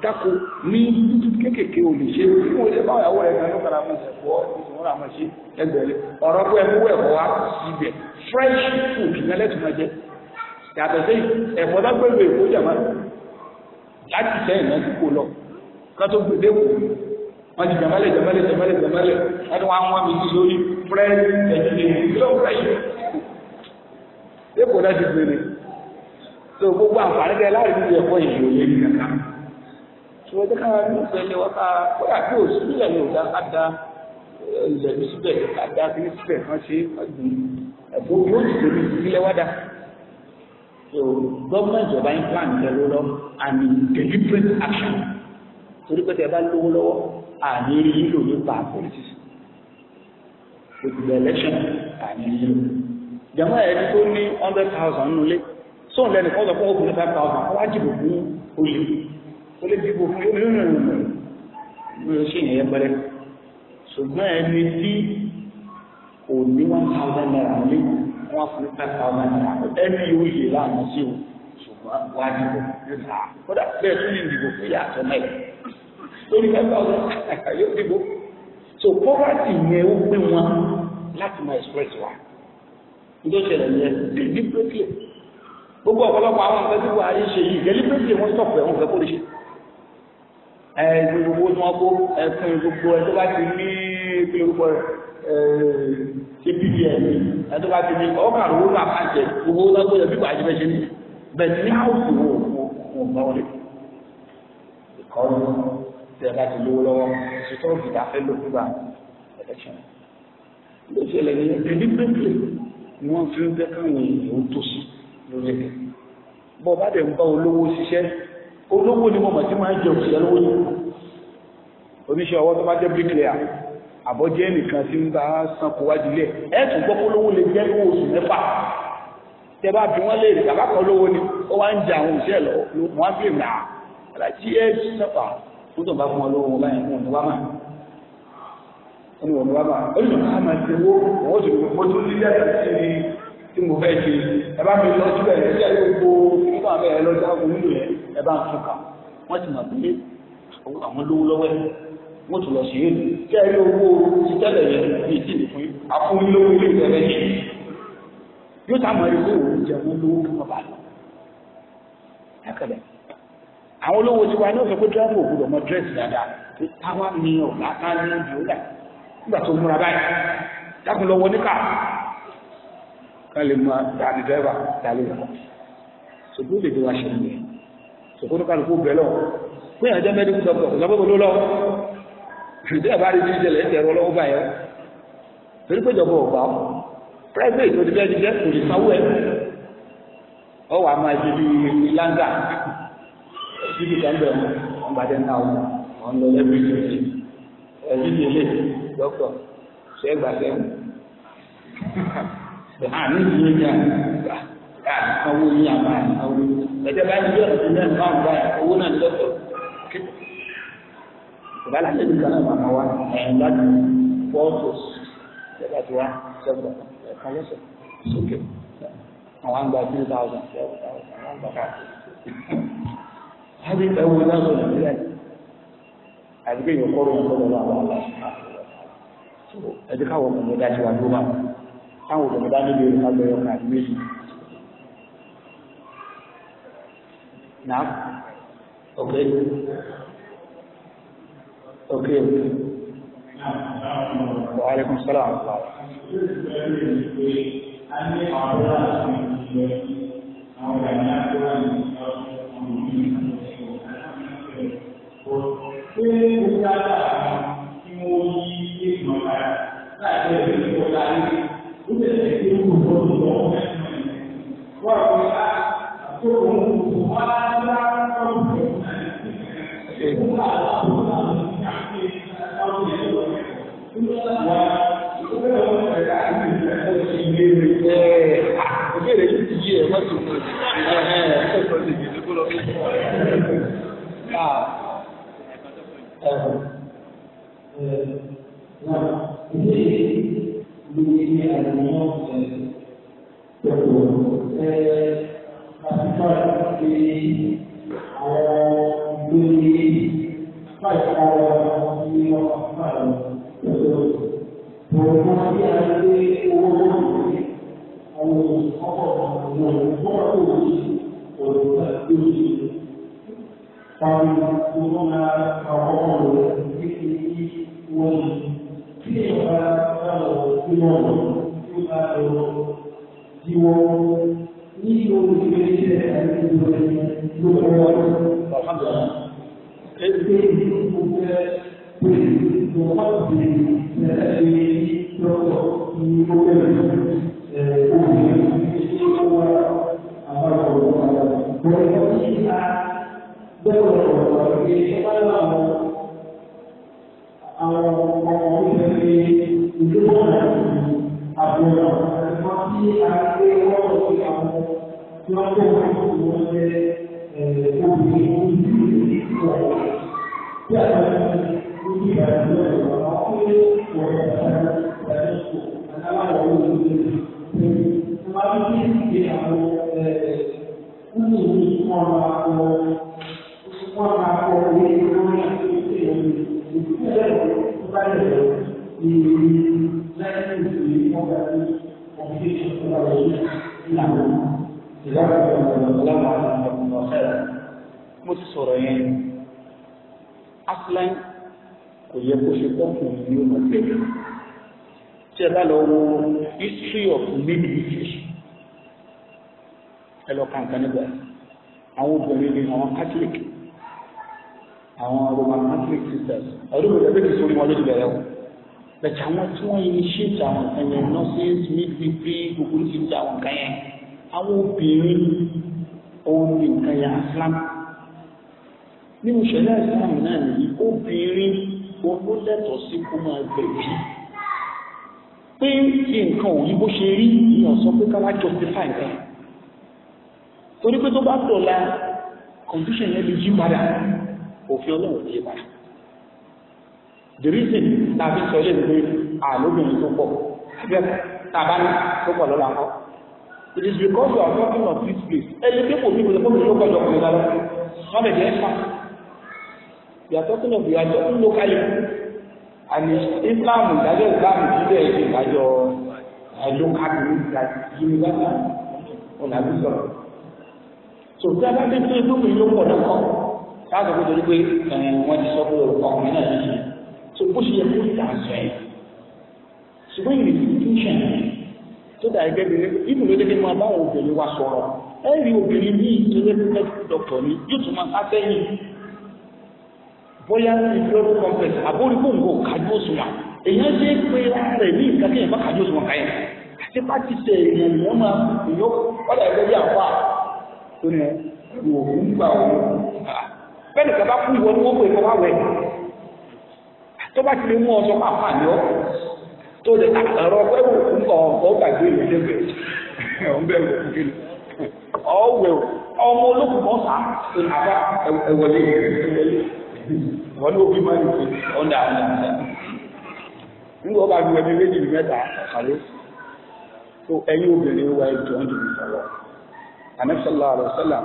dáko ní tútù kéékèèké o lè ṣe fún ilé báwọn ìyàwó rẹ kan ló kàrà mọ ìṣẹ̀fọ́ ìṣòwò àmọ́ ṣe ẹgbẹ̀rẹ̀ ọ̀rọ̀ pé ẹkú ẹ̀fọ́ wa ibẹ̀ fresh food ní ẹlẹ́tùn máa jẹ yàtọ̀ sí ẹ̀fọ́ dágbẹ́gbẹ́ èkó jàmá láti sẹ́yìn náà ti kó lọ kátó gbèdé kù wọ́n ti jàmálẹ̀ jàmálẹ̀ jàmálẹ̀ jàmálẹ̀ wọ́n ti wá wọ́n mi sí lórí fresh ẹ̀jẹ̀ èkó náà ti gbèrè so gbogbo àǹfààní kẹ láàrin ìlú ẹ̀kọ́ ìlú òye nìkan ṣùgbọ́n jẹ́ ká ní ìfẹ́ lé wa ká kódà bí òsì nílẹ̀ ní òdà ká da ilẹ̀ mi síbẹ̀ ká da bí síbẹ̀ wọ́n ṣe ọdún ẹ̀fọ́ yóò ti ìdílé wa so government ìjọba yín plan tẹ ló lọ and deliberate action torí pé tẹ bá lówó lọ́wọ́ àní rí yílò nípa politics with the election àní yílò. jàmọ́ ẹni tó ní hundred thousand nulẹ̀ sóun lẹ́nu kọ́ sọ fún òkùnrin five thousand wájú òkú olè ó lè dìbò fún yóò rìn bí o ṣe yẹn pẹrẹ ṣùgbọ́n ẹni tí kò ní one thousand naira ní wọn fún ní five thousand naira ẹni yóò yè láàmú sí o ṣùgbọ́n wá dìbò yóò dà kódà bẹ́ẹ̀ tún lè dìbò fún yà àtọ́ mẹ́rin lórí five thousand naira yóò dìbò so poverty yẹn ó gbé wọn láti máa express wa nítorí ṣẹlẹ̀ yẹn deliberately gbogbo ọ̀pọ̀lọpọ̀ àwọn nǹkan tí wọ́n á yé ṣe yìí wọ́n stop ẹ̀ wọ́n fẹ́ kó lè ṣe ẹ̀ẹ́dùn gbogbo tí wọ́n kó ẹ̀sùn gbogbo ẹ̀ tó bá ti ní pé orúkọ ṣe pdf ẹ̀ tó bá ti ní ọkàn owó náà máa jẹ owó lọ́gbọ́ yẹ bíbá àjẹbẹ́ ṣe ní bẹ́ẹ̀ ní àwòkù wo wọn bá wọlé ìkọlù tí ẹ bá ti lówó lọ́wọ́ ṣùtọ́ òkìtà fẹ́ lò nígbà election ló ṣẹlẹ̀ ní ẹni pépè ni wọ́n fi ń bẹ́ káwọn èèyàn tó sí lórí ẹ̀ bọ́ọ̀ bá dẹ̀ ń bá olówó ṣiṣẹ́ olówó ni mo mọ̀ tí máa ń jẹ òṣìṣẹ́ lówó yìí oníṣẹ́ ọwọ́ tó bá jẹ́ bíríkìlẹ́à àbọ̀jẹ́ nìkan tí ń bá san kó wájú lẹ̀ ẹ̀ tún gbọ́ polówó lè jẹ́ owó oṣù mẹ́fà tẹ bá bí wọ́n lè rí bàbá kan lówó ni ó wá ń jẹ àwọn òṣìṣẹ́ lọ wọ́n á bèèrè náà alájí ẹ̀ sẹ́fà tó tó bá fún ọ lówó wọn báyìí wọn ni wá mà wọn ni wọn ni wá mà ó ní wọn á máa ti wó wọn ó sì fi mo tún tí mo fẹ́ ṣe ẹ bá mi lọ síbẹ̀ ẹ jẹ́ gbogbo nígbà bẹ́ẹ̀ lọ́jọ́ àgùn nínú yẹn ẹ bá ń fúnka wọ́n ti mọ̀ pé àwọn olówó lọ́wọ́ ẹ̀ wọ́n tún lọ sí èlò kẹ́ ẹ owó títẹ́lẹ̀ yẹn bí i tìlẹ̀ fún afúnilówó ilé ìtẹ́lẹ̀ yìí yóò tá a mọ̀ ẹ́ pé jẹ wọ́n lówó kí wọ́n lọ. ẹ̀kẹ́lẹ̀ àwọn olówó tiwa ní òfin pé dírẹ́fù òkúdọ̀ mọ dírẹ́sì dáadáa pé táwa ní ọ̀la ká ní ìdíwọ́lá nígbà tó múra báyìí dákun lọ wọ níkà ká lè mọ dáadé dírẹ́fà dálé rẹ̀ ṣùgbọ́n lè dé wá ṣe ń sòkòtò kálukú bẹ̀ lọ pé àjẹ́ mẹ́díkù dọ́kítọ̀ kò sọ́kòtò ló lọ ṣùgbọ́n àbá rí bíi ìṣẹ̀lẹ̀ ìṣẹ̀rọ lọ́wọ́ báyọ̀ torí pé ìjọba ọ̀gbà private tó ti bẹ́ẹ̀ ti jẹ́ kò lè sanwó ẹ̀ ọ wà máa ṣe bí ìlànà bíbí kan bẹ̀ wọ́n bá dẹ́ ń ta wọn wọ́n lọ lẹ́bí ẹbí ti lè dọ́kítọ̀ ṣẹ́gbà sẹ́wọ̀n àní ìyẹn ní àná káàdì owó yín àmà owó ẹ̀jẹ̀ bá yín yọ̀rọ̀ sí náà máa ń bá owó náà lọ́tọ̀ ìbá láti ẹ̀dùn kan náà máa ma wá ẹ̀yìn láti fọ́ọ̀tò ìjọba ti wá sẹ́gbọ̀n ẹ̀ka lọ́sọ̀ sókè àwọn àgbà two thousand seven thousand àwọn àgbà káàkiri. هذه الأول لا غنى لله àti pé ìyókò rò ń kọ́ lọ́wọ́ àwọn ọ̀la ẹ̀dí káwọn ọmọ mi dá sí wa ló bá wọn káwọn ọmọ mi dá níbi ìrìn àgbẹ̀yọ̀ kan àti méjì نعم اوكي اوكي وعليكم السلام ورحمه الله It is because we are talking of this place. Ẹni pé kò ní ìwé kó lóko ọjọ́ kan lára. Wọ́n bẹ̀ jẹ́ ẹ̀fà. You are talking of you are talking locally. And Islam ìdájọ́ Islam ìdílé ẹ̀jẹ̀ ìdájọ́ eh, locally universal. Ọ̀nà àbí sọ̀rọ̀. So tí a bá dé sí ìlú mi ló pọ̀ lọ́kọ̀. Sáàtọ̀ kó torí pé eh, wọ́n ti sọ pé ọkùnrin náà yìí. So bó ṣe yẹ kó ìdá sọ ẹ̀. Ṣùgbọ́n ìrètí tó ń ṣẹ̀yìn tó dà ẹgbẹ́ bìnrin ibù ló dédé máa báwọn obìnrin wa sọ̀rọ̀ ẹ rí obìnrin ní ìtòlẹ́ mẹ́tì dọ̀tọ̀ ni yóò tún máa sátẹ́yìn bóyá ìfúrọ́dún complex àbóríkòǹgò kájú òṣùwọ̀n èèyàn ṣe pé rẹ̀ ní ìkàkẹ́yìn bá kájú òṣùwọ̀n káyẹ̀ àti pàtí ṣe èèyàn ni wọ́n máa ìyó ọ̀dà ẹgbẹ́ bí àwa tó ní òògùn gbà wọ́n bẹ́ẹ̀ nìkan bá kú ìwọ ni wọ́n pè é kọ́ wá wẹ̀ tó bá ti lè mú ọ sọ pàpà ni ọ́ tó lè àrọ pẹ́wò fún ọ̀pọ̀ gbàgbé ìrìnlẹ́gbẹ̀ ọ̀bẹ̀ òkú kí ni ọ̀wẹ̀ ọmọ olókùn bọ́ sá àbá ẹ̀wọ̀lẹ̀ ìrìnlẹ́gbẹ̀ wọn ní òbí máa ń fi ọ̀dà ọ̀dà ọ̀dà nígbà wọn bá gbé ẹbí méjì mẹ́ta àlọ́ tó ẹ̀yin obìnrin wa ẹjọ́ ń dùn sọ̀rọ̀ ànẹ́sọ̀lá àlọ́sọ̀lá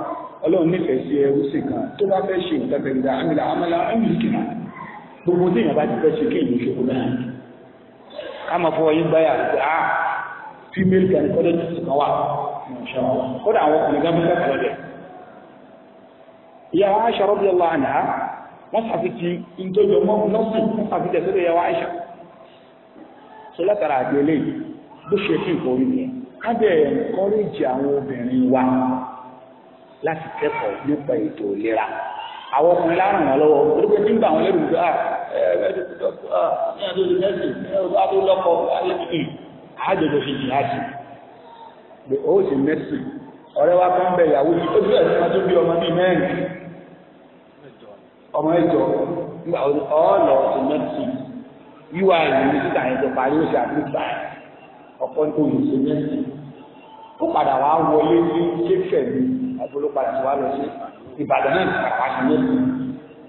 ọlọ́run nífẹ̀ẹ́ sí ẹrú sí kan tó bá fẹ́ ṣe ìtàkùn ìdá àmì káma fọ yín bụ gbé a female gynecologist kan wà kódà àwọn ọkùnrin gan fún kẹsàn-án dẹ. ìyàwó Aisha radiyallahu anha wọ́n ṣàfihàn ìjọba mọ́ nọ́ọ̀sì wọ́n ṣàfihàn ya wa Aisha. sọlá tara àgbélé bó ṣe fi nǹkan orí nìyẹn àwọn obìnrin wa láti kẹ́kọ̀ọ́ nípa ètò àwọn ọkùnrin lárùn wọn lọ́wọ́ orúkọ tí ń bá àwọn lẹ́rù gbé à ẹ ẹ ní àdóso mẹ́sì àdó lọ́kọ alẹ́kìkì àádọ́dọ̀ fi jì láti pé ó sì mẹ́sì ọ̀rẹ́ wa kan bẹ̀ ìyàwó yìí ó bí ẹ̀sìn máa tó bí ọmọ bíi mẹ́rin ọmọ ẹ̀jọ nígbà ọ̀ọ́lọ̀ sí mẹ́sì yíwá ìlú ní síta yẹn tó parí ó sì àdúgbà ọ̀pọ̀ ní ìbàdàn náà kàkà sí ló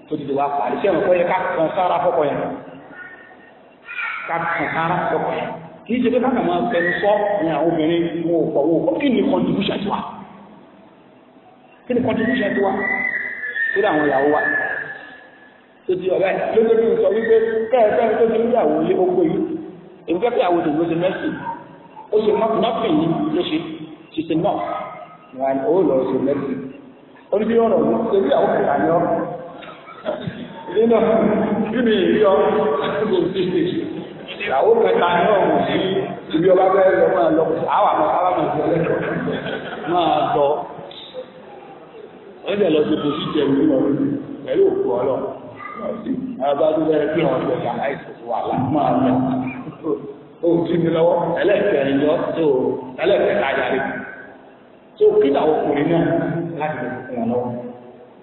tó ti di wá parí sẹ́wọ̀n kọ́ yẹ ká kàn sára fọ́kọ̀ yẹn ká kàn sára fọ́kọ̀ yẹn kì í ṣe pé káàkiri máa sọ ní àwọn obìnrin wọn ò fọwọ́ kọ́ kí ni contribution tiwa kí ni contribution tiwa lórí àwọn ìyàwó wa tó ti ọ̀rẹ́ lójoojú sọ wípé kẹ́ẹ̀kẹ́ tó ti ń yàwó lé oko yìí èmi fẹ́ pé àwọn òdòdó ṣe mẹ́sì ó ṣe nọ́ọ̀fì yìí ló ṣe ṣe ṣe nọ́ọ̀fì wọn lọ ṣe mẹ́sì orí bí ọ̀rọ̀ ṣebí àwọn kìlà ni ilé náà kí ni ìrí ọ kò sí ìyàwó kẹta ni ọ sí ibi ọba bẹ́ẹ̀ lọ máa lọ àwọn àmọ́ sábà máa di ọlẹ́tọ̀ máa lọ ẹ̀jẹ̀ lọ sí kòsí jẹ ìlú lọ pẹ̀lú òkú ọlọ abájú bẹ́ẹ̀ kí wọn gbẹ̀gà àìsàn wà láti máa lọ òtún mi lọ́wọ́ ẹlẹ́kẹ̀ẹ́ ń tó ẹlẹ́kẹ̀ẹ́ kájà rẹ̀ tó kí ọkùnrin náà láti lè fún wọn lọ́wọ́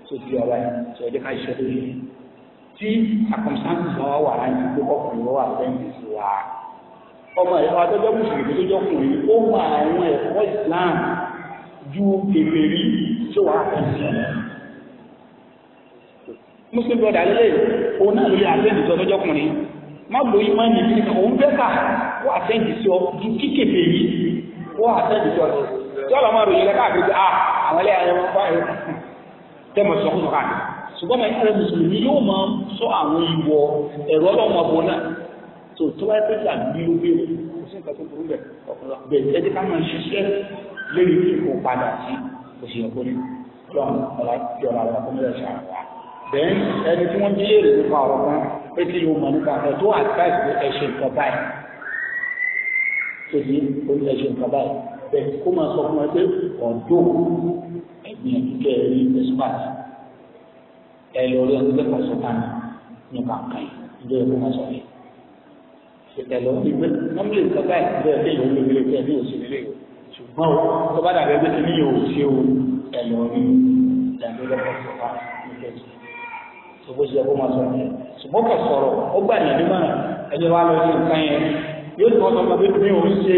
tó di ọ̀la yìí tó ọjọ́ ká ṣe lórí yìí tí àkọsáǹtì bá wà wà láyé pé ọkùnrin wọn wà fẹ́ǹtì sí wa ọmọ ẹ̀rọ adọ́jọ́ mùsùlùmí tó jọkùnrin ó mọ àwọn ẹ̀kọ́ Islam ju kèfèrí tó wà fẹ́ǹtì lọ. mùsùlùmí bọ̀dà lélẹ̀ òun náà lórí àfẹ́ǹtì tó ọjọ́kùnrin má lóyún má nìyí òun bẹ́ẹ̀ kà wọ́n àfẹ́ǹtì sí ọ ju kíkèfèrí wọ́n àfẹ́ǹtì sí ọ tí ọlọmọ rẹ yìí káàkiri a ah, àwọn ẹlẹ́yà yẹn wọ́n báyìí tẹ́mọ̀ sọ́kùsọ káàkiri ṣùgbọ́n mọ̀ ẹ̀rọ mùsùlùmí yóò máa sọ àwọn ìwọ ẹ̀rọ ọlọ́mọ ọ̀bọ náà tó tó wáyé pé làbí ló gbé o kò sí nǹkan tó burú bẹ̀ ọ̀pọ̀lọpọ̀ bẹ̀ ẹ̀jẹ̀ ká máa ṣiṣẹ́ lórí kíkó padà sí òṣìṣẹ́ kó ní lọ́mọ ọ̀la ìjọba àwọn akọ́mọlẹ̀ ṣàwọ̀ bẹ́ẹ̀ bẹ́ẹ̀ kó máa sọ fún ẹ pé ọ̀dọ́ ẹ̀gbìn kíkẹ́ rí expert ẹ lọ rí ẹni lẹ́kọ̀ọ́ sọ́tàn nípa nǹkan yìí ìjọ yẹ kó máa sọ yìí ṣètẹ̀ lọ ìgbẹ́ nọ́mbìlì nǹkan báyìí bẹ́ẹ̀ bẹ́ẹ̀ yóò lóore bẹ́ẹ̀ bí òṣèlú rẹ̀ ṣùgbọ́n tó bá dàbẹ́ pé kìíní yóò ṣe o ẹ lọ rí ìdàgbé lẹ́kọ̀ọ́ sọ́tàn nípa ẹ̀jẹ̀ ṣùgbọ́n ṣe yẹ kó máa sọ yẹn ṣùgbọ́n kò sọ̀rọ̀ ó gbà yẹn nímọ̀ràn ẹni wá lọ sí nǹkan yẹn yóò tọ́ ọmọ bíbí òun ṣe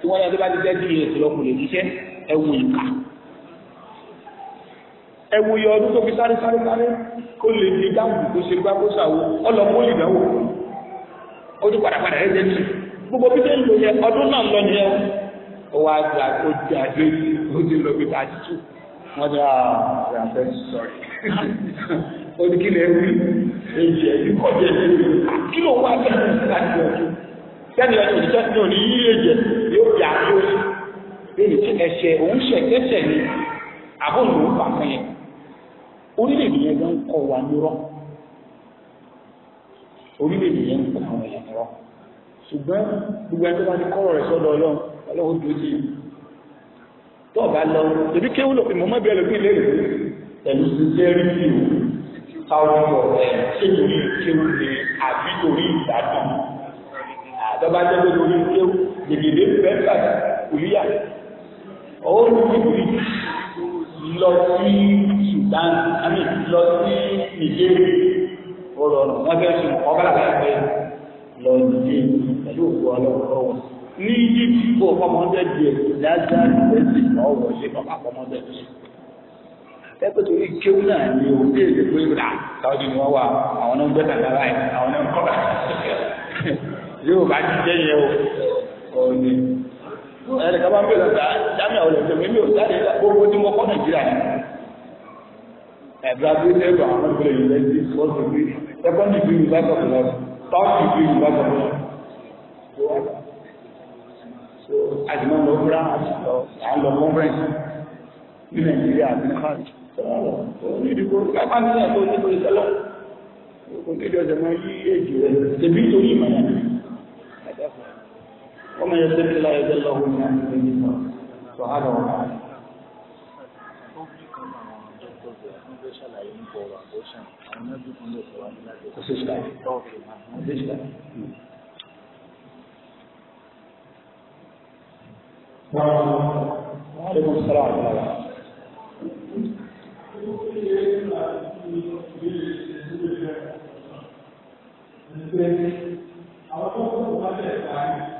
tí wọ́n yára tó bá ti dẹ́ bíi èsì lọ́kùn lè jíṣẹ́ ẹ ìka ẹ wo ọdún tó fi sáré sáré sáré kó lè di dáàbò kó ṣe gbá kó ṣàwo ọlọ́mọ ó ó tún padà padà rẹ̀ jẹ́ gbogbo bí ń lò yẹ ọdún náà lọ nìyẹn ó wá gba ó di àjọ ó ti lọ bí ká tutù ti rà rà fẹ́ sọ̀rọ̀ ó ní kí lè wí èyí ẹ̀ kí ló wá bẹ́ẹ̀ láti ọdún sẹ́ni ọdún òṣìṣẹ́ tí ò ní yí ẹ̀jẹ̀ yóò fi àpò èyí tí ẹ̀ṣẹ̀ òun ṣẹ̀ ẹ̀ṣẹ̀ ni àbò ló ń pàṣẹ yẹn orílẹ̀-èdè yẹn gan kọ́ wa nírọ́ orílẹ̀-èdè yẹn ń kọ́ àwọn èèyàn nírọ́ ṣùgbọ́n gbogbo ẹni tó bá ti kọ́rọ̀ rẹ̀ sọ́dọ̀ ọlọ́run ọlọ́run tó ti tó ọ̀gá lọ tèmi kéwù lọ pé mọ́mọ́ bí ẹlòmíì lè rè pẹ̀lú sísẹ́rì bí o táwọn ọ̀rẹ́ ṣé torí kéwù ni lọ́ba jẹ́ pé lórí kéwù gègèdè bẹ́ẹ̀ bàjẹ́ kùlíyà ọwọ́ mi ti lọ sí Sudan àmì lọ sí Nigeria ó rọrùn wọ́n fẹ́ sùn ọ̀gá àgbẹ̀ lọ Nigeria pẹ̀lú òkú ọlọ́wọ́ wọn ní yíyí kó fọmọdé díẹ̀ lásán lẹsìn ọwọ ṣe bàbá fọmọdé díẹ̀ ẹgbẹ́ torí kéwù náà ni o bí èdè pé rà káwọn ni wọn wà àwọn náà ń gbé kàkàrà yìí àwọn náà ń yóò bá jíjẹ yẹ o òní ẹnì kan ń bèrè ọ̀gá ah, jámi àwọn olùdókòwò mi ò jáde gbogbo tí mo kọ́ nàìjíríà ni ẹ̀dá bí ẹ̀rọ àwọn ọmọbìnrin yìí lẹ́sí first degree second degree university of love third degree university of love so àjùmọ̀ lọ búra àjùlọ à ń lọ conference ní nàìjíríà ní hajj sọlọ onídìbò ومن يتق الله يجعل له من امره يسرا سبحانه وتعالى kò sí ìṣẹ̀lẹ̀ kò sí ìṣẹ̀lẹ̀. وعليكم السلام ورحمة الله Thank you.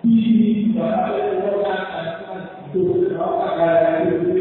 Tí ìgbàlá lè wọ́n náà àti àti ìgbòho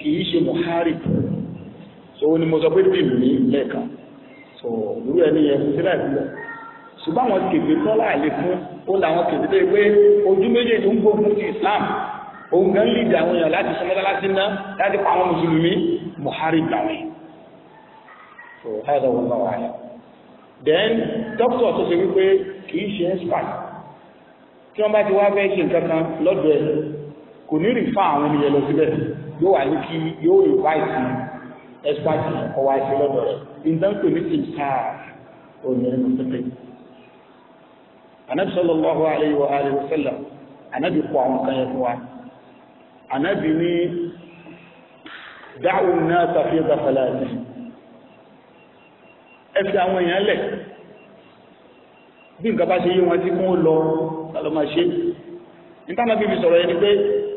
kì í ṣe muhari so ni mo sọ pé bìbì mi lẹ́ẹ̀kan so irú ẹni yẹn sílẹ̀ sílẹ̀ ṣùgbọ́n àwọn kèfé tọ́lá àlè fún ó làwọn kèfé tó yẹ pé ojú méjèèjì ń gbógun ti Islam òun gan lè dè àwọn èèyàn láti ṣe mọ́tálásí ná láti pa àwọn mùsùlùmí muhari gbàwé so hẹ́ẹ̀dà wọn bá wà yẹn then dókítà tó ṣe wípé kì í ṣe expert tí wọ́n bá ti wá fẹ́ ṣe nǹkan kan lọ́dọ̀ ẹ̀ kò ní rìfà àwọn ènìyàn lọ síbẹ̀ yóò wà ní kí yóò invite expert kọ́ wá sí lọ́dọ̀ rẹ̀ nǹkan pè ní tìǹkàá òmìnira mọ̀tẹ́tẹ́. anabi sallallahu alayhi wa alayhi wa sallam anabi kọ àwọn kan yẹn fún wa anabi ní dáhùn náà tàfi gbàfàlà àti ẹ fi àwọn èèyàn lẹ̀ bí nǹkan bá ṣe yé wọn tí kò ń lọ sálọ máa ṣe nítorí bíbí sọ̀rọ̀ yẹn ni pé.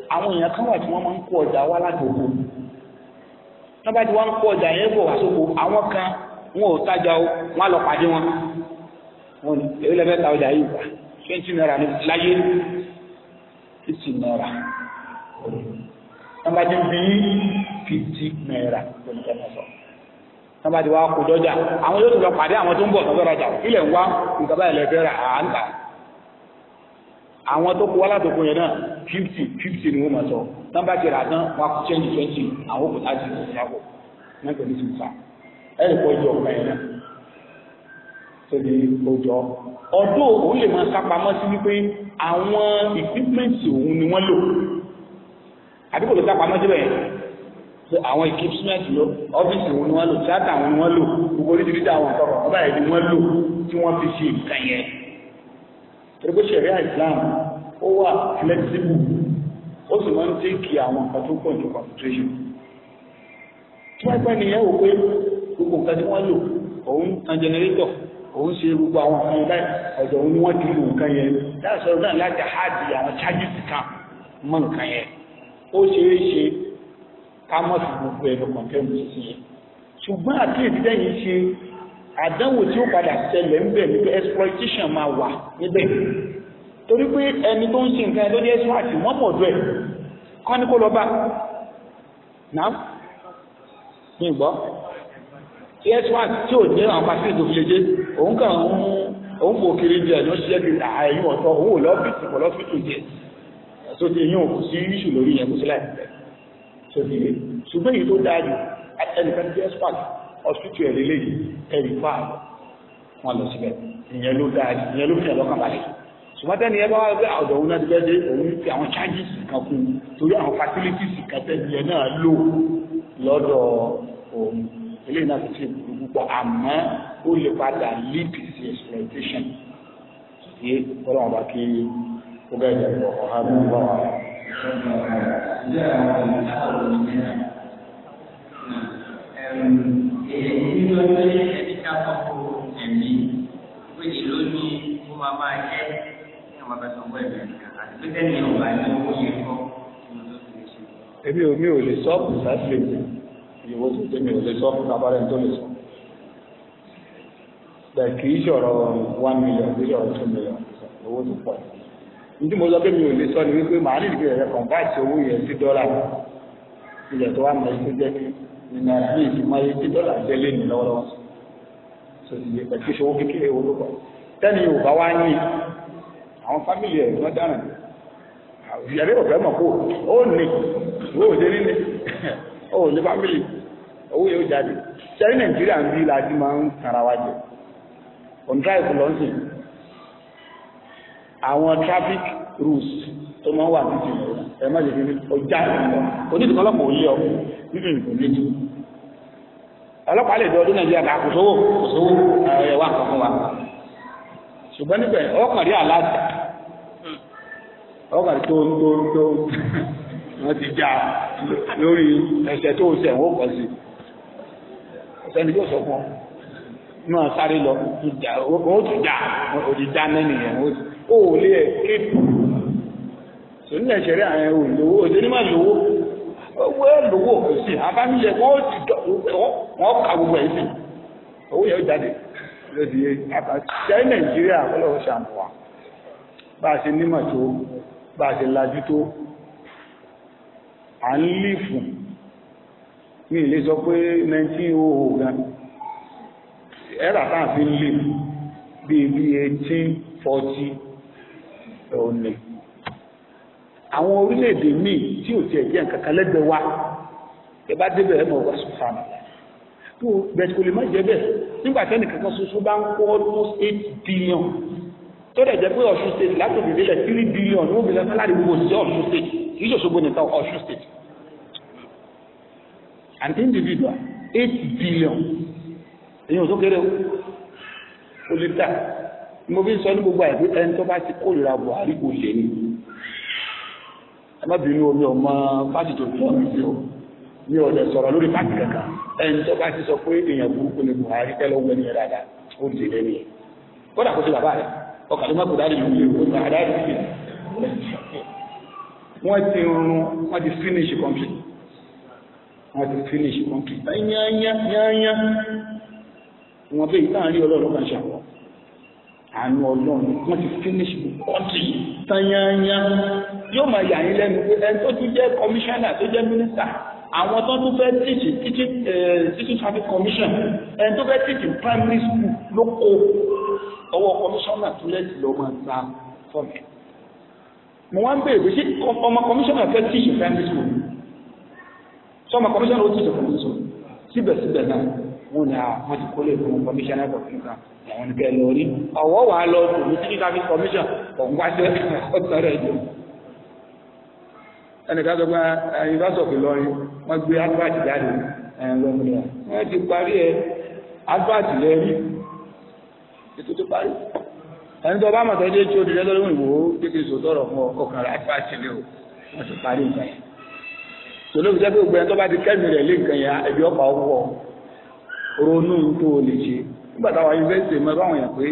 àwọn èèyàn kan wà tí wọ́n máa ń kó ọjà wá láti oko wọ́n ń kó ọjà yẹn bọ̀ wá sóko àwọn kan wọn ò tajà wọ́n á lọ pàdé wọn wọn ni èyí lẹ́fẹ̀ẹ́ ta ọjà yìí twenty naira ní láyé fifty naira bí fifty naira lórí sọ kó àwọn yóò tún lọ pàdé àwọn àwọn tó kó wá látòkò yẹn náà fifty fifty ni wọ́n máa sọ nọ́mbà kẹrẹ àtàn wọn kò twenty twenty àwọn kò láti lọ sí àpò náà pẹ̀lú sí ìfà ẹ̀rì kọ́ ìjọ ọ̀gá yẹn náà tóbi ọjọ́ ọdún òun lè máa sápamọ́ sí wípé àwọn equipment òun ni wọ́n lò àdúgbò ló sápamọ́ síbẹ̀ yẹn àwọn equipment lọ ọ́fíìsì òun ni wọ́n lò tíátà òun ni wọ́n lò gbogbo oríṣiríṣi àwọn ìtọ́kọ̀ ọ̀gá yẹn ni wọ́n lò tí wọ́n fi ṣe nǹkan yẹn torí pé ṣẹ̀ríà Islam ó wà flexible ó sì máa ń tẹ́kì àwọn nǹkan pọ̀ ní constitution tí wọ́n pẹ́ nìyẹn wò pé gbogbo nǹkan tí wọ́n lò òun tan generator òun ṣe gbogbo àwọn nǹkan yẹn ọ̀dọ̀ òun ni wọ́n ti lò nǹkan yẹn láti sọ̀rọ̀ náà láti háàdì àwọn charges kan mọ́ nǹkan yẹn ó ṣe ká mọ̀ sí gbogbo ẹ̀rọ àdánwò tí ó padà ṣẹlẹ̀ ń bẹ̀ nípa exploitation máa wà níbẹ̀ torí pé ẹni tó ń ṣe nǹkan ẹni tó ní exploit wọ́n pọ̀ jù ẹ̀ kọ́ ní kó lọ bá náà ní ìgbọ́ tí exploit tí ò ní àwọn pàṣẹ tó fi ṣe dé òun kàn ń òun kò kiri jẹ ló ṣiṣẹ́ kiri àyìn ọ̀tọ̀ òun ò lọ́fíìsì kò lọ́fíìsì jẹ tó ti yín òkú sí iṣu lórí yẹn kó sí láì pẹ́ tó ti yé ṣùgbọ́n èyí tó dáa jù ẹnìkan ti exploit hospital ẹ̀lẹ́lẹ́ yìí ẹ̀rí pa wọn lọ síbẹ̀ ìyẹn ló dáa ìyẹn ló fi ẹ̀ lọ́kàn balẹ̀ ṣùgbọ́n tẹ́ni ẹ bá wá pé ọ̀dọ̀ òun náà ti bẹ́ẹ̀ dé òun fi àwọn charges kan kún torí àwọn facilities kan tẹ́ni ẹ náà lò lọ́dọ̀ òun eléyìí náà ti ṣe púpọ̀ àmọ́ ó lè padà lead to exploitation yé kọ́lá wọn bá kí ó bẹ́ẹ̀ jẹ́ pọ̀ ọ̀há mi bá wà. Thank you nínú èmi ò mi ò lè sọ ṣáṣe ìyẹ̀wò tó tẹ̀mí ò lè sọ abalẹ̀ tó lè sọ bẹ́ẹ̀ kì í sọ̀rọ̀ one million kì í sọ̀rọ̀ two million owó tó pọ̀ nítorí mo sọ pé mi ò lè sọ ni wípé màá nílùú rẹ̀ kọ̀ǹbáàtì owó yẹn sí dọ́là ilẹ̀ tó wà mọ̀ ẹ́ tó jẹ́ kí náírà ní ìtumọ̀ ayé tí dọ́là jẹ́ lé ní lọ́wọ́lọ́wọ́ so ti yẹ pẹ̀lú ìṣòwò kékeré owó ló kọ́ tẹ́ni yorùbá wá ní àwọn fámìlì ẹ̀ wọ́n dáràn ìyàrá ọ̀fẹ́ mọ̀ kó ó ní owó òde nílé ó ní fámìlì owó yóò jáde sẹ́yìn nàìjíríà ń bí lajú máa ń tara wa jẹ ọ̀ndraìfù lọ́sìn àwọn traffic rules tó máa ń wà nídìí ẹ̀ má lè fi ọjà onídìí kan lọ́pọ̀ òye ọ nídìí kò nídìí ọlọ́pàá lè dọ̀ọ́dún nàìjíríà kà kò sówó kò sówó ẹ̀ wá nǹkan fún wa ṣùgbọ́n níbẹ̀ ọkàn rí aláàtì ọkàn tó tó tó wọ́n ti já lórí ẹsẹ̀ tó ṣẹ̀ wọ́n kọ́ sí ẹni yóò sọ fún ọ náà sáré lọ ó ti já òdì já nẹ́nìyẹn ó lé ẹ̀ kéèkù sọ nílẹ̀ ṣẹ̀rí àwọn ẹ̀ òdì owó òdì onímọ̀ lówó owó ẹ lówó òfin sí abámiyẹ ti dọ wọn kà gbogbo ẹ sí owó yẹn ó jáde lóde àbàṣẹ nàìjíríà ọlọ́wọ́ ṣàǹfà bá a ṣe nímọ̀ tó bá a ṣe lajú tó à ń lífù ní ilé sọ pé 1900 gan ẹ̀rà táà fi ń lífù bíi bíi 1840 òní àwọn orílẹ̀-èdè míì tí ò tiẹ̀ jẹ́ nǹkan kan lẹ́gbẹ̀ẹ́ wa ẹ bá débẹ̀ ẹ mọ̀ wá sùfàmù tó bẹ̀tù kò lè má jẹ́ bẹ́ẹ̀ nígbà tẹ́nì kankan ṣoṣo bá ń kó almost eight billion tó dẹ̀ jẹ́ pé ọ̀ṣun state látòkè délẹ̀ three billion ní obìnrin fẹ́láàrí gbogbo sí ọ̀ṣun state kì í ṣòṣogbo nìkan ọ̀ṣun state and individual eight billion èyàn tó kéré o lè dà mo fi ń sọ ní gbogbo àyè pé ẹni tó bá ti kórìíra Buhari kò lè ní má bínú omi ọmọ fásitì tó fún mi o mi ò lè sọ̀rọ̀ lórí fásitì kankan ẹni tó bá ti sọ pé èèyàn burúkú ni Buhari tẹ́lẹ̀ wọ́n ní ẹ̀rọ ó di lẹ́nu yẹn kódà kó ti bàbá rẹ̀ ọkà tó má kó dáadé lórí ìwé ìwé àdáyé ti wọ́n ti rún wọ́n ti finish country wọ́n ti finish country yányá yányá wọ́n bẹ́ẹ̀ láàrin ọlọ́run kan ṣàwọ̀ àánú ọlọ́run wọ́n ti finish country tanyanya yóò máa yà yín lẹ́nu pé ẹni tó tún jẹ́ kọmíṣánná tó jẹ́ mínísítà àwọn tó tún fẹ́ tíìtì tíìtì títí traffic commission ẹni tó fẹ́ tíìtì primary school ló kó ọwọ́ kọmíṣánná tó lẹ́sìn lọ́ máa ta fọ́ọ̀mù. mo wá ń bèèrè pé ọmọ kọmíṣánná fẹ́ tíìtì primary school sọ ma kọmíṣánná ó tíìtì primary school síbẹ̀síbẹ̀ náà wọn na àwọn ti kó fún commissioner for àwọn nìkẹ́ lọ rí ọ̀wọ́ wà lọ òun tí kíkà fi commission kọ̀ ń wáṣẹ́ ọ̀tọ̀ rẹ̀ jù. ẹnìkan sọ pé yunifásọ̀tì lọrin wọ́n gbé advert jáde lọ́mọdé wọ́n ti parí ẹ advert lẹ́rí ètò tó parí. ẹni tó bá mọ̀ tó dé tí di lẹ́lọ́rọ́ ìwò kékeré sòtọ́rọ̀ fún ọkàn rẹ̀ advert lé o ronú tó o lè ṣe nígbà táwọn yunifásitì mọ báwọn yàn pé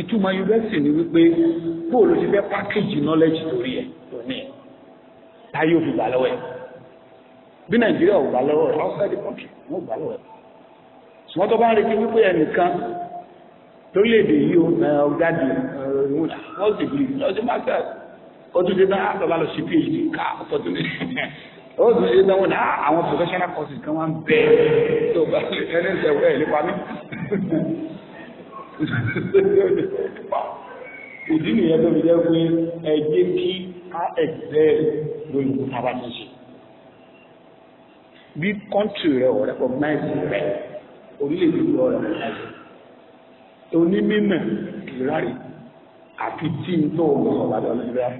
ìtumọ̀ yunifásitì ni wípé bóò ló ti fẹ́ pákéjì nọ́lẹ́jì lórí ẹ̀ lónìí ẹ̀ táyé òfin gbà lọ́wọ́ ẹ̀ bí nàìjíríà ò gbà lọ́wọ́ ẹ̀ outside the country wọn ò gbà lọ́wọ́ ẹ̀ ṣùgbọ́n tó bá ń retí wípé ẹnìkan lórílẹ̀‐èdè yìí ó ọ̀gáàdì eh, wọ́n sì bí lọ́sí mákà ó tún dé náà àbábá lọ sí ó dùn ṣe tán wọn ní ah, àwọn professional courses kan máa ń bẹ tó bá ẹni ìṣẹ̀wé ẹ̀ nípa mi. ìdí nìyẹn tó fi jẹ́ pé ẹ jẹ́ kí á ẹ̀gbẹ́ lórí ìkúta bá ti ṣe. bí kọ́ńtì rẹ ò recognize rẹ orílẹ̀-èdè ló recognize onímọ̀ ìrárí àfi tí n tó ọmọ ọ̀bàdàn lọ́wọ́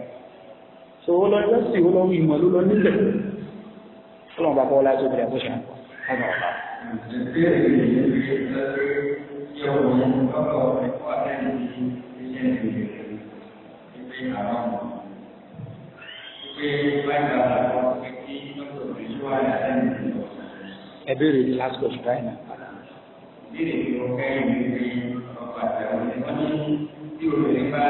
so ó lọ ẹgbẹ́ sí ó lọ ìmọ̀ ló lọ nílẹ̀ fún ọba bọ́ láti obìnrin àbúṣe ọmọ ọba. ẹ béèrè ní last question báyìí náà. ìbéèrè ìwọ kẹrin ní ọgbà àtàwọn ẹni wọn ní bí obìnrin bá.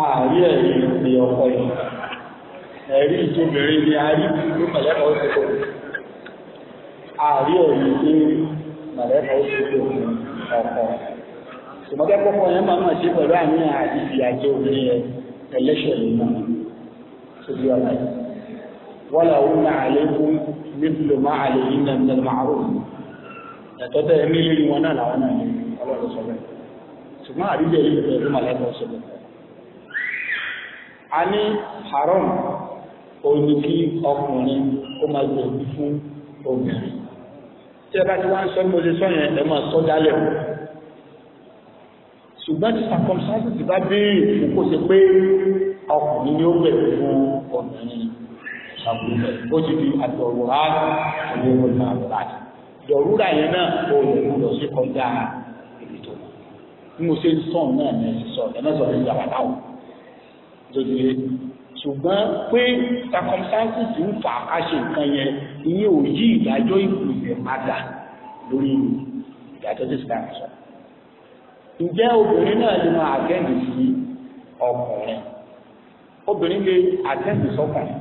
ààrí ẹ̀rí ìpè ya. yìí ẹ̀rí ni ìlú ṣùgbọ́n yẹn máa pẹ̀lú àmì obìnrin ẹlẹ́ṣẹ̀ ló mọ̀ ọ̀la yìí na àlékún níbi máa àlèyìn náà ní màárù ẹ̀tọ́ tẹ̀ ẹ̀mí lórí wọn náà làwọn náà ní ọlọ́run sọ bẹ́ẹ̀ a ní haram òní kí ọkùnrin ó máa gbòòbí fún obìnrin tí ẹ bá ti wá ń sọ bí mo ṣe sọ yẹn ẹ máa sọ dálẹ̀ o ṣùgbọ́n tí circumstances bá béèrè fún kó ṣe pé ọkùnrin ni ó bẹ̀rẹ̀ fún obìnrin ṣàbùrù ó ti di àdọ̀rùrà àti ìwọ̀nà àbúrà dọ̀rùrà yẹn náà ó lè mú lọ sí kọjá ibi tó ní mo ṣe ń sọ náà ní ẹ sọ ẹ náà sọ ní ìjàmbá táwọn jẹjẹ ṣùgbọ́n pé circumstances ń fa àṣẹ nǹkan yẹn ìyẹn ò yí ìdájọ́ ìpìlẹ̀ padà lórí ìdájọ́ tí sìkà sọ. ǹjẹ́ obìnrin náà lè máa àtẹ́ǹdì sí ọkùnrin obìnrin lè àtẹ́ǹdì sọkùnrin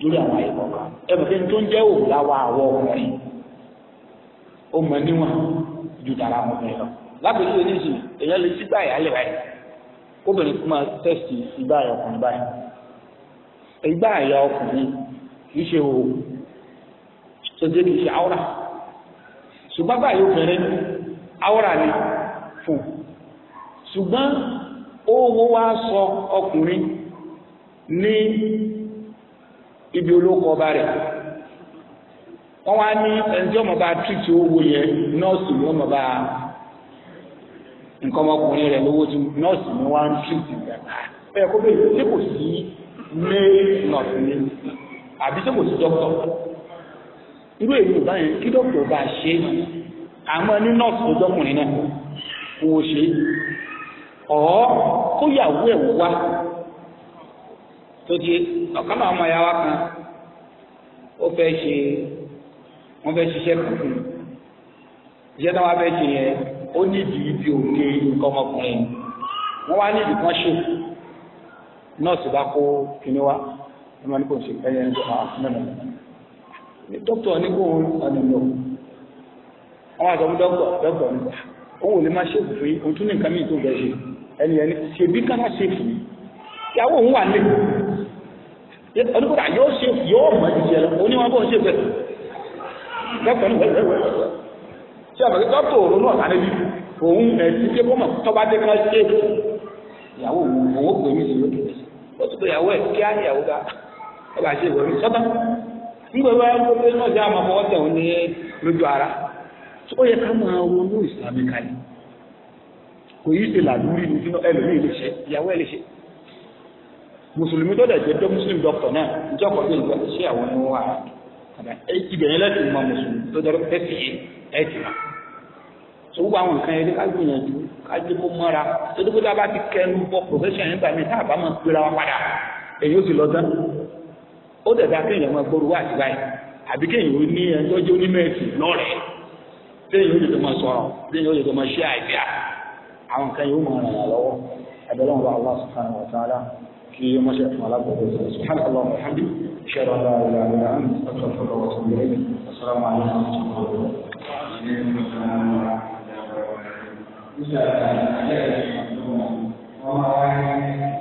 lórí àwọn àyè kọ̀ọ̀kan ẹ̀bùn tó ń jẹ́ òun láwa àwọ̀ ọkùnrin ó mọ níwọ̀n ju tara ọkùnrin lọ lábẹ́lẹ́ oníṣìí èèyàn lè sígbà ìyálẹ̀ báyìí. obìnrin kò máa tẹ́sì ìgbà àyà ọkùnrin báyìí ìgbà àyà ọkùnrin kì í ṣe o ṣèjì kì í ṣe àwòrà ṣùgbọ́n báyìí obìnrin ni fún ṣùgbọ́n owó wa sọ ọkùnrin ní ibi olóko ọba rẹ̀ wọ́n wá ní ẹni tí bá tìtì owó yẹn nọ́ọ̀sì ni nǹkan ọmọkùnrin rẹ̀ lówó tí nọ́ọ̀sì ni wọ́n á ń tìrìtì gbàgbà ẹ kó bẹ́ẹ̀ ṣé kò sí male nọ́ọ̀sì àbí ṣé kò sí dókítà irú èyí ò báyẹn kí dókítà bá ṣe àmọ́ ní nọ́ọ̀sì tó dọ́kùnrin náà kò ṣe ọ̀ kó yàwó ẹ̀ wá tó di ọ̀kan náà ọmọ ya kan ó fẹ́ ṣe wọ́n fẹ́ ṣiṣẹ́ kúkú ṣe yẹn. ó nídìí ibi òkè nǹkan ọmọkùnrin wọn wá nídìí kan ṣe nọ́ọ̀sì bá kó kinní wá ẹ máa ní kò ṣe ẹyẹ ní ọmọ mẹ́rin dókítà ní kò ọ̀nà lọ wọn wá sọ fún dókítà dókítà ní kò òun ò lè máa ṣèkù fún òun tún ní nǹkan míì tó bẹ̀ ṣe ẹni ẹni ṣèbí ká má ṣe fún yín ìyàwó òun wà lé yóò ṣe yóò tí a bá gbé dọ́kítà òru náà sáré bí òun ẹ̀sìn pé kọ́mọ̀ tọ́ba dé ká ṣe ìyàwó òwò pè mí sílẹ̀ ó ti pè ìyàwó ẹ̀ kí á ìyàwó ẹ bá ṣe ìwọ mi sọ́tà nígbà wíwá náà ara yẹ ká máa ronú ìsìlámì kalẹ̀ kò yí ṣe làdúrí sínú ṣe ìyàwó ẹ lè ṣe mùsùlùmí tó dọ́kítọ̀ náà ìjọ kan tó sòwò àwọn nǹkan yẹn ká gbìyànjú ká jẹ kó mọ́ra tótó kó tá a bá ti kẹnu bọ profession yẹn gbà mí tá a bá máa gbéra wa padà èyí ó sì lọ tán ó dẹ̀ dáa kéèyàn máa gbóru wá àti báyìí àbí kéèyàn ó ní ẹjọ́ jẹ́ onímẹ̀sì lọ́rẹ̀ẹ́ kéèyàn ó lè tó máa sọ̀rọ̀ kéèyàn ó lè tó máa ṣe àìdíà àwọn nǹkan yìí ó máa ràn yàn lọ́wọ́ àbẹ̀lẹ́ wọn bá Allah subhanahu wa ta'ala kí wọ́n ṣe fún alágbàdo subhanallah alhamdulilayi ṣẹlẹ̀ ọ̀la ìlànà ìlànà ìsọ̀tọ̀ fọlọ́wọ́sọ̀ ìlẹ́yìn assalamu alaikum warahmatullahi wabarakatuh usahakan ada yang mampu memakai